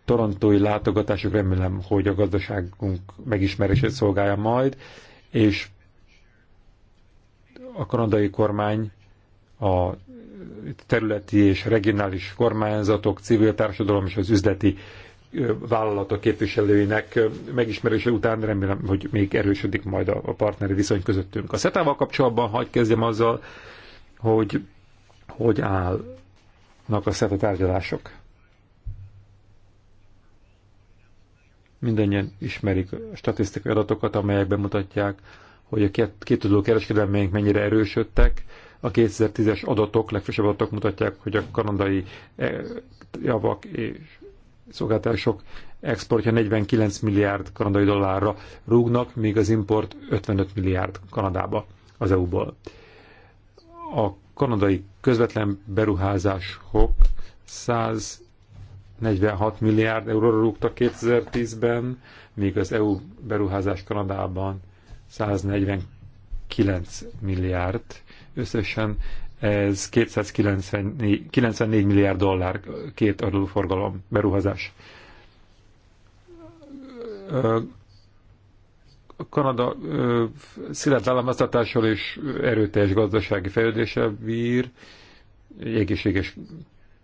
A: torontói látogatások remélem, hogy a gazdaságunk megismerését szolgálja majd, és a kanadai kormány a területi és regionális kormányzatok, civil társadalom és az üzleti vállalatok képviselőinek megismerése után remélem, hogy még erősödik majd a partneri viszony közöttünk. A SETA-val kapcsolatban hagyj kezdjem azzal, hogy hogy áll vannak a tárgyalások. Mindennyien ismerik a statisztikai adatokat, amelyek bemutatják, hogy a két, két tudó kereskedelmeink mennyire erősödtek. A 2010-es adatok, legfősebb adatok mutatják, hogy a kanadai e, javak és szolgáltatások exportja 49 milliárd kanadai dollárra rúgnak, míg az import 55 milliárd Kanadába az EU-ból. A kanadai közvetlen beruházások 146 milliárd euróra rúgtak 2010-ben, míg az EU beruházás Kanadában 149 milliárd. Összesen ez 294 milliárd dollár két adóforgalom beruházás. Kanada szilárd államháztartással és erőteljes gazdasági fejlődéssel bír, egy egészséges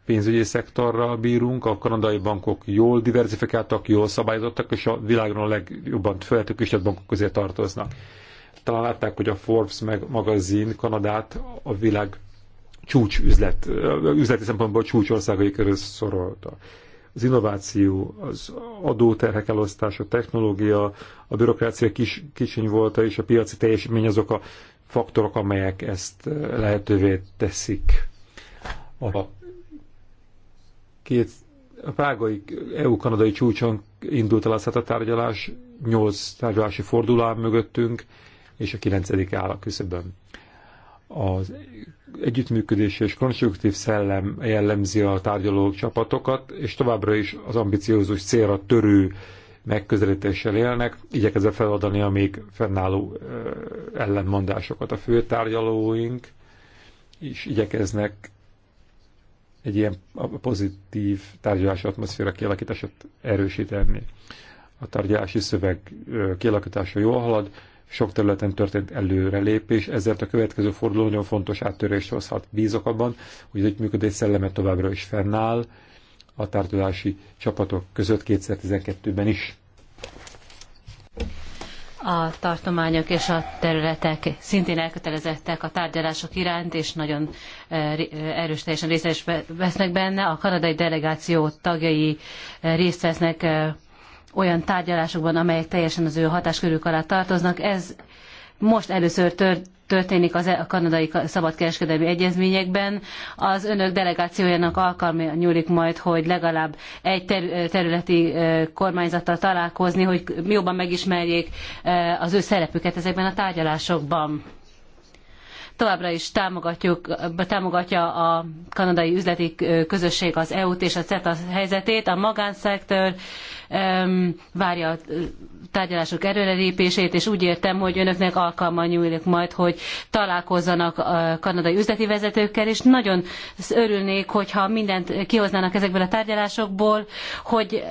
A: pénzügyi szektorral bírunk, a kanadai bankok jól diversifikáltak, jól szabályozottak, és a világon a legjobban feltőkésített bankok közé tartoznak. Talán látták, hogy a Forbes meg magazin Kanadát a világ csúcs üzlet, üzleti szempontból csúcsországai körül szorolta az innováció, az adóterhek elosztása, a technológia, a bürokrácia kis, kicsiny volta, és a piaci teljesítmény azok a faktorok, amelyek ezt eh, lehetővé teszik. A két a Prágai EU-kanadai csúcson indult el a SZETA tárgyalás, nyolc tárgyalási fordulán mögöttünk, és a kilencedik áll a küszöbön az együttműködés és konstruktív szellem jellemzi a tárgyaló csapatokat, és továbbra is az ambiciózus célra törő megközelítéssel élnek, igyekezve feladani a még fennálló ellenmondásokat. A főtárgyalóink és igyekeznek egy ilyen pozitív tárgyalási atmoszféra kialakítását erősíteni. A tárgyalási szöveg kialakítása jól halad, sok területen történt előrelépés, ezért a következő forduló nagyon fontos áttörést hozhat. Bízok abban, hogy az együttműködés szelleme továbbra is fennáll a tárgyalási csapatok között 2012-ben is.
B: A tartományok és a területek szintén elkötelezettek a tárgyalások iránt, és nagyon eh, eh, erős teljesen részt vesznek benne. A kanadai delegáció tagjai eh, részt vesznek olyan tárgyalásokban, amelyek teljesen az ő hatáskörük alá tartoznak. Ez most először történik az e- a kanadai szabadkereskedelmi egyezményekben. Az önök delegációjának alkalma nyúlik majd, hogy legalább egy területi kormányzattal találkozni, hogy jobban megismerjék az ő szerepüket ezekben a tárgyalásokban. Továbbra is támogatjuk, támogatja a kanadai üzleti közösség az EU-t és a CETA helyzetét. A magánszektor várja a tárgyalások erőrelépését, és úgy értem, hogy önöknek alkalma nyúlik majd, hogy találkozzanak a kanadai üzleti vezetőkkel, és nagyon örülnék, hogyha mindent kihoznának ezekből a tárgyalásokból, hogy,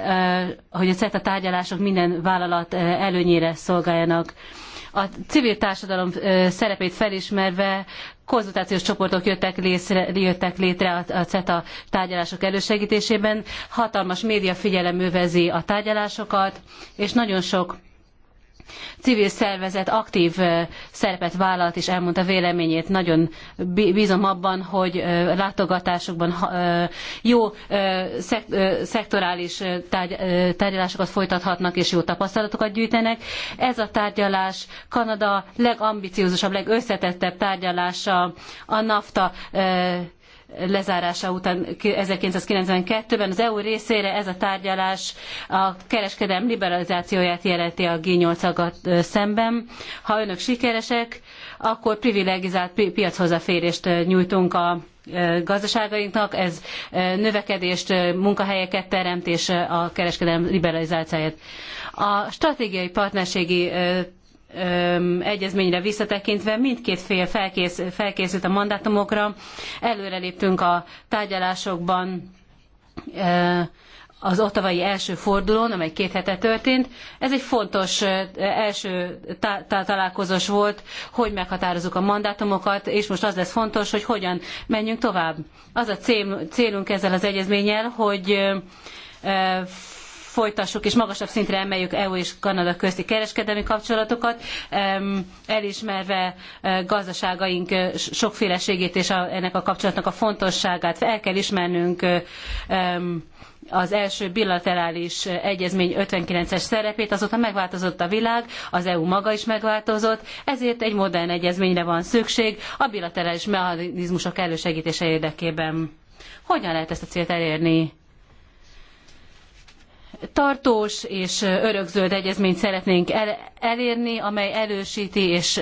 B: hogy a CETA tárgyalások minden vállalat előnyére szolgáljanak a civil társadalom szerepét felismerve konzultációs csoportok jöttek, létre, jöttek létre a CETA tárgyalások elősegítésében. Hatalmas média figyelem övezi a tárgyalásokat, és nagyon sok civil szervezet aktív szerepet vállalt és elmondta véleményét. Nagyon bízom abban, hogy látogatásokban jó szektorális tárgyalásokat folytathatnak és jó tapasztalatokat gyűjtenek. Ez a tárgyalás Kanada legambiciózusabb, legösszetettebb tárgyalása a NAFTA lezárása után 1992-ben az EU részére ez a tárgyalás a kereskedelem liberalizációját jelenti a g 8 szemben. Ha önök sikeresek, akkor privilegizált pi piachozaférést nyújtunk a gazdaságainknak, ez növekedést, munkahelyeket teremt és a kereskedelem liberalizációját. A stratégiai partnerségi egyezményre visszatekintve mindkét fél felkész, felkészült a mandátumokra, előreléptünk a tárgyalásokban az ottavai első fordulón, amely két hete történt. Ez egy fontos első találkozós volt, hogy meghatározzuk a mandátumokat, és most az lesz fontos, hogy hogyan menjünk tovább. Az a célunk ezzel az egyezménnyel, hogy folytassuk és magasabb szintre emeljük EU és Kanada közti kereskedelmi kapcsolatokat, elismerve e, gazdaságaink e, sokféleségét és ennek a kapcsolatnak a fontosságát. El kell ismernünk e, az első bilaterális egyezmény 59-es szerepét, azóta megváltozott a világ, az EU maga is megváltozott, ezért egy modern egyezményre van szükség a bilaterális mechanizmusok elősegítése érdekében. Hogyan lehet ezt a célt elérni? tartós és örökzöld egyezményt szeretnénk elérni, amely elősíti és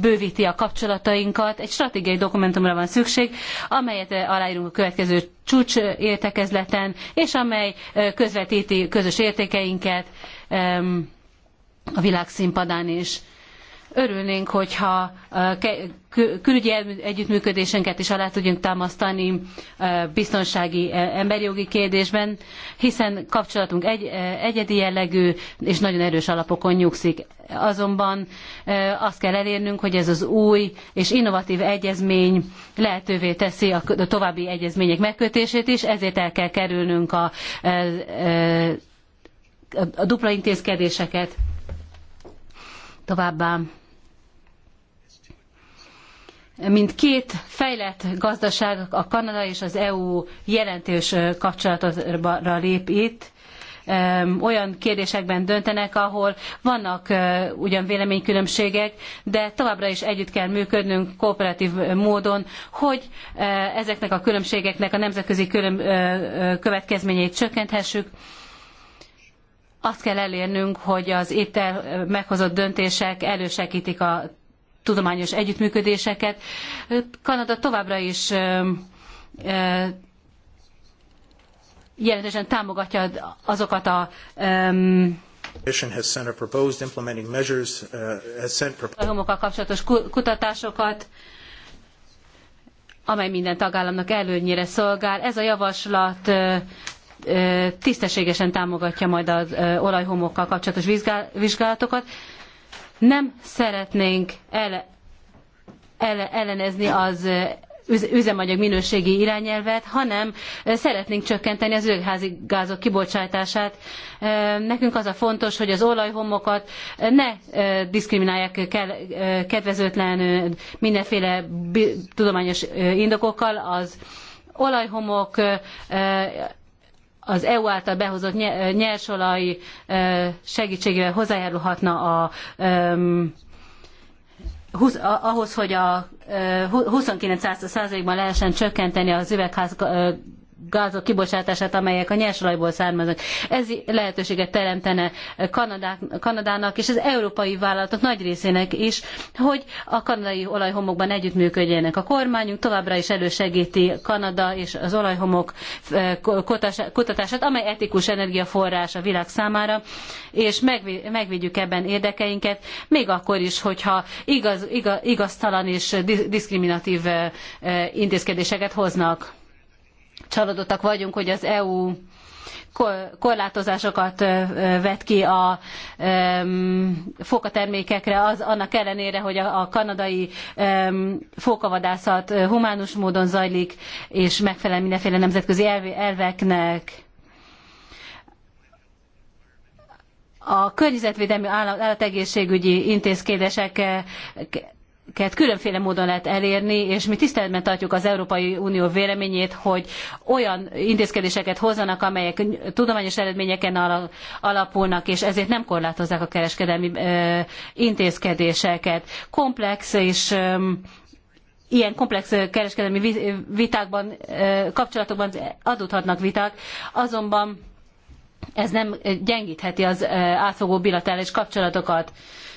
B: bővíti a kapcsolatainkat. Egy stratégiai dokumentumra van szükség, amelyet aláírunk a következő csúcs értekezleten, és amely közvetíti közös értékeinket a világ is. Örülnénk, hogyha külügyi együttműködésünket is alá tudjunk támasztani biztonsági emberi jogi kérdésben, hiszen kapcsolatunk egy, egyedi jellegű és nagyon erős alapokon nyugszik. Azonban azt kell elérnünk, hogy ez az új és innovatív egyezmény lehetővé teszi a további egyezmények megkötését is, ezért el kell kerülnünk a, a, a, a dupla intézkedéseket. Továbbá mint két fejlett gazdaság, a Kanada és az EU jelentős kapcsolatra lép itt, olyan kérdésekben döntenek, ahol vannak ugyan véleménykülönbségek, de továbbra is együtt kell működnünk kooperatív módon, hogy ezeknek a különbségeknek a nemzetközi következményeit csökkenthessük. Azt kell elérnünk, hogy az itt meghozott döntések elősegítik a tudományos együttműködéseket. Kanada továbbra is jelentősen támogatja azokat a uh, programokkal kapcsolatos kutatásokat, amely minden tagállamnak előnyére szolgál. Ez a javaslat tisztességesen támogatja majd az olajhomokkal kapcsolatos vizsgálatokat nem szeretnénk ele, ele, ellenezni az üzemanyag minőségi irányelvet, hanem szeretnénk csökkenteni az üvegházi gázok kibocsátását. Nekünk az a fontos, hogy az olajhomokat ne diszkriminálják kedvezőtlen mindenféle tudományos indokokkal, az olajhomok az EU által behozott nyersolaj segítségével hozzájárulhatna a, ahhoz, hogy a 29%-ban lehessen csökkenteni az üvegház gázok kibocsátását, amelyek a nyersolajból származnak. Ez lehetőséget teremtene Kanadának és az európai vállalatok nagy részének is, hogy a kanadai olajhomokban együttműködjenek. A kormányunk továbbra is elősegíti Kanada és az olajhomok eh, kutatását, amely etikus energiaforrás a világ számára, és megvédjük ebben érdekeinket, még akkor is, hogyha igaz, igaz, igaztalan és diszkriminatív eh, eh, intézkedéseket hoznak csalódottak vagyunk, hogy az EU korlátozásokat vet ki a fókatermékekre, az, annak ellenére, hogy a, kanadai fókavadászat humánus módon zajlik, és megfelel mindenféle nemzetközi elveknek. A környezetvédelmi állategészségügyi intézkedések különféle módon lehet elérni, és mi tiszteletben tartjuk az Európai Unió véleményét, hogy olyan intézkedéseket hozzanak, amelyek tudományos eredményeken alapulnak, és ezért nem korlátozzák a kereskedelmi intézkedéseket. Komplex és ilyen komplex kereskedelmi vitákban, kapcsolatokban adódhatnak viták, azonban ez nem gyengítheti az átfogó bilaterális kapcsolatokat.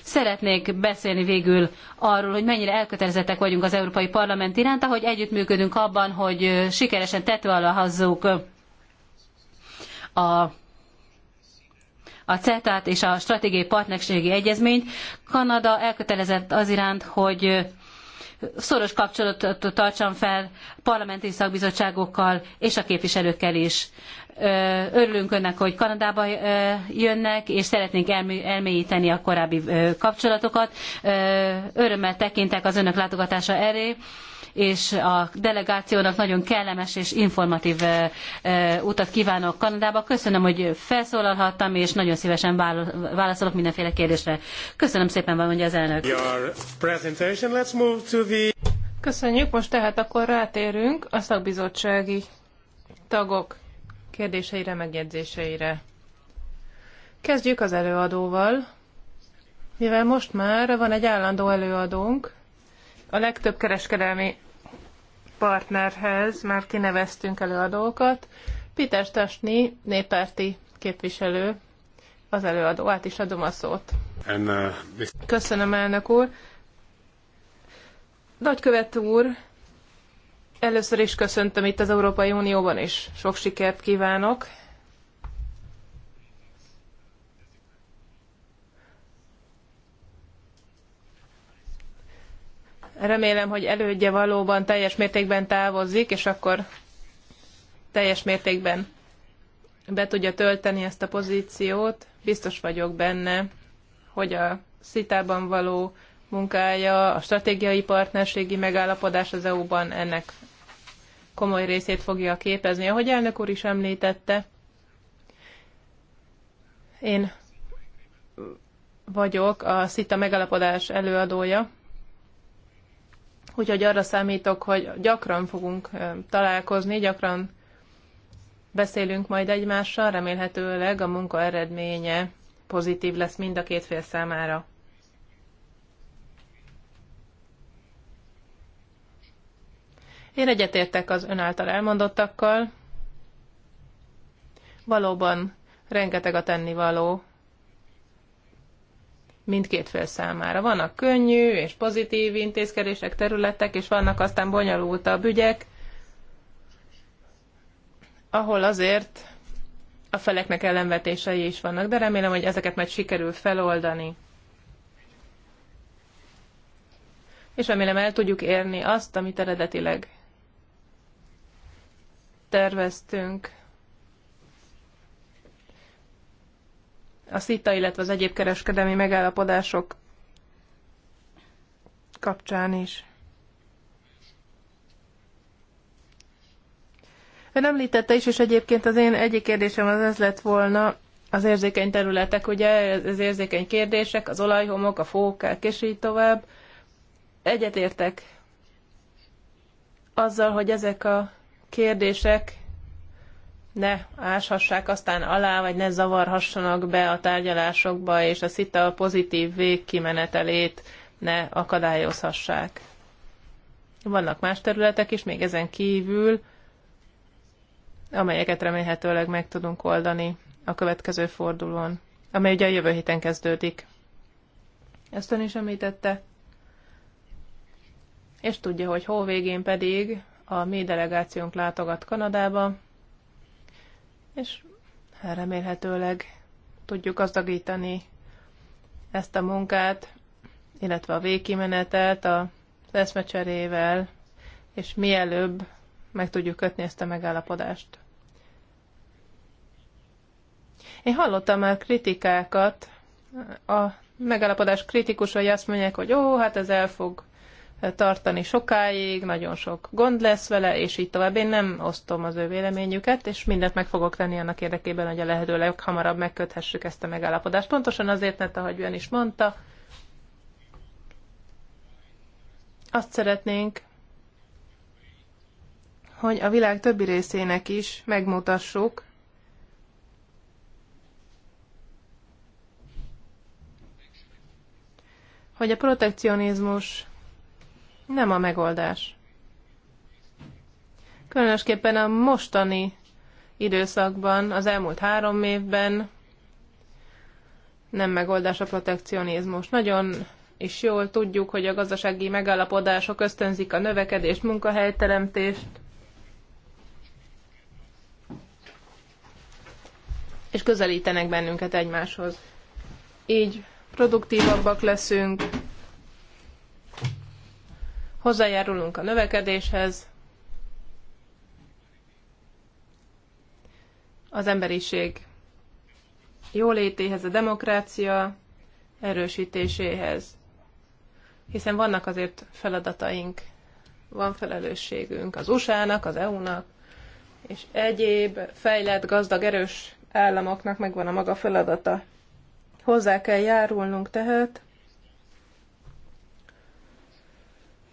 B: Szeretnék beszélni végül arról, hogy mennyire elkötelezettek vagyunk az Európai Parlament iránt, ahogy együttműködünk abban, hogy sikeresen tető alá hozzuk a a CETA-t és a stratégiai partnerségi egyezményt. Kanada elkötelezett az iránt, hogy szoros kapcsolatot tartsam fel parlamenti szakbizottságokkal és a képviselőkkel is. Örülünk önnek, hogy Kanadába jönnek, és szeretnénk elmélyíteni a korábbi kapcsolatokat. Örömmel tekintek az önök látogatása elé és a delegációnak nagyon kellemes és informatív utat kívánok Kanadába. Köszönöm, hogy felszólalhattam, és nagyon szívesen válaszolok mindenféle kérdésre. Köszönöm szépen, mondja az elnök.
C: Köszönjük, most tehát akkor rátérünk a szakbizottsági tagok kérdéseire, megjegyzéseire. Kezdjük az előadóval, mivel most már van egy állandó előadónk, a legtöbb kereskedelmi partnerhez már kineveztünk előadókat. Peter Stasny, néppárti képviselő, az előadó. Át is adom a szót. Uh, Köszönöm, elnök úr. Nagykövet úr, Először is köszöntöm itt az Európai Unióban is. Sok sikert kívánok. Remélem, hogy elődje valóban teljes mértékben távozik, és akkor teljes mértékben be tudja tölteni ezt a pozíciót. Biztos vagyok benne, hogy a szitában való munkája, a stratégiai partnerségi megállapodás az EU-ban ennek komoly részét fogja képezni. Ahogy elnök úr is említette, én vagyok a SZITA megalapodás előadója, úgyhogy arra számítok, hogy gyakran fogunk találkozni, gyakran beszélünk majd egymással, remélhetőleg a munka eredménye pozitív lesz mind a két fél számára. Én egyetértek az ön által elmondottakkal. Valóban rengeteg a tennivaló mindkét fél számára. Vannak könnyű és pozitív intézkedések, területek, és vannak aztán bonyolultabb ügyek, ahol azért a feleknek ellenvetései is vannak, de remélem, hogy ezeket majd sikerül feloldani. És remélem el tudjuk érni azt, amit eredetileg terveztünk. A szita, illetve az egyéb kereskedelmi megállapodások kapcsán is. Ön említette is, és egyébként az én egyik kérdésem az ez lett volna, az érzékeny területek, ugye, az érzékeny kérdések, az olajhomok, a fókák, és így tovább. Egyetértek azzal, hogy ezek a kérdések ne áshassák aztán alá, vagy ne zavarhassanak be a tárgyalásokba, és a szita a pozitív végkimenetelét ne akadályozhassák. Vannak más területek is, még ezen kívül, amelyeket remélhetőleg meg tudunk oldani a következő fordulón, amely ugye a jövő héten kezdődik. Ezt ön is említette. És tudja, hogy hó végén pedig a mi delegációnk látogat Kanadába, és remélhetőleg tudjuk gazdagítani ezt a munkát, illetve a végkimenetet a eszmecserével, és mielőbb meg tudjuk kötni ezt a megállapodást. Én hallottam már kritikákat, a megállapodás kritikusai azt mondják, hogy ó, hát ez el fog tartani sokáig, nagyon sok gond lesz vele, és így tovább. Én nem osztom az ő véleményüket, és mindent meg fogok tenni annak érdekében, hogy a lehető leghamarabb megköthessük ezt a megállapodást. Pontosan azért, mert ahogy ön is mondta, azt szeretnénk, hogy a világ többi részének is megmutassuk, hogy a protekcionizmus nem a megoldás. Különösképpen a mostani időszakban, az elmúlt három évben nem megoldás a protekcionizmus. Nagyon és jól tudjuk, hogy a gazdasági megállapodások ösztönzik a növekedést, munkahelyteremtést, és közelítenek bennünket egymáshoz. Így produktívabbak leszünk, hozzájárulunk a növekedéshez, az emberiség jólétéhez, a demokrácia erősítéséhez. Hiszen vannak azért feladataink, van felelősségünk az USA-nak, az EU-nak, és egyéb fejlett, gazdag, erős államoknak megvan a maga feladata. Hozzá kell járulnunk tehát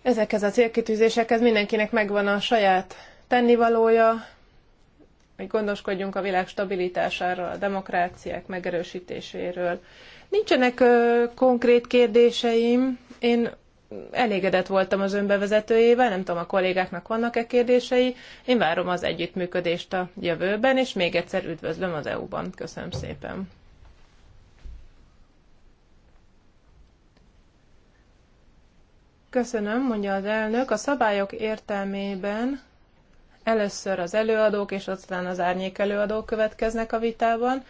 C: Ezekhez a célkitűzésekhez mindenkinek megvan a saját tennivalója, hogy gondoskodjunk a világ stabilitásáról, a demokráciák megerősítéséről. Nincsenek ö, konkrét kérdéseim. Én elégedett voltam az önbevezetőjével, nem tudom, a kollégáknak vannak-e kérdései. Én várom az együttműködést a jövőben, és még egyszer üdvözlöm az EU-ban. Köszönöm szépen. Köszönöm, mondja az elnök. A szabályok értelmében először az előadók, és aztán az árnyék előadók következnek a vitában,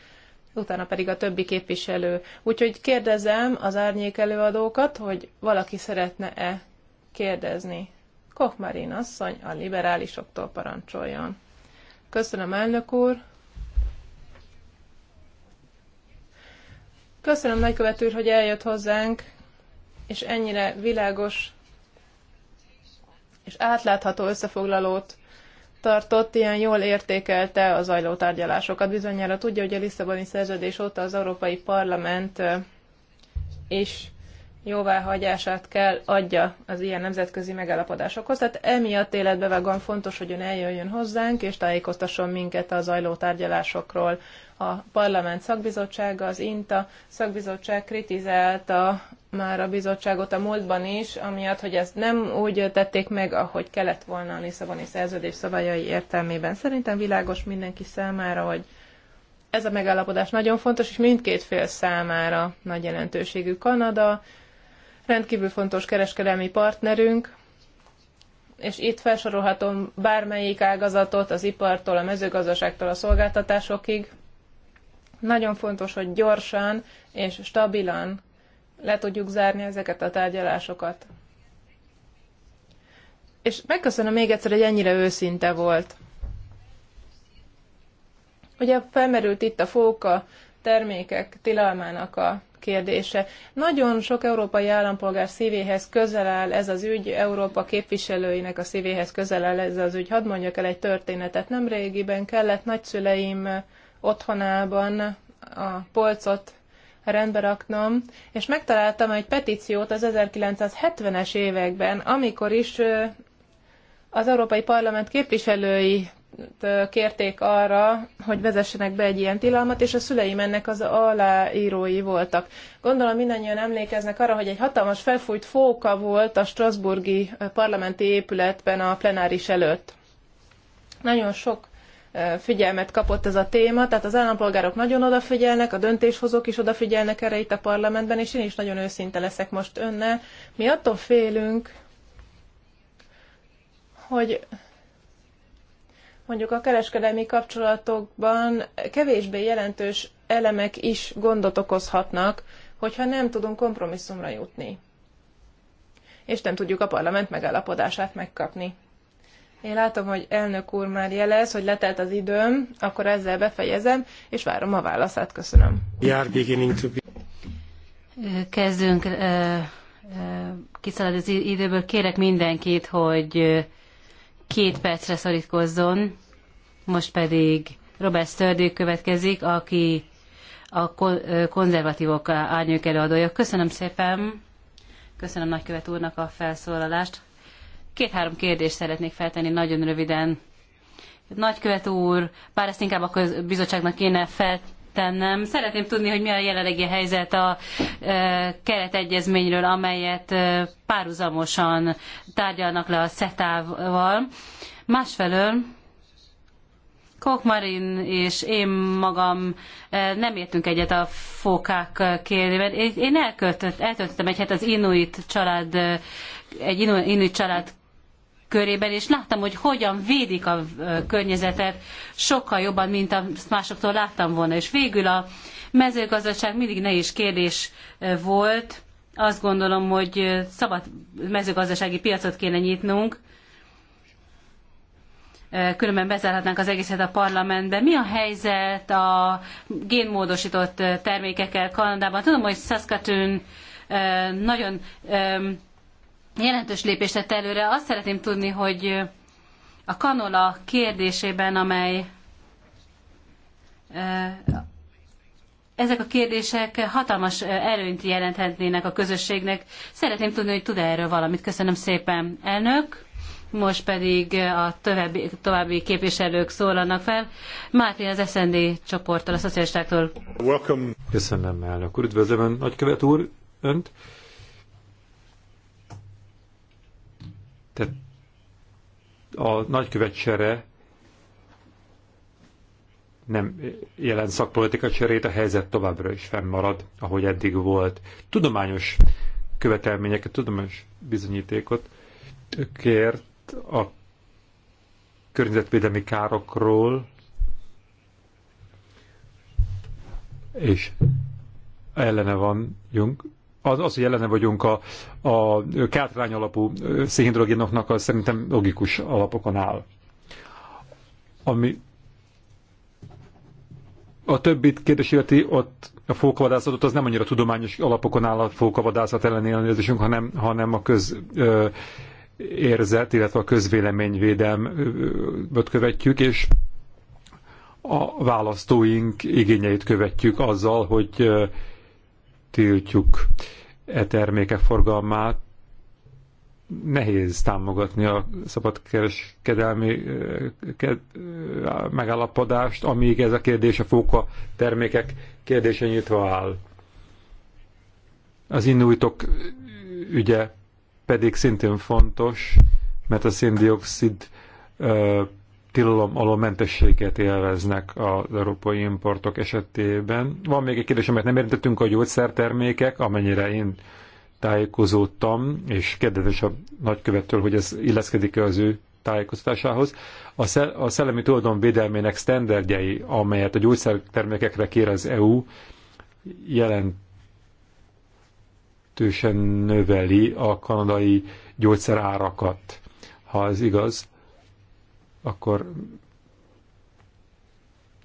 C: utána pedig a többi képviselő. Úgyhogy kérdezem az árnyék előadókat, hogy valaki szeretne-e kérdezni. Kochmarin asszony a liberálisoktól parancsoljon. Köszönöm, elnök úr. Köszönöm, nagykövet úr, hogy eljött hozzánk, és ennyire világos és átlátható összefoglalót tartott, ilyen jól értékelte a zajló tárgyalásokat. Bizonyára tudja, hogy a Lisszaboni szerződés óta az Európai Parlament is jóváhagyását kell adja az ilyen nemzetközi megállapodásokhoz. Tehát emiatt életbevágóan fontos, hogy ön eljöjjön hozzánk, és tájékoztasson minket a zajló tárgyalásokról. A parlament szakbizottsága, az INTA szakbizottság kritizálta már a bizottságot a múltban is, amiatt, hogy ezt nem úgy tették meg, ahogy kellett volna a Lisszaboni szerződés szabályai értelmében. Szerintem világos mindenki számára, hogy ez a megállapodás nagyon fontos, és mindkét fél számára nagy jelentőségű Kanada, rendkívül fontos kereskedelmi partnerünk, és itt felsorolhatom bármelyik ágazatot, az ipartól, a mezőgazdaságtól, a szolgáltatásokig. Nagyon fontos, hogy gyorsan és stabilan le tudjuk zárni ezeket a tárgyalásokat. És megköszönöm még egyszer, hogy ennyire őszinte volt. Ugye felmerült itt a fóka termékek tilalmának a kérdése. Nagyon sok európai állampolgár szívéhez közel áll ez az ügy, Európa képviselőinek a szívéhez közel áll ez az ügy. Hadd mondjak el egy történetet. Nem régiben kellett nagyszüleim otthonában a polcot rendbe raknom, és megtaláltam egy petíciót az 1970-es években, amikor is az Európai Parlament képviselői kérték arra, hogy vezessenek be egy ilyen tilalmat, és a szüleim ennek az aláírói voltak. Gondolom mindannyian emlékeznek arra, hogy egy hatalmas felfújt fóka volt a Strasburgi parlamenti épületben a plenáris előtt. Nagyon sok figyelmet kapott ez a téma, tehát az állampolgárok nagyon odafigyelnek, a döntéshozók is odafigyelnek erre itt a parlamentben, és én is nagyon őszinte leszek most önnel. Mi attól félünk, hogy mondjuk a kereskedelmi kapcsolatokban kevésbé jelentős elemek is gondot okozhatnak, hogyha nem tudunk kompromisszumra jutni, és nem tudjuk a parlament megállapodását megkapni. Én látom, hogy elnök úr már jelez, hogy letelt az időm, akkor ezzel befejezem, és várom a válaszát. Köszönöm. Kezdünk uh, uh, Kiszalad az időből. Kérek
B: mindenkit, hogy két percre szorítkozzon. Most pedig Robert Sturdy következik, aki a konzervatívok árnyék előadója. Köszönöm szépen. Köszönöm nagykövet úrnak a felszólalást. Két-három kérdést szeretnék feltenni nagyon röviden. Nagykövet úr, bár ezt inkább a bizottságnak kéne feltennem, szeretném tudni, hogy mi a jelenlegi helyzet a e, keretegyezményről, amelyet e, párhuzamosan tárgyalnak le a SETA-val. Másfelől Kokmarin és én magam e, nem értünk egyet a fókák kérdében. Én elköltött, eltöltöttem egy hát az Inuit család, egy Inuit család körében, és láttam, hogy hogyan védik a környezetet sokkal jobban, mint azt másoktól láttam volna. És végül a mezőgazdaság mindig nehéz kérdés volt. Azt gondolom, hogy szabad mezőgazdasági piacot kéne nyitnunk, különben bezárhatnánk az egészet a parlamentbe. Mi a helyzet a génmódosított termékekkel Kanadában? Tudom, hogy Saskatoon nagyon jelentős lépést tett előre. Azt szeretném tudni, hogy a kanola kérdésében, amely ezek a kérdések hatalmas előnyt jelenthetnének a közösségnek. Szeretném tudni, hogy tud -e erről valamit. Köszönöm szépen, elnök. Most pedig a további, további képviselők szólalnak fel. Márti az SND csoporttól, a szocialistáktól.
A: Welcome. Köszönöm, elnök úr. Üdvözlöm, nagykövet úr, önt. Tehát a nagykövet csere nem jelent szakpolitika cserét, a helyzet továbbra is fennmarad, ahogy eddig volt. Tudományos követelményeket, tudományos bizonyítékot kért a környezetvédelmi károkról, és ellene van Jung az, az, hogy ellene vagyunk a, a kátrány alapú szénhidrogénoknak, az szerintem logikus alapokon áll. Ami a többit kérdés illeti, ott a fókavadászatot az nem annyira tudományos alapokon áll a fókavadászat elleni hanem, hanem a köz ö, érzet, illetve a közvéleményvédelmet követjük, és a választóink igényeit követjük azzal, hogy ö, tiltjuk e termékek forgalmát, nehéz támogatni a szabadkereskedelmi megállapodást, amíg ez a kérdés a fóka termékek kérdése nyitva áll. Az inuitok ügye pedig szintén fontos, mert a széndiokszid tilalom alól mentességet élveznek az európai importok esetében. Van még egy kérdés, amelyet nem érintettünk, a gyógyszertermékek, amennyire én tájékozódtam, és kérdezés a nagykövettől, hogy ez illeszkedik-e az ő tájékoztatásához. A, a szellemi tulajdon védelmének sztenderdjei, amelyet a gyógyszertermékekre kér az EU, jelentősen növeli a kanadai gyógyszerárakat. Ha ez igaz, akkor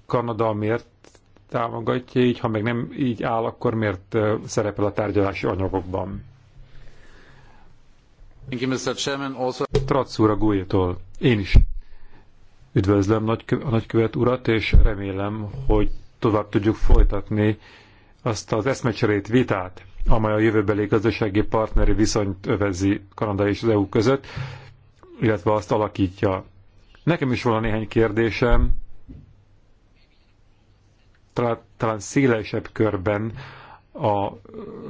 A: Kanada miért támogatja így, ha meg nem így áll, akkor miért szerepel a tárgyalási anyagokban? Tratsz úr a Gújétól. Én is üdvözlöm a nagykövet urat, és remélem, hogy tovább tudjuk folytatni azt az eszmecserét, vitát, amely a jövőbeli gazdasági partneri viszonyt övezi Kanada és az EU között, illetve azt alakítja. Nekem is van néhány kérdésem, talán, talán szélesebb körben a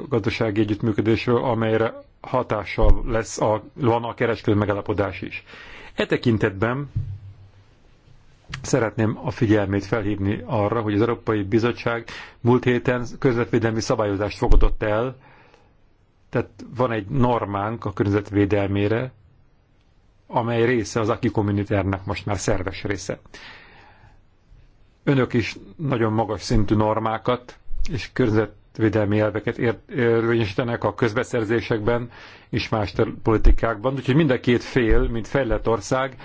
A: gazdasági együttműködésről, amelyre hatással lesz a, van a kereskedő megállapodás is. E tekintetben szeretném a figyelmét felhívni arra, hogy az Európai Bizottság múlt héten közvetvédelmi szabályozást fogadott el, tehát van egy normánk a környezetvédelmére, amely része az aki kommunitárnak most már szerves része. Önök is nagyon magas szintű normákat és környezetvédelmi elveket érvényesítenek a közbeszerzésekben és más politikákban, úgyhogy mind a két fél, mint fejlett ország,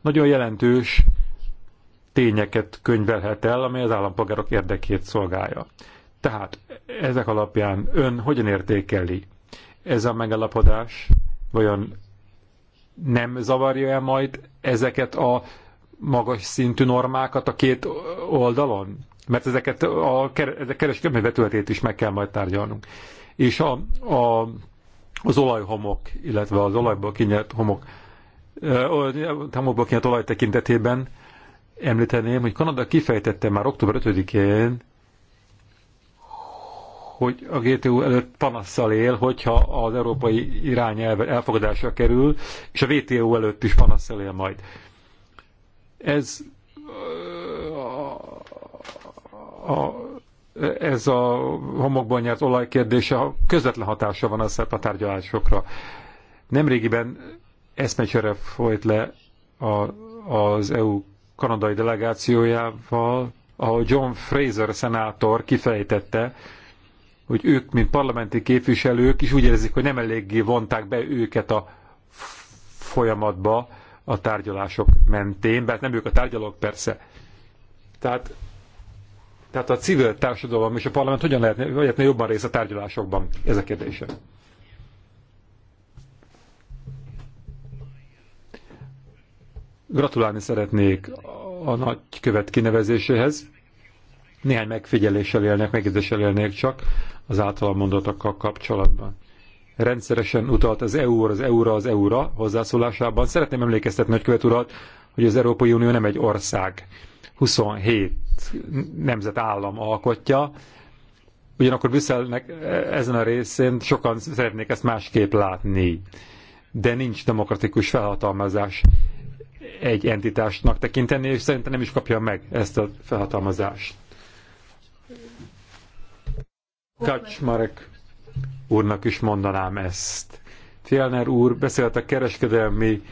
A: nagyon jelentős tényeket könyvelhet el, amely az állampolgárok érdekét szolgálja. Tehát ezek alapján ön hogyan értékeli ez a megállapodás, vajon nem zavarja el majd ezeket a magas szintű normákat a két oldalon? Mert ezeket a, ezek kereskedelmi vetületét is meg kell majd tárgyalnunk. És a, a, az olajhomok, illetve az olajból kinyert homok, homokból kinyert olaj tekintetében említeném, hogy Kanada kifejtette már október 5-én, hogy a GTU előtt panasszal él, hogyha az európai irányelv elfogadásra kerül, és a WTO előtt is panasszal él majd. Ez a, a, ez a homokban nyert olaj kérdése közvetlen hatása van az a tárgyalásokra. Nemrégiben eszmecsere folyt le a, az EU kanadai delegációjával, ahol John Fraser szenátor kifejtette, hogy ők, mint parlamenti képviselők is úgy érzik, hogy nem eléggé vonták be őket a folyamatba a tárgyalások mentén, mert nem ők a tárgyalók persze. Tehát, tehát a civil társadalom és a parlament hogyan lehetne, lehetne jobban részt a tárgyalásokban? Ez a kérdése. Gratulálni szeretnék a nagy követ kinevezéséhez. Néhány megfigyeléssel élnek, megjegyzéssel élnék csak az általam mondatokkal kapcsolatban. Rendszeresen utalt az eu az EU-ra, az EU-ra hozzászólásában. Szeretném emlékeztetni nagykövet urat, hogy az Európai Unió nem egy ország. 27 nemzetállam alkotja, Ugyanakkor Brüsszelnek ezen a részén sokan szeretnék ezt másképp látni, de nincs demokratikus felhatalmazás egy entitásnak tekinteni, és szerintem nem is kapja meg ezt a felhatalmazást. Kacsmarek úrnak is mondanám ezt. Fjellner úr beszélt a kereskedelmi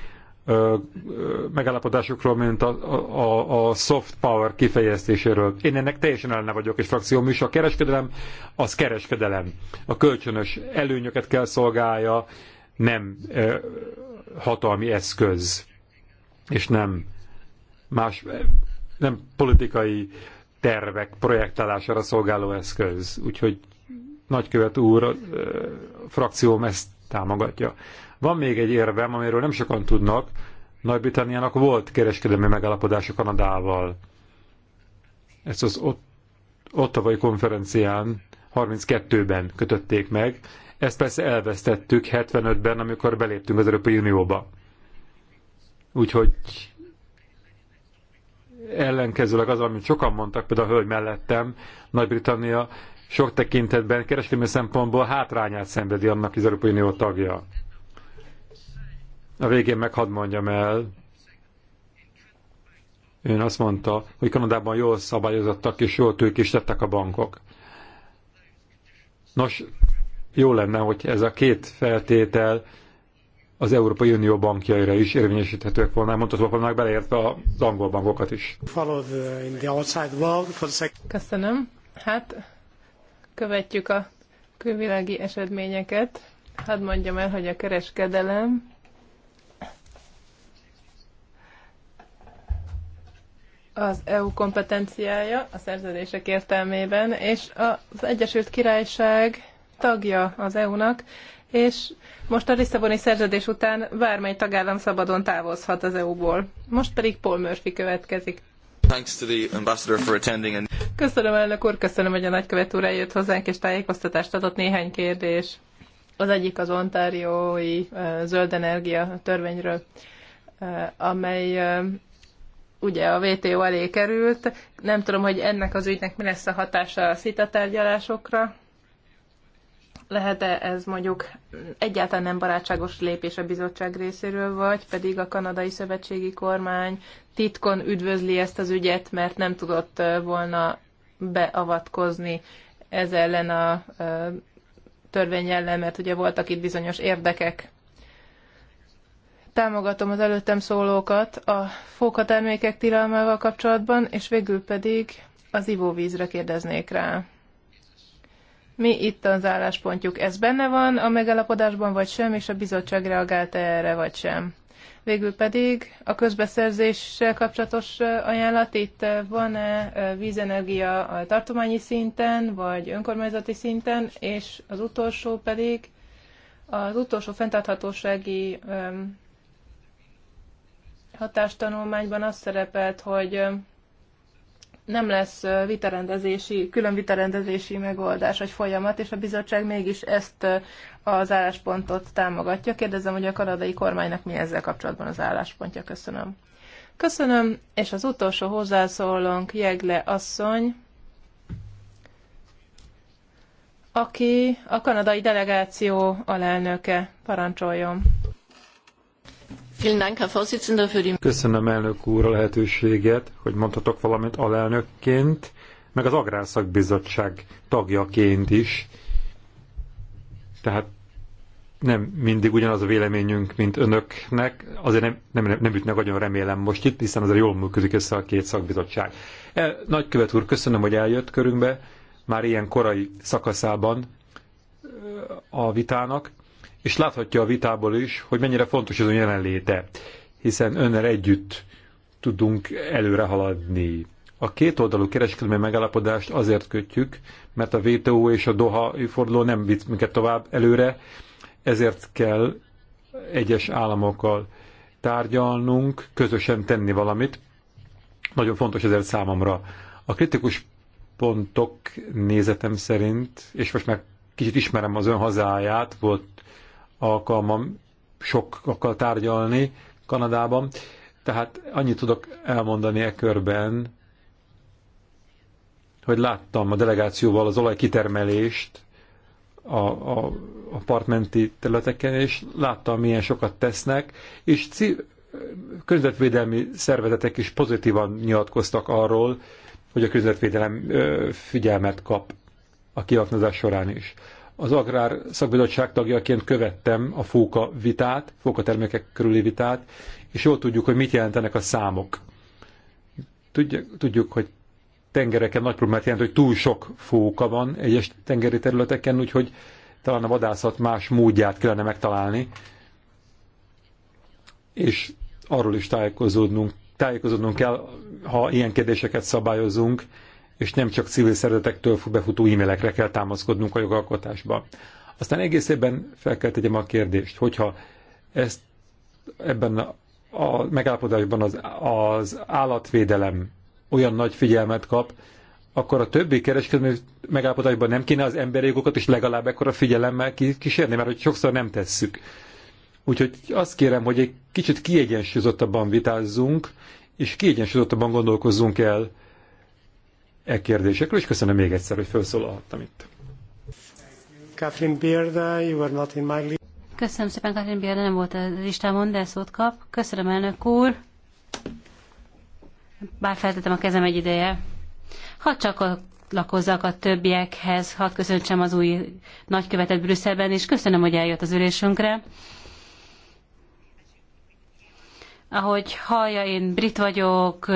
A: ö, ö, megállapodásokról, mint a, a, a soft power kifejeztéséről. Én ennek teljesen ellene vagyok, és frakcióm is. A kereskedelem az kereskedelem. A kölcsönös előnyöket kell szolgálja, nem ö, hatalmi eszköz, és nem más, nem politikai tervek projektálására szolgáló eszköz. Úgyhogy nagykövet úr frakcióm ezt támogatja. Van még egy érvem, amiről nem sokan tudnak. Nagy-Britanniának volt kereskedelmi megállapodása Kanadával. Ezt az ott, ottavai konferencián 32-ben kötötték meg. Ezt persze elvesztettük 75-ben, amikor beléptünk az Európai Unióba. Úgyhogy ellenkezőleg az, amit sokan mondtak, például a hölgy mellettem, Nagy-Britannia sok tekintetben kereskedelmi szempontból hátrányát szenvedi annak az Európai Unió tagja. A végén meg hadd mondjam el, ön azt mondta, hogy Kanadában jól szabályozottak és jól tettek a bankok. Nos, jó lenne, hogy ez a két feltétel az Európai Unió bankjaira is érvényesíthetők volna, hogy volna, beleértve az angol bankokat is.
C: Uh, Köszönöm. Hát követjük a külvilági eseményeket. Hadd mondjam el, hogy a kereskedelem az EU kompetenciája a szerződések értelmében, és az Egyesült Királyság tagja az EU-nak, és most a Lisszaboni szerződés után bármely tagállam szabadon távozhat az EU-ból. Most pedig Paul Murphy következik.
A: Thanks to the
B: ambassador for attending and...
C: Köszönöm, elnök úr, köszönöm, hogy a nagykövet úr eljött hozzánk és tájékoztatást adott néhány kérdés. Az egyik az ontáriói zöld energia törvényről, amely ugye a VTO elé került. Nem tudom, hogy ennek az ügynek mi lesz a hatása a szita tárgyalásokra lehet-e ez mondjuk egyáltalán nem barátságos lépés a bizottság részéről, vagy pedig a kanadai szövetségi kormány titkon üdvözli ezt az ügyet, mert nem tudott volna beavatkozni ez ellen a törvény ellen, mert ugye voltak itt bizonyos érdekek. Támogatom az előttem szólókat a fókatermékek tilalmával kapcsolatban, és végül pedig az ivóvízre kérdeznék rá. Mi itt az álláspontjuk? Ez benne van a megalapodásban, vagy sem, és a bizottság reagált -e erre, vagy sem? Végül pedig a közbeszerzéssel kapcsolatos ajánlat, itt van-e vízenergia a tartományi szinten, vagy önkormányzati szinten, és az utolsó pedig az utolsó fenntarthatósági hatástanulmányban az szerepelt, hogy nem lesz vitarendezési, külön vitarendezési megoldás vagy folyamat, és a bizottság mégis ezt az álláspontot támogatja. Kérdezem, hogy a kanadai kormánynak mi ezzel kapcsolatban az álláspontja. Köszönöm. Köszönöm, és az utolsó hozzászólónk Jegle asszony, aki a kanadai delegáció alelnöke. Parancsoljon!
A: Köszönöm elnök úr a lehetőséget, hogy mondhatok valamit alelnökként, meg az Agrárszakbizottság tagjaként is. Tehát nem mindig ugyanaz a véleményünk, mint önöknek, azért nem, nem, nem ütnek nagyon remélem most itt, hiszen azért jól működik össze a két szakbizottság. El, nagykövet úr, köszönöm, hogy eljött körünkbe, már ilyen korai szakaszában a vitának és láthatja a vitából is, hogy mennyire fontos az ön jelenléte, hiszen önnel együtt tudunk előre haladni. A két oldalú kereskedelmi megállapodást azért kötjük, mert a WTO és a Doha forduló nem vitt minket tovább előre, ezért kell egyes államokkal tárgyalnunk, közösen tenni valamit. Nagyon fontos ezért számomra. A kritikus pontok nézetem szerint, és most már kicsit ismerem az ön hazáját, volt alkalmam sokakkal tárgyalni Kanadában, tehát annyit tudok elmondani e körben, hogy láttam a delegációval az olajkitermelést a, a apartmenti területeken, és láttam, milyen sokat tesznek, és környezetvédelmi szervezetek is pozitívan nyilatkoztak arról, hogy a környezetvédelem figyelmet kap a kiaknázás során is. Az Agrár Szakbizottság tagjaként követtem a fóka vitát, fóka termékek körüli vitát, és jól tudjuk, hogy mit jelentenek a számok. Tudjuk, tudjuk hogy tengereken nagy problémát jelent, hogy túl sok fóka van egyes tengeri területeken, úgyhogy talán a vadászat más módját kellene megtalálni, és arról is tájékozódnunk, tájékozódnunk kell, ha ilyen kérdéseket szabályozunk, és nem csak civil szervezetektől befutó e-mailekre kell támaszkodnunk a jogalkotásban. Aztán egészében fel kell tegyem a kérdést, hogyha ezt ebben a, a megállapodásban az, az állatvédelem olyan nagy figyelmet kap, akkor a többi kereskedelmi megállapodásban nem kéne az emberi jogokat is legalább ekkora figyelemmel kísérni, mert hogy sokszor nem tesszük. Úgyhogy azt kérem, hogy egy kicsit kiegyensúlyozottabban vitázzunk, és kiegyensúlyozottabban gondolkozzunk el e kérdésekről, és köszönöm még egyszer, hogy felszólalhattam itt. Catherine you were not in my
B: Köszönöm szépen, Katrin Bierda, nem volt a listámon, de szót kap. Köszönöm, elnök úr. Bár feltettem a kezem egy ideje. a lakozzak a többiekhez, hadd köszöntsem az új nagykövetet Brüsszelben, és köszönöm, hogy eljött az ülésünkre. Ahogy hallja, én brit vagyok,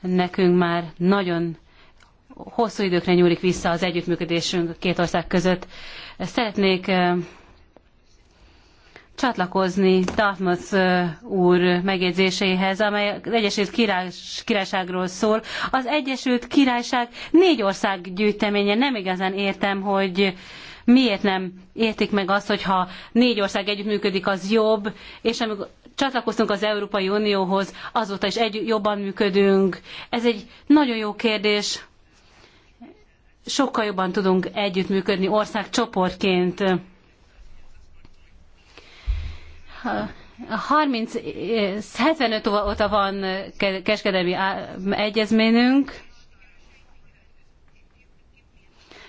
B: nekünk már nagyon hosszú időkre nyúlik vissza az együttműködésünk a két ország között. Szeretnék eh, csatlakozni Dartmouth eh, úr megjegyzéséhez, amely az Egyesült Királys, Királyságról szól. Az Egyesült Királyság négy ország gyűjteménye, nem igazán értem, hogy miért nem értik meg azt, hogy ha négy ország együttműködik, az jobb, és amikor csatlakoztunk az Európai Unióhoz, azóta is egy, jobban működünk. Ez egy nagyon jó kérdés sokkal jobban tudunk együttműködni országcsoportként. 30, 75 óta van kereskedelmi egyezményünk.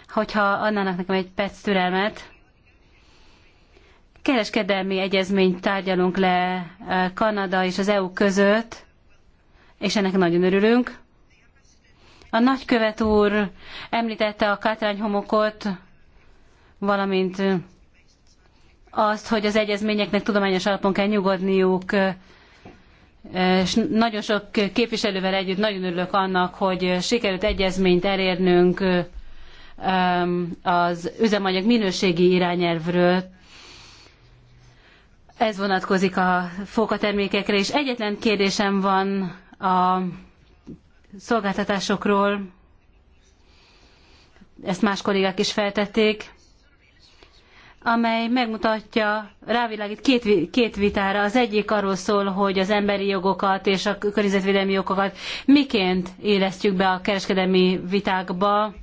B: Hogyha adnának nekem egy perc türelmet. Kereskedelmi egyezményt tárgyalunk le eh, Kanada és az EU között, és ennek nagyon örülünk. A nagykövet úr említette a kátrányhomokot, valamint azt, hogy az egyezményeknek tudományos alapon kell nyugodniuk, és nagyon sok képviselővel együtt nagyon örülök annak, hogy sikerült egyezményt elérnünk um, az üzemanyag minőségi irányelvről. Ez vonatkozik a fókatermékekre, és egyetlen kérdésem van a szolgáltatásokról, ezt más kollégák is feltették, amely megmutatja, rávilágít két, két vitára. Az egyik arról szól, hogy az emberi jogokat és a környezetvédelmi jogokat miként élesztjük be a kereskedelmi vitákba.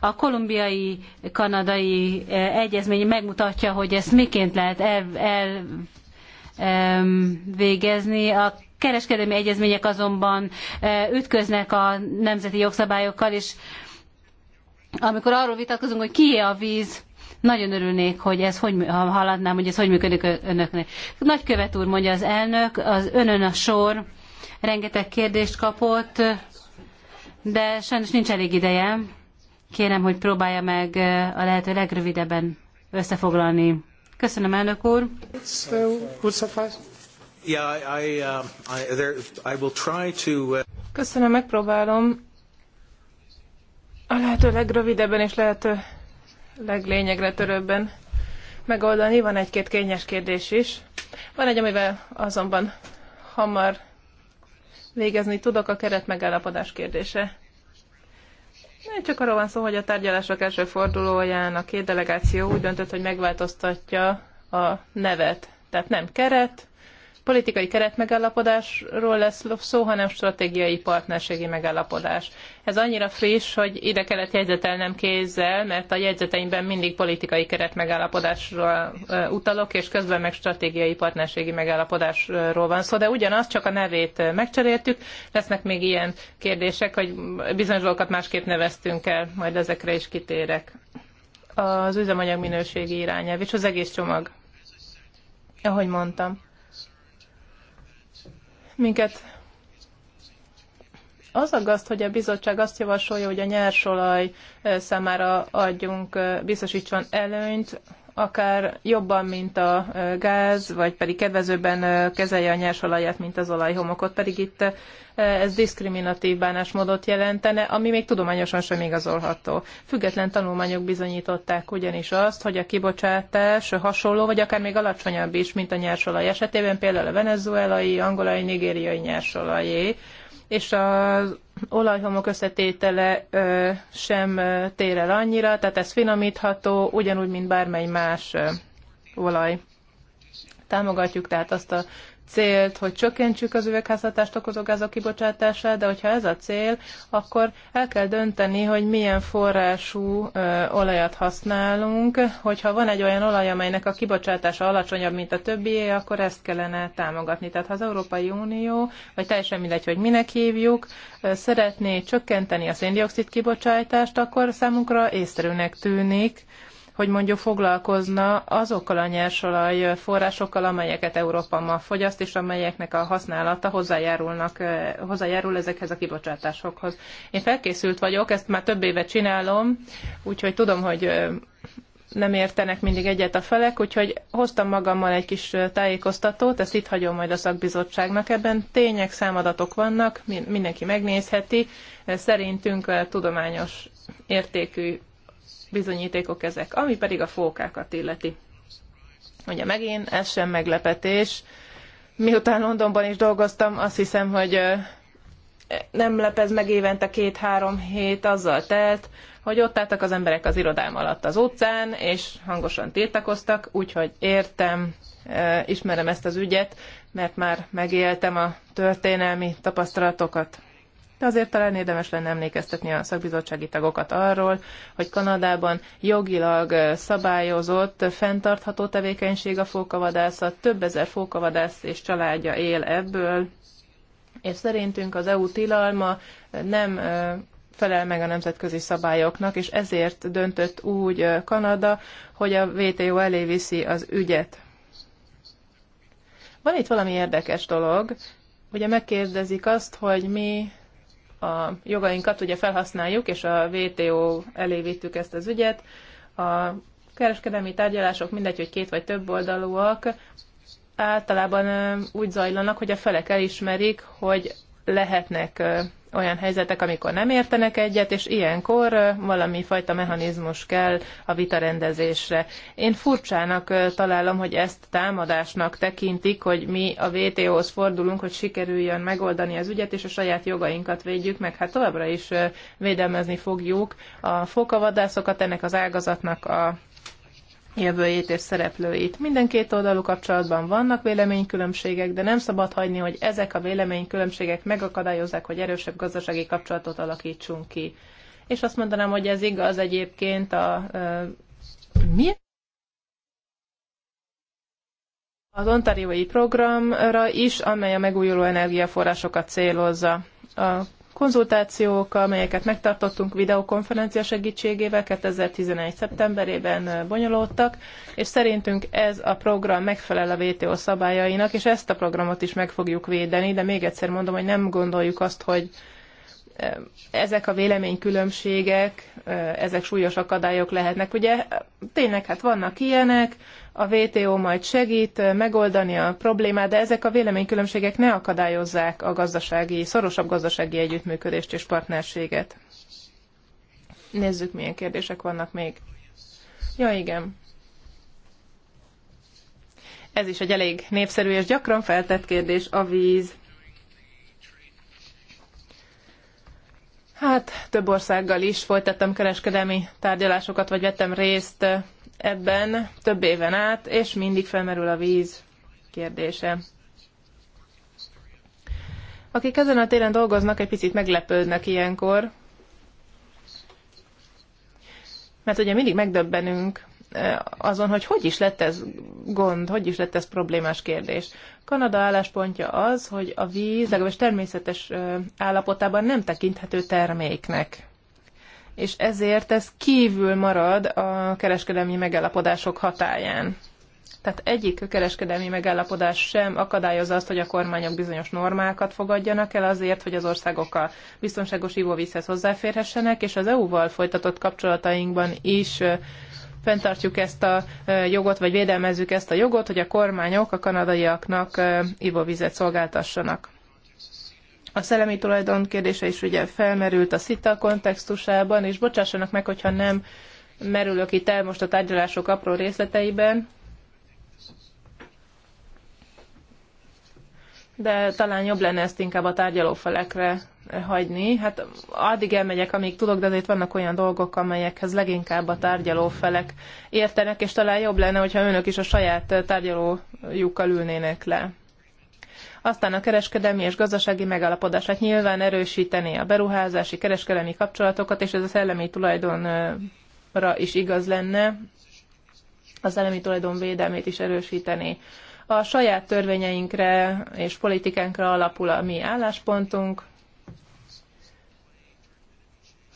B: A kolumbiai-kanadai e, egyezmény megmutatja, hogy ezt miként lehet elvégezni. El, el, el végezni. a kereskedelmi egyezmények azonban e, ütköznek a nemzeti jogszabályokkal, és amikor arról vitatkozunk, hogy kié a víz, nagyon örülnék, hogy ez hogy ha hallatnám, hogy ez hogy működik önöknek. Nagykövet úr, mondja az elnök, az önön a sor, rengeteg kérdést kapott, de sajnos nincs elég ideje. Kérem, hogy próbálja meg a lehető legrövidebben összefoglalni. Köszönöm, elnök úr. So,
C: Um, uh, Köszönöm, megpróbálom a lehető legrövidebben és lehető leglényegre törőbben megoldani. Van egy-két kényes kérdés is. Van egy, amivel azonban hamar végezni tudok, a keret megállapodás kérdése. Nem csak arról van szó, hogy a tárgyalások első fordulóján a két delegáció úgy döntött, hogy megváltoztatja a nevet. Tehát nem keret, politikai keretmegállapodásról lesz szó, hanem stratégiai partnerségi megállapodás. Ez annyira friss, hogy ide kellett jegyzetelnem kézzel, mert a jegyzeteimben mindig politikai keretmegállapodásról utalok, és közben meg stratégiai partnerségi megállapodásról van szó, de ugyanaz, csak a nevét megcseréltük. Lesznek még ilyen kérdések, hogy bizonyos dolgokat másképp neveztünk el, majd ezekre is kitérek. Az üzemanyag minőségi irányelv és az egész csomag. Ahogy mondtam minket az aggaszt, hogy a bizottság azt javasolja, hogy a nyersolaj számára adjunk, biztosítson előnyt, akár jobban, mint a gáz, vagy pedig kedvezőbben kezelje a nyersolajat, mint az olajhomokot, pedig itt ez diszkriminatív bánásmódot jelentene, ami még tudományosan sem igazolható. Független tanulmányok bizonyították ugyanis azt, hogy a kibocsátás hasonló, vagy akár még alacsonyabb is, mint a nyersolaj esetében, például a venezuelai, angolai, nigériai nyersolajé, és az olajhomok összetétele sem tér el annyira, tehát ez finomítható, ugyanúgy, mint bármely más olaj. Támogatjuk tehát azt a célt, hogy csökkentsük az üvegházhatást okozó gázok kibocsátását, de hogyha ez a cél, akkor el kell dönteni, hogy milyen forrású ö, olajat használunk. Hogyha van egy olyan olaj, amelynek a kibocsátása alacsonyabb, mint a többié, akkor ezt kellene támogatni. Tehát ha az Európai Unió, vagy teljesen mindegy, hogy minek hívjuk, ö, szeretné csökkenteni a széndiokszid kibocsátást, akkor számunkra észszerűnek tűnik, hogy mondjuk foglalkozna azokkal a nyersolaj forrásokkal, amelyeket Európa ma fogyaszt, és amelyeknek a használata hozzájárulnak, hozzájárul ezekhez a kibocsátásokhoz. Én felkészült vagyok, ezt már több éve csinálom, úgyhogy tudom, hogy nem értenek mindig egyet a felek, úgyhogy hoztam magammal egy kis tájékoztatót, ezt itt hagyom majd a szakbizottságnak. Ebben tények, számadatok vannak, mindenki megnézheti, szerintünk tudományos értékű bizonyítékok ezek. Ami pedig a fókákat illeti. Ugye megint, ez sem meglepetés. Miután Londonban is dolgoztam, azt hiszem, hogy nem lepez meg évente két-három hét azzal telt, hogy ott álltak az emberek az irodám alatt az utcán, és hangosan tiltakoztak, úgyhogy értem, ismerem ezt az ügyet, mert már megéltem a történelmi tapasztalatokat de azért talán érdemes lenne emlékeztetni a szakbizottsági tagokat arról, hogy Kanadában jogilag szabályozott, fenntartható tevékenység a fókavadászat, több ezer fókavadász és családja él ebből, és szerintünk az EU tilalma nem felel meg a nemzetközi szabályoknak, és ezért döntött úgy Kanada, hogy a WTO elé viszi az ügyet. Van itt valami érdekes dolog. Ugye megkérdezik azt, hogy mi a jogainkat ugye felhasználjuk, és a WTO elé vittük ezt az ügyet. A kereskedelmi tárgyalások mindegy, hogy két vagy több oldalúak, általában úgy zajlanak, hogy a felek elismerik, hogy lehetnek olyan helyzetek, amikor nem értenek egyet, és ilyenkor valami fajta mechanizmus kell a vitarendezésre. Én furcsának találom, hogy ezt támadásnak tekintik, hogy mi a WTO-hoz fordulunk, hogy sikerüljön megoldani az ügyet, és a saját jogainkat védjük meg. Hát továbbra is védelmezni fogjuk a fokavadászokat, ennek az ágazatnak a jövőjét és szereplőit. Minden két oldalú kapcsolatban vannak véleménykülönbségek, de nem szabad hagyni, hogy ezek a véleménykülönbségek megakadályozzák, hogy erősebb gazdasági kapcsolatot alakítsunk ki. És azt mondanám, hogy ez igaz egyébként a... Uh, mi? Az ontariói programra is, amely a megújuló energiaforrásokat célozza. A konzultációk, amelyeket megtartottunk videokonferencia segítségével 2011. szeptemberében bonyolódtak, és szerintünk ez a program megfelel a WTO szabályainak, és ezt a programot is meg fogjuk védeni, de még egyszer mondom, hogy nem gondoljuk azt, hogy ezek a véleménykülönbségek, ezek súlyos akadályok lehetnek. Ugye tényleg hát vannak ilyenek, a WTO majd segít megoldani a problémát, de ezek a véleménykülönbségek ne akadályozzák a gazdasági, szorosabb gazdasági együttműködést és partnerséget. Nézzük, milyen kérdések vannak még. Ja, igen. Ez is egy elég népszerű és gyakran feltett kérdés, a víz. Hát, több országgal is folytattam kereskedelmi tárgyalásokat, vagy vettem részt ebben több éven át, és mindig felmerül a víz kérdése. Akik ezen a téren dolgoznak, egy picit meglepődnek ilyenkor, mert ugye mindig megdöbbenünk e, azon, hogy hogy is lett ez gond, hogy is lett ez problémás kérdés. Kanada álláspontja az, hogy a víz legalábbis természetes e, állapotában nem tekinthető terméknek és ezért ez kívül marad a kereskedelmi megállapodások hatáján. Tehát egyik kereskedelmi megállapodás sem akadályozza azt, hogy a kormányok bizonyos normákat fogadjanak el azért, hogy az országok a biztonságos ivóvízhez hozzáférhessenek, és az EU-val folytatott kapcsolatainkban is fenntartjuk ezt a jogot, vagy védelmezzük ezt a jogot, hogy a kormányok a kanadaiaknak ivóvizet szolgáltassanak. A szellemi tulajdon kérdése is ugye felmerült a szita kontextusában, és bocsássanak meg, hogyha nem merülök itt el most a tárgyalások apró részleteiben, de talán jobb lenne ezt inkább a tárgyalófelekre hagyni. Hát addig elmegyek, amíg tudok, de azért vannak olyan dolgok, amelyekhez leginkább a tárgyalófelek értenek, és talán jobb lenne, hogyha önök is a saját tárgyalójukkal ülnének le aztán a kereskedelmi és gazdasági megállapodását nyilván erősíteni a beruházási, kereskedelmi kapcsolatokat, és ez a szellemi tulajdonra is igaz lenne, a szellemi tulajdon védelmét is erősíteni. A saját törvényeinkre és politikánkra alapul a mi álláspontunk,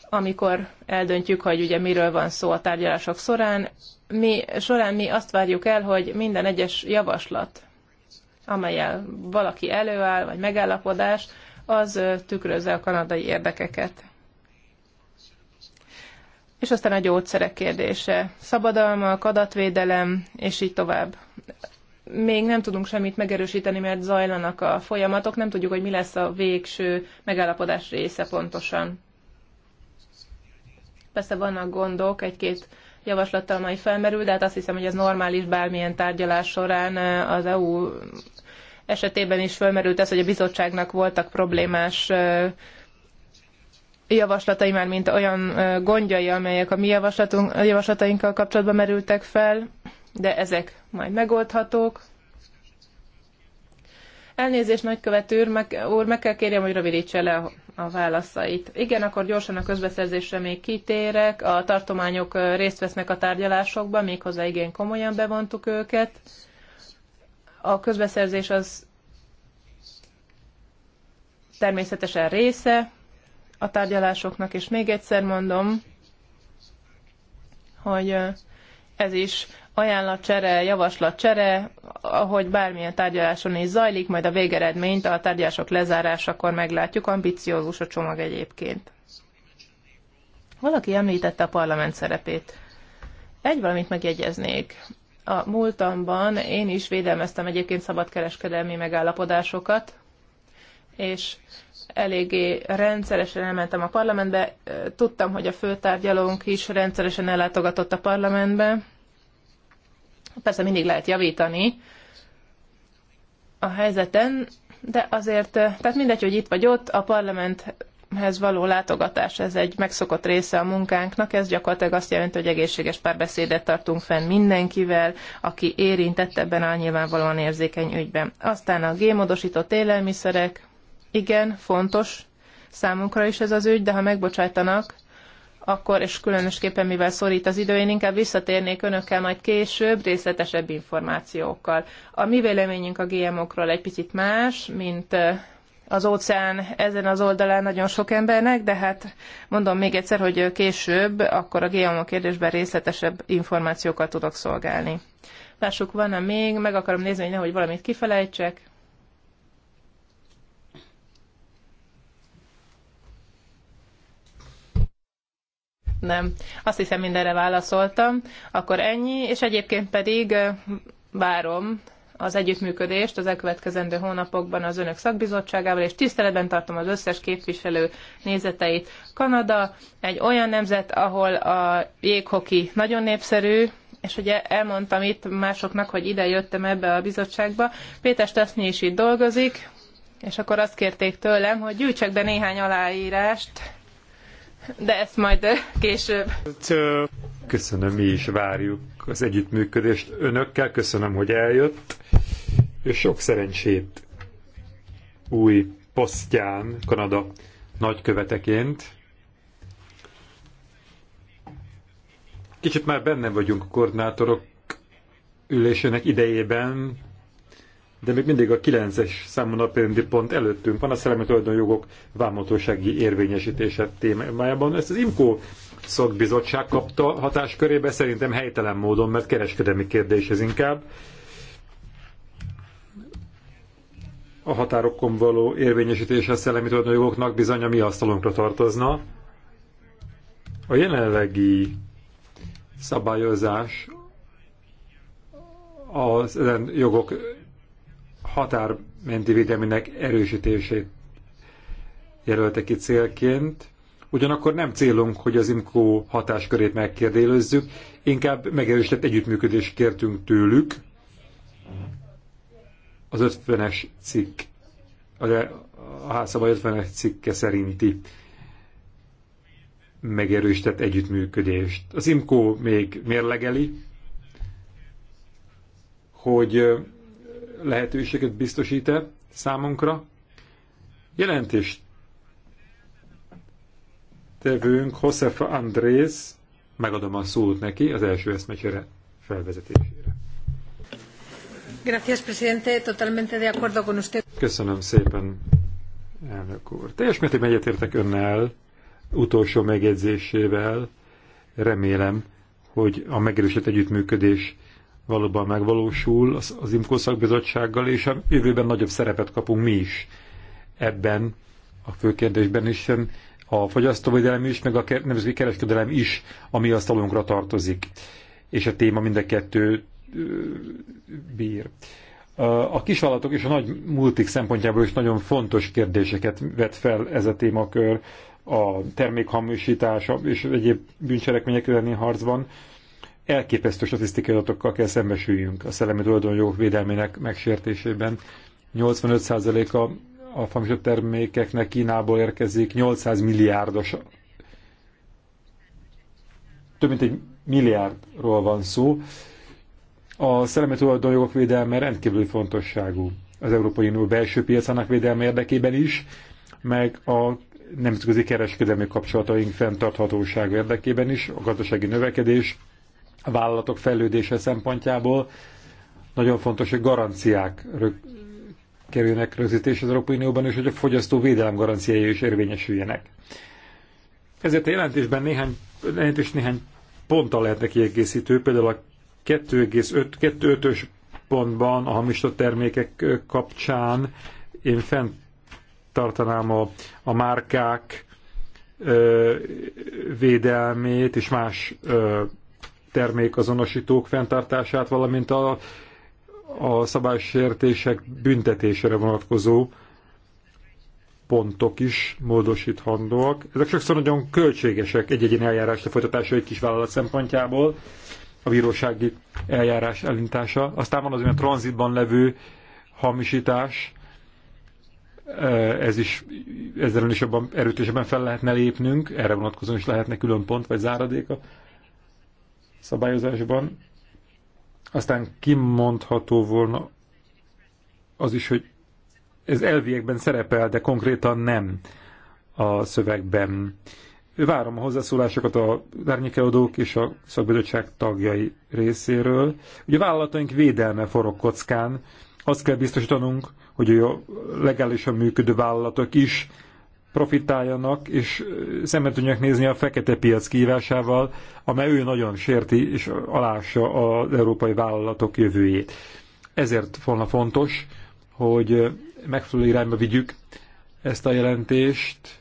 C: amikor eldöntjük, hogy ugye miről van szó a tárgyalások során, mi, során mi azt várjuk el, hogy minden egyes javaslat, amelyel valaki előáll, vagy megállapodás, az tükrözze a kanadai érdekeket. És aztán a gyógyszerek kérdése. Szabadalmak, adatvédelem, és így tovább. Még nem tudunk semmit megerősíteni, mert zajlanak a folyamatok, nem tudjuk, hogy mi lesz a végső megállapodás része pontosan. Persze vannak gondok, egy-két javaslattal majd felmerül, de hát azt hiszem, hogy ez normális bármilyen tárgyalás során az EU esetében is felmerült ez, hogy a bizottságnak voltak problémás javaslatai, már mint olyan gondjai, amelyek a mi javaslatunk, a javaslatainkkal kapcsolatban merültek fel, de ezek majd megoldhatók. Elnézést, nagykövet úr, meg, úr, meg kell kérjem, hogy rövidítse le a a válaszait. Igen, akkor gyorsan a közbeszerzésre még kitérek. A tartományok részt vesznek a tárgyalásokban, méghozzá igen komolyan bevontuk őket. A közbeszerzés az természetesen része a tárgyalásoknak, és még egyszer mondom, hogy ez is ajánlatcsere, javaslatcsere, ahogy bármilyen tárgyaláson is zajlik, majd a végeredményt a tárgyalások lezárásakor meglátjuk, ambiciózus a csomag egyébként. Valaki említette a parlament szerepét. Egy valamit megjegyeznék. A múltamban én is védelmeztem egyébként szabadkereskedelmi megállapodásokat, és eléggé rendszeresen elmentem a parlamentbe. Tudtam, hogy a főtárgyalónk is rendszeresen ellátogatott a parlamentbe, Persze mindig lehet javítani a helyzeten, de azért, eh, tehát mindegy, hogy itt vagy ott, a parlamenthez való látogatás, ez egy megszokott része a munkánknak, ez gyakorlatilag azt jelenti, hogy egészséges párbeszédet tartunk fenn mindenkivel, aki érintett ebben a nyilvánvalóan érzékeny ügyben. Aztán a gémodosított élelmiszerek, igen, fontos számunkra is ez az ügy, de ha megbocsájtanak, akkor, és különösképpen mivel szorít az idő, én inkább visszatérnék önökkel majd később részletesebb információkkal. A mi véleményünk a GMO-król egy picit más, mint az óceán ezen az oldalán nagyon sok embernek, de hát mondom még egyszer, hogy később akkor a GMO kérdésben részletesebb információkat tudok szolgálni. Lássuk, van-e még, meg akarom nézni, hogy nehogy valamit kifelejtsek. Nem. Azt hiszem mindenre válaszoltam. Akkor ennyi, és egyébként pedig várom az együttműködést az elkövetkezendő hónapokban az önök szakbizottságával, és tiszteletben tartom az összes képviselő nézeteit. Kanada egy olyan nemzet, ahol a jéghoki nagyon népszerű, és ugye elmondtam itt másoknak, hogy ide jöttem ebbe a bizottságba. Péter Stasznyi is itt dolgozik, és akkor azt kérték tőlem, hogy gyűjtsek be néhány aláírást de ezt majd később.
A: Köszönöm, mi is várjuk az együttműködést önökkel, köszönöm, hogy eljött, és sok szerencsét új posztján, Kanada nagyköveteként. Kicsit már benne vagyunk a koordinátorok ülésének idejében, de még mindig a 9-es számú napirendi pont előttünk van a szellemi tulajdonjogok vámotósági érvényesítése témájában. Ezt az IMCO szakbizottság kapta hatáskörébe, szerintem helytelen módon, mert kereskedelmi kérdés ez inkább. A határokon való érvényesítése a szellemi tulajdonjogoknak bizony a mi asztalunkra tartozna. A jelenlegi szabályozás az ezen jogok határmenti védelmének erősítését jelölte ki célként. Ugyanakkor nem célunk, hogy az IMCO hatáskörét megkérdőjelezzük, inkább megerősített együttműködést kértünk tőlük. Az 50-es cikk, e- a házszabály 50-es cikke szerinti megerősített együttműködést. Az IMCO még mérlegeli, hogy lehetőséget biztosít-e számunkra. Jelentést tevőnk Josefa Andrész, megadom a szót neki az első eszmecsere felvezetésére.
C: Gracias, presidente. Totalmente de acuerdo con usted.
A: Köszönöm szépen, elnök úr. Teljes mértékben egyetértek önnel, utolsó megjegyzésével. Remélem, hogy a megerősített együttműködés valóban megvalósul az, az IMKO szakbizottsággal, és a jövőben nagyobb szerepet kapunk mi is ebben a fő kérdésben, a fogyasztóvédelem is, meg a nemzeti kereskedelem is, ami a szalunkra tartozik, és a téma mind a kettő bír. A kisvállalatok és a nagy multik szempontjából is nagyon fontos kérdéseket vet fel ez a témakör, a termékhamisítása és egyéb bűncselekmények elleni harcban elképesztő statisztikai adatokkal kell szembesüljünk a szellemi tulajdonjogok védelmének megsértésében. 85%-a a, a famisott termékeknek Kínából érkezik, 800 milliárdos. Több mint egy milliárdról van szó. A szellemi tulajdonjogok védelme rendkívül fontosságú az Európai Unió belső piacának védelme érdekében is, meg a nemzetközi kereskedelmi kapcsolataink fenntarthatóság érdekében is, a gazdasági növekedés a vállalatok fejlődése szempontjából nagyon fontos, hogy garanciák rög, kerülnek rögzítésre az Európai Unióban, és hogy a fogyasztó védelem garanciái is érvényesüljenek. Ezért a jelentésben néhány, jelentés néhány ponttal lehetne kiegészítő, például a 2,5-ös pontban a hamisított termékek kapcsán én fent tartanám a, a márkák ö, védelmét és más ö, termékazonosítók fenntartását, valamint a, a szabálysértések büntetésére vonatkozó pontok is módosíthandóak. Ezek sokszor nagyon költségesek egy egyéni eljárás lefolytatása egy kis vállalat szempontjából, a bírósági eljárás elintása. Aztán van az olyan tranzitban levő hamisítás, ez is, ezzel is abban erőtésebben fel lehetne lépnünk, erre vonatkozóan is lehetne külön pont vagy záradéka szabályozásban. Aztán kimondható volna az is, hogy ez elviekben szerepel, de konkrétan nem a szövegben. Várom a hozzászólásokat a lárnyékelődők és a szakbizottság tagjai részéről. Ugye a vállalataink védelme forog kockán. Azt kell biztosítanunk, hogy a legálisan működő vállalatok is profitáljanak, és szemben tudják nézni a fekete piac kívásával, amely ő nagyon sérti és alássa az európai vállalatok jövőjét. Ezért volna fontos, hogy megfelelő irányba vigyük ezt a jelentést,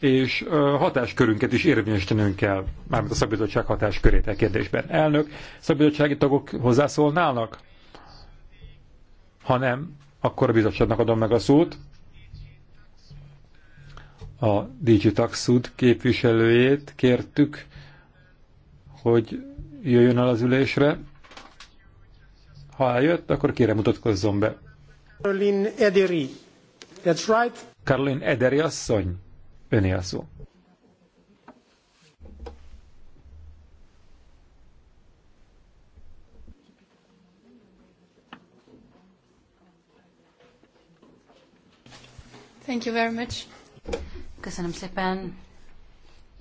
A: és hatáskörünket is érvényesítenünk kell, mármint a szabadság hatáskörét a e kérdésben. Elnök, szabadsági tagok hozzászólnának? Ha nem, akkor a bizottságnak adom meg a szót a Digitaxud képviselőjét kértük, hogy jöjjön el az ülésre. Ha eljött, akkor kérem mutatkozzon be. Caroline Ederi. That's right. Caroline Ederi asszony. Öné a szó.
B: Thank you very much. Köszönöm szépen.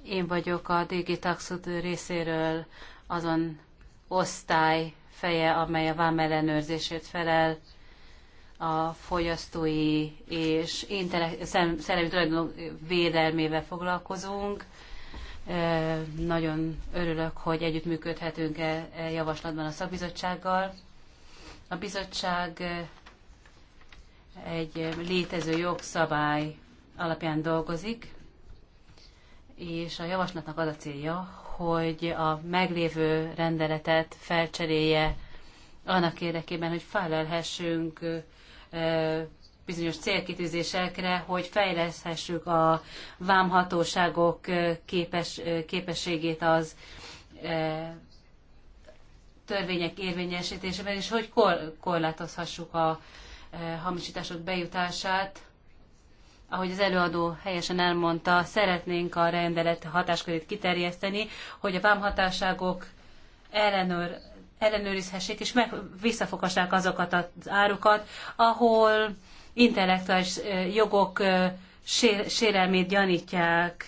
B: Én vagyok a Digitaxud részéről azon osztály feje, amely a vám ellenőrzését felel a fogyasztói és szellemi tulajdonok védelmével foglalkozunk. Nagyon örülök, hogy együttműködhetünk e, e javaslatban a szakbizottsággal. A bizottság egy létező jogszabály alapján dolgozik, és a javaslatnak az a célja, hogy a meglévő rendeletet felcserélje annak érdekében, hogy felelhessünk bizonyos célkitűzésekre, hogy fejleszthessük a vámhatóságok képes, képességét az törvények érvényesítésében, és hogy korlátozhassuk a hamisítások bejutását, ahogy az előadó helyesen elmondta, szeretnénk a rendelet hatáskörét kiterjeszteni, hogy a vámhatáságok ellenőr, ellenőrizhessék és meg, visszafogassák azokat az árukat, ahol intellektuális jogok sér, sérelmét gyanítják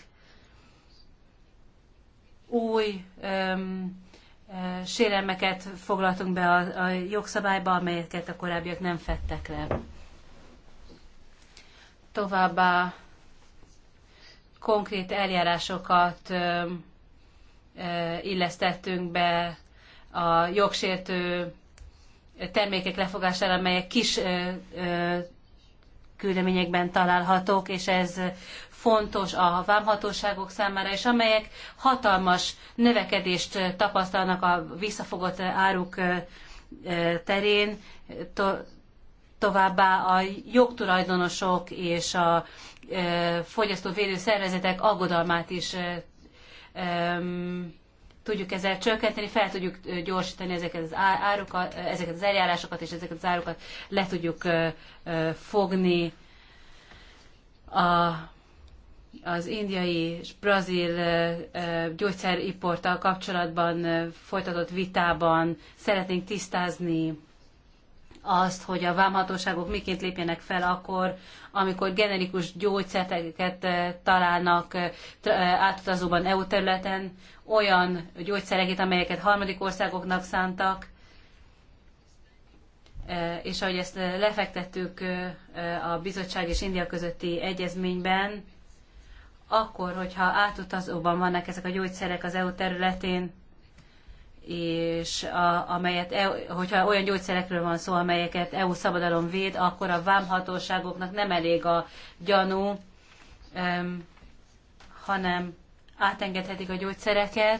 B: új öm, sérelmeket foglaltunk be a, a jogszabályba, amelyeket a korábbiak nem fettek le. Továbbá konkrét eljárásokat illesztettünk be a jogsértő termékek lefogására, amelyek kis küldeményekben találhatók, és ez fontos a vámhatóságok számára, és amelyek hatalmas növekedést tapasztalnak a visszafogott áruk terén, továbbá a jogtulajdonosok és a fogyasztóvédő szervezetek aggodalmát is tudjuk ezzel csökkenteni, fel tudjuk gyorsítani ezeket az árukat, ezeket az eljárásokat és ezeket az árukat le tudjuk fogni a, az indiai és brazil gyógyszeriporttal kapcsolatban folytatott vitában szeretnénk tisztázni azt, hogy a vámhatóságok miként lépjenek fel akkor, amikor generikus gyógyszereket eh, találnak eh, eh, átutazóban EU területen, olyan gyógyszereket, amelyeket harmadik országoknak szántak, és ahogy ezt lefektettük a bizottság és India közötti egyezményben, akkor, hogyha átutazóban vannak ezek a gyógyszerek az EU területén, és a, amelyet, e, hogyha olyan gyógyszerekről van szó, amelyeket EU szabadalom véd, akkor a vámhatóságoknak nem elég a gyanú, öm, hanem átengedhetik a gyógyszereket,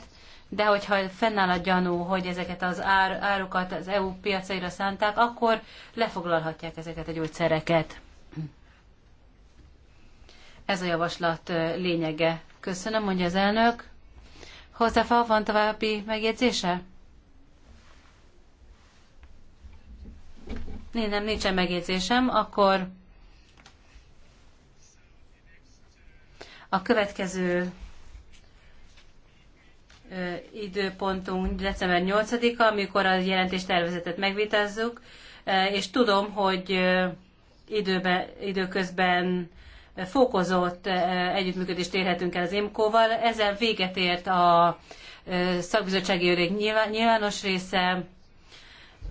B: de hogyha fennáll a gyanú, hogy ezeket az ár, árukat az EU piacaira szánták, akkor lefoglalhatják ezeket a gyógyszereket. Ez a javaslat lényege. Köszönöm, mondja az elnök. Hozzáfa, van további megjegyzése? Én nem, nincsen megjegyzésem, akkor a következő időpontunk december 8-a, amikor a tervezetet megvitázzuk, és tudom, hogy időbe, időközben fokozott együttműködést érhetünk el az IMCO-val. Ezzel véget ért a szakbizottsági örék nyilvános része.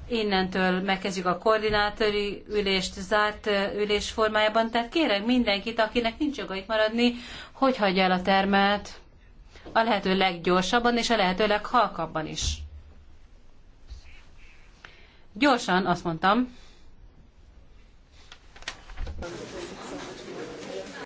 B: Innentől megkezdjük a koordinátori ülést zárt ülés formájában. Tehát kérek mindenkit, akinek nincs joga itt maradni, hogy hagyja el a termet a lehető leggyorsabban és a lehető leghalkabban is. Gyorsan, azt mondtam.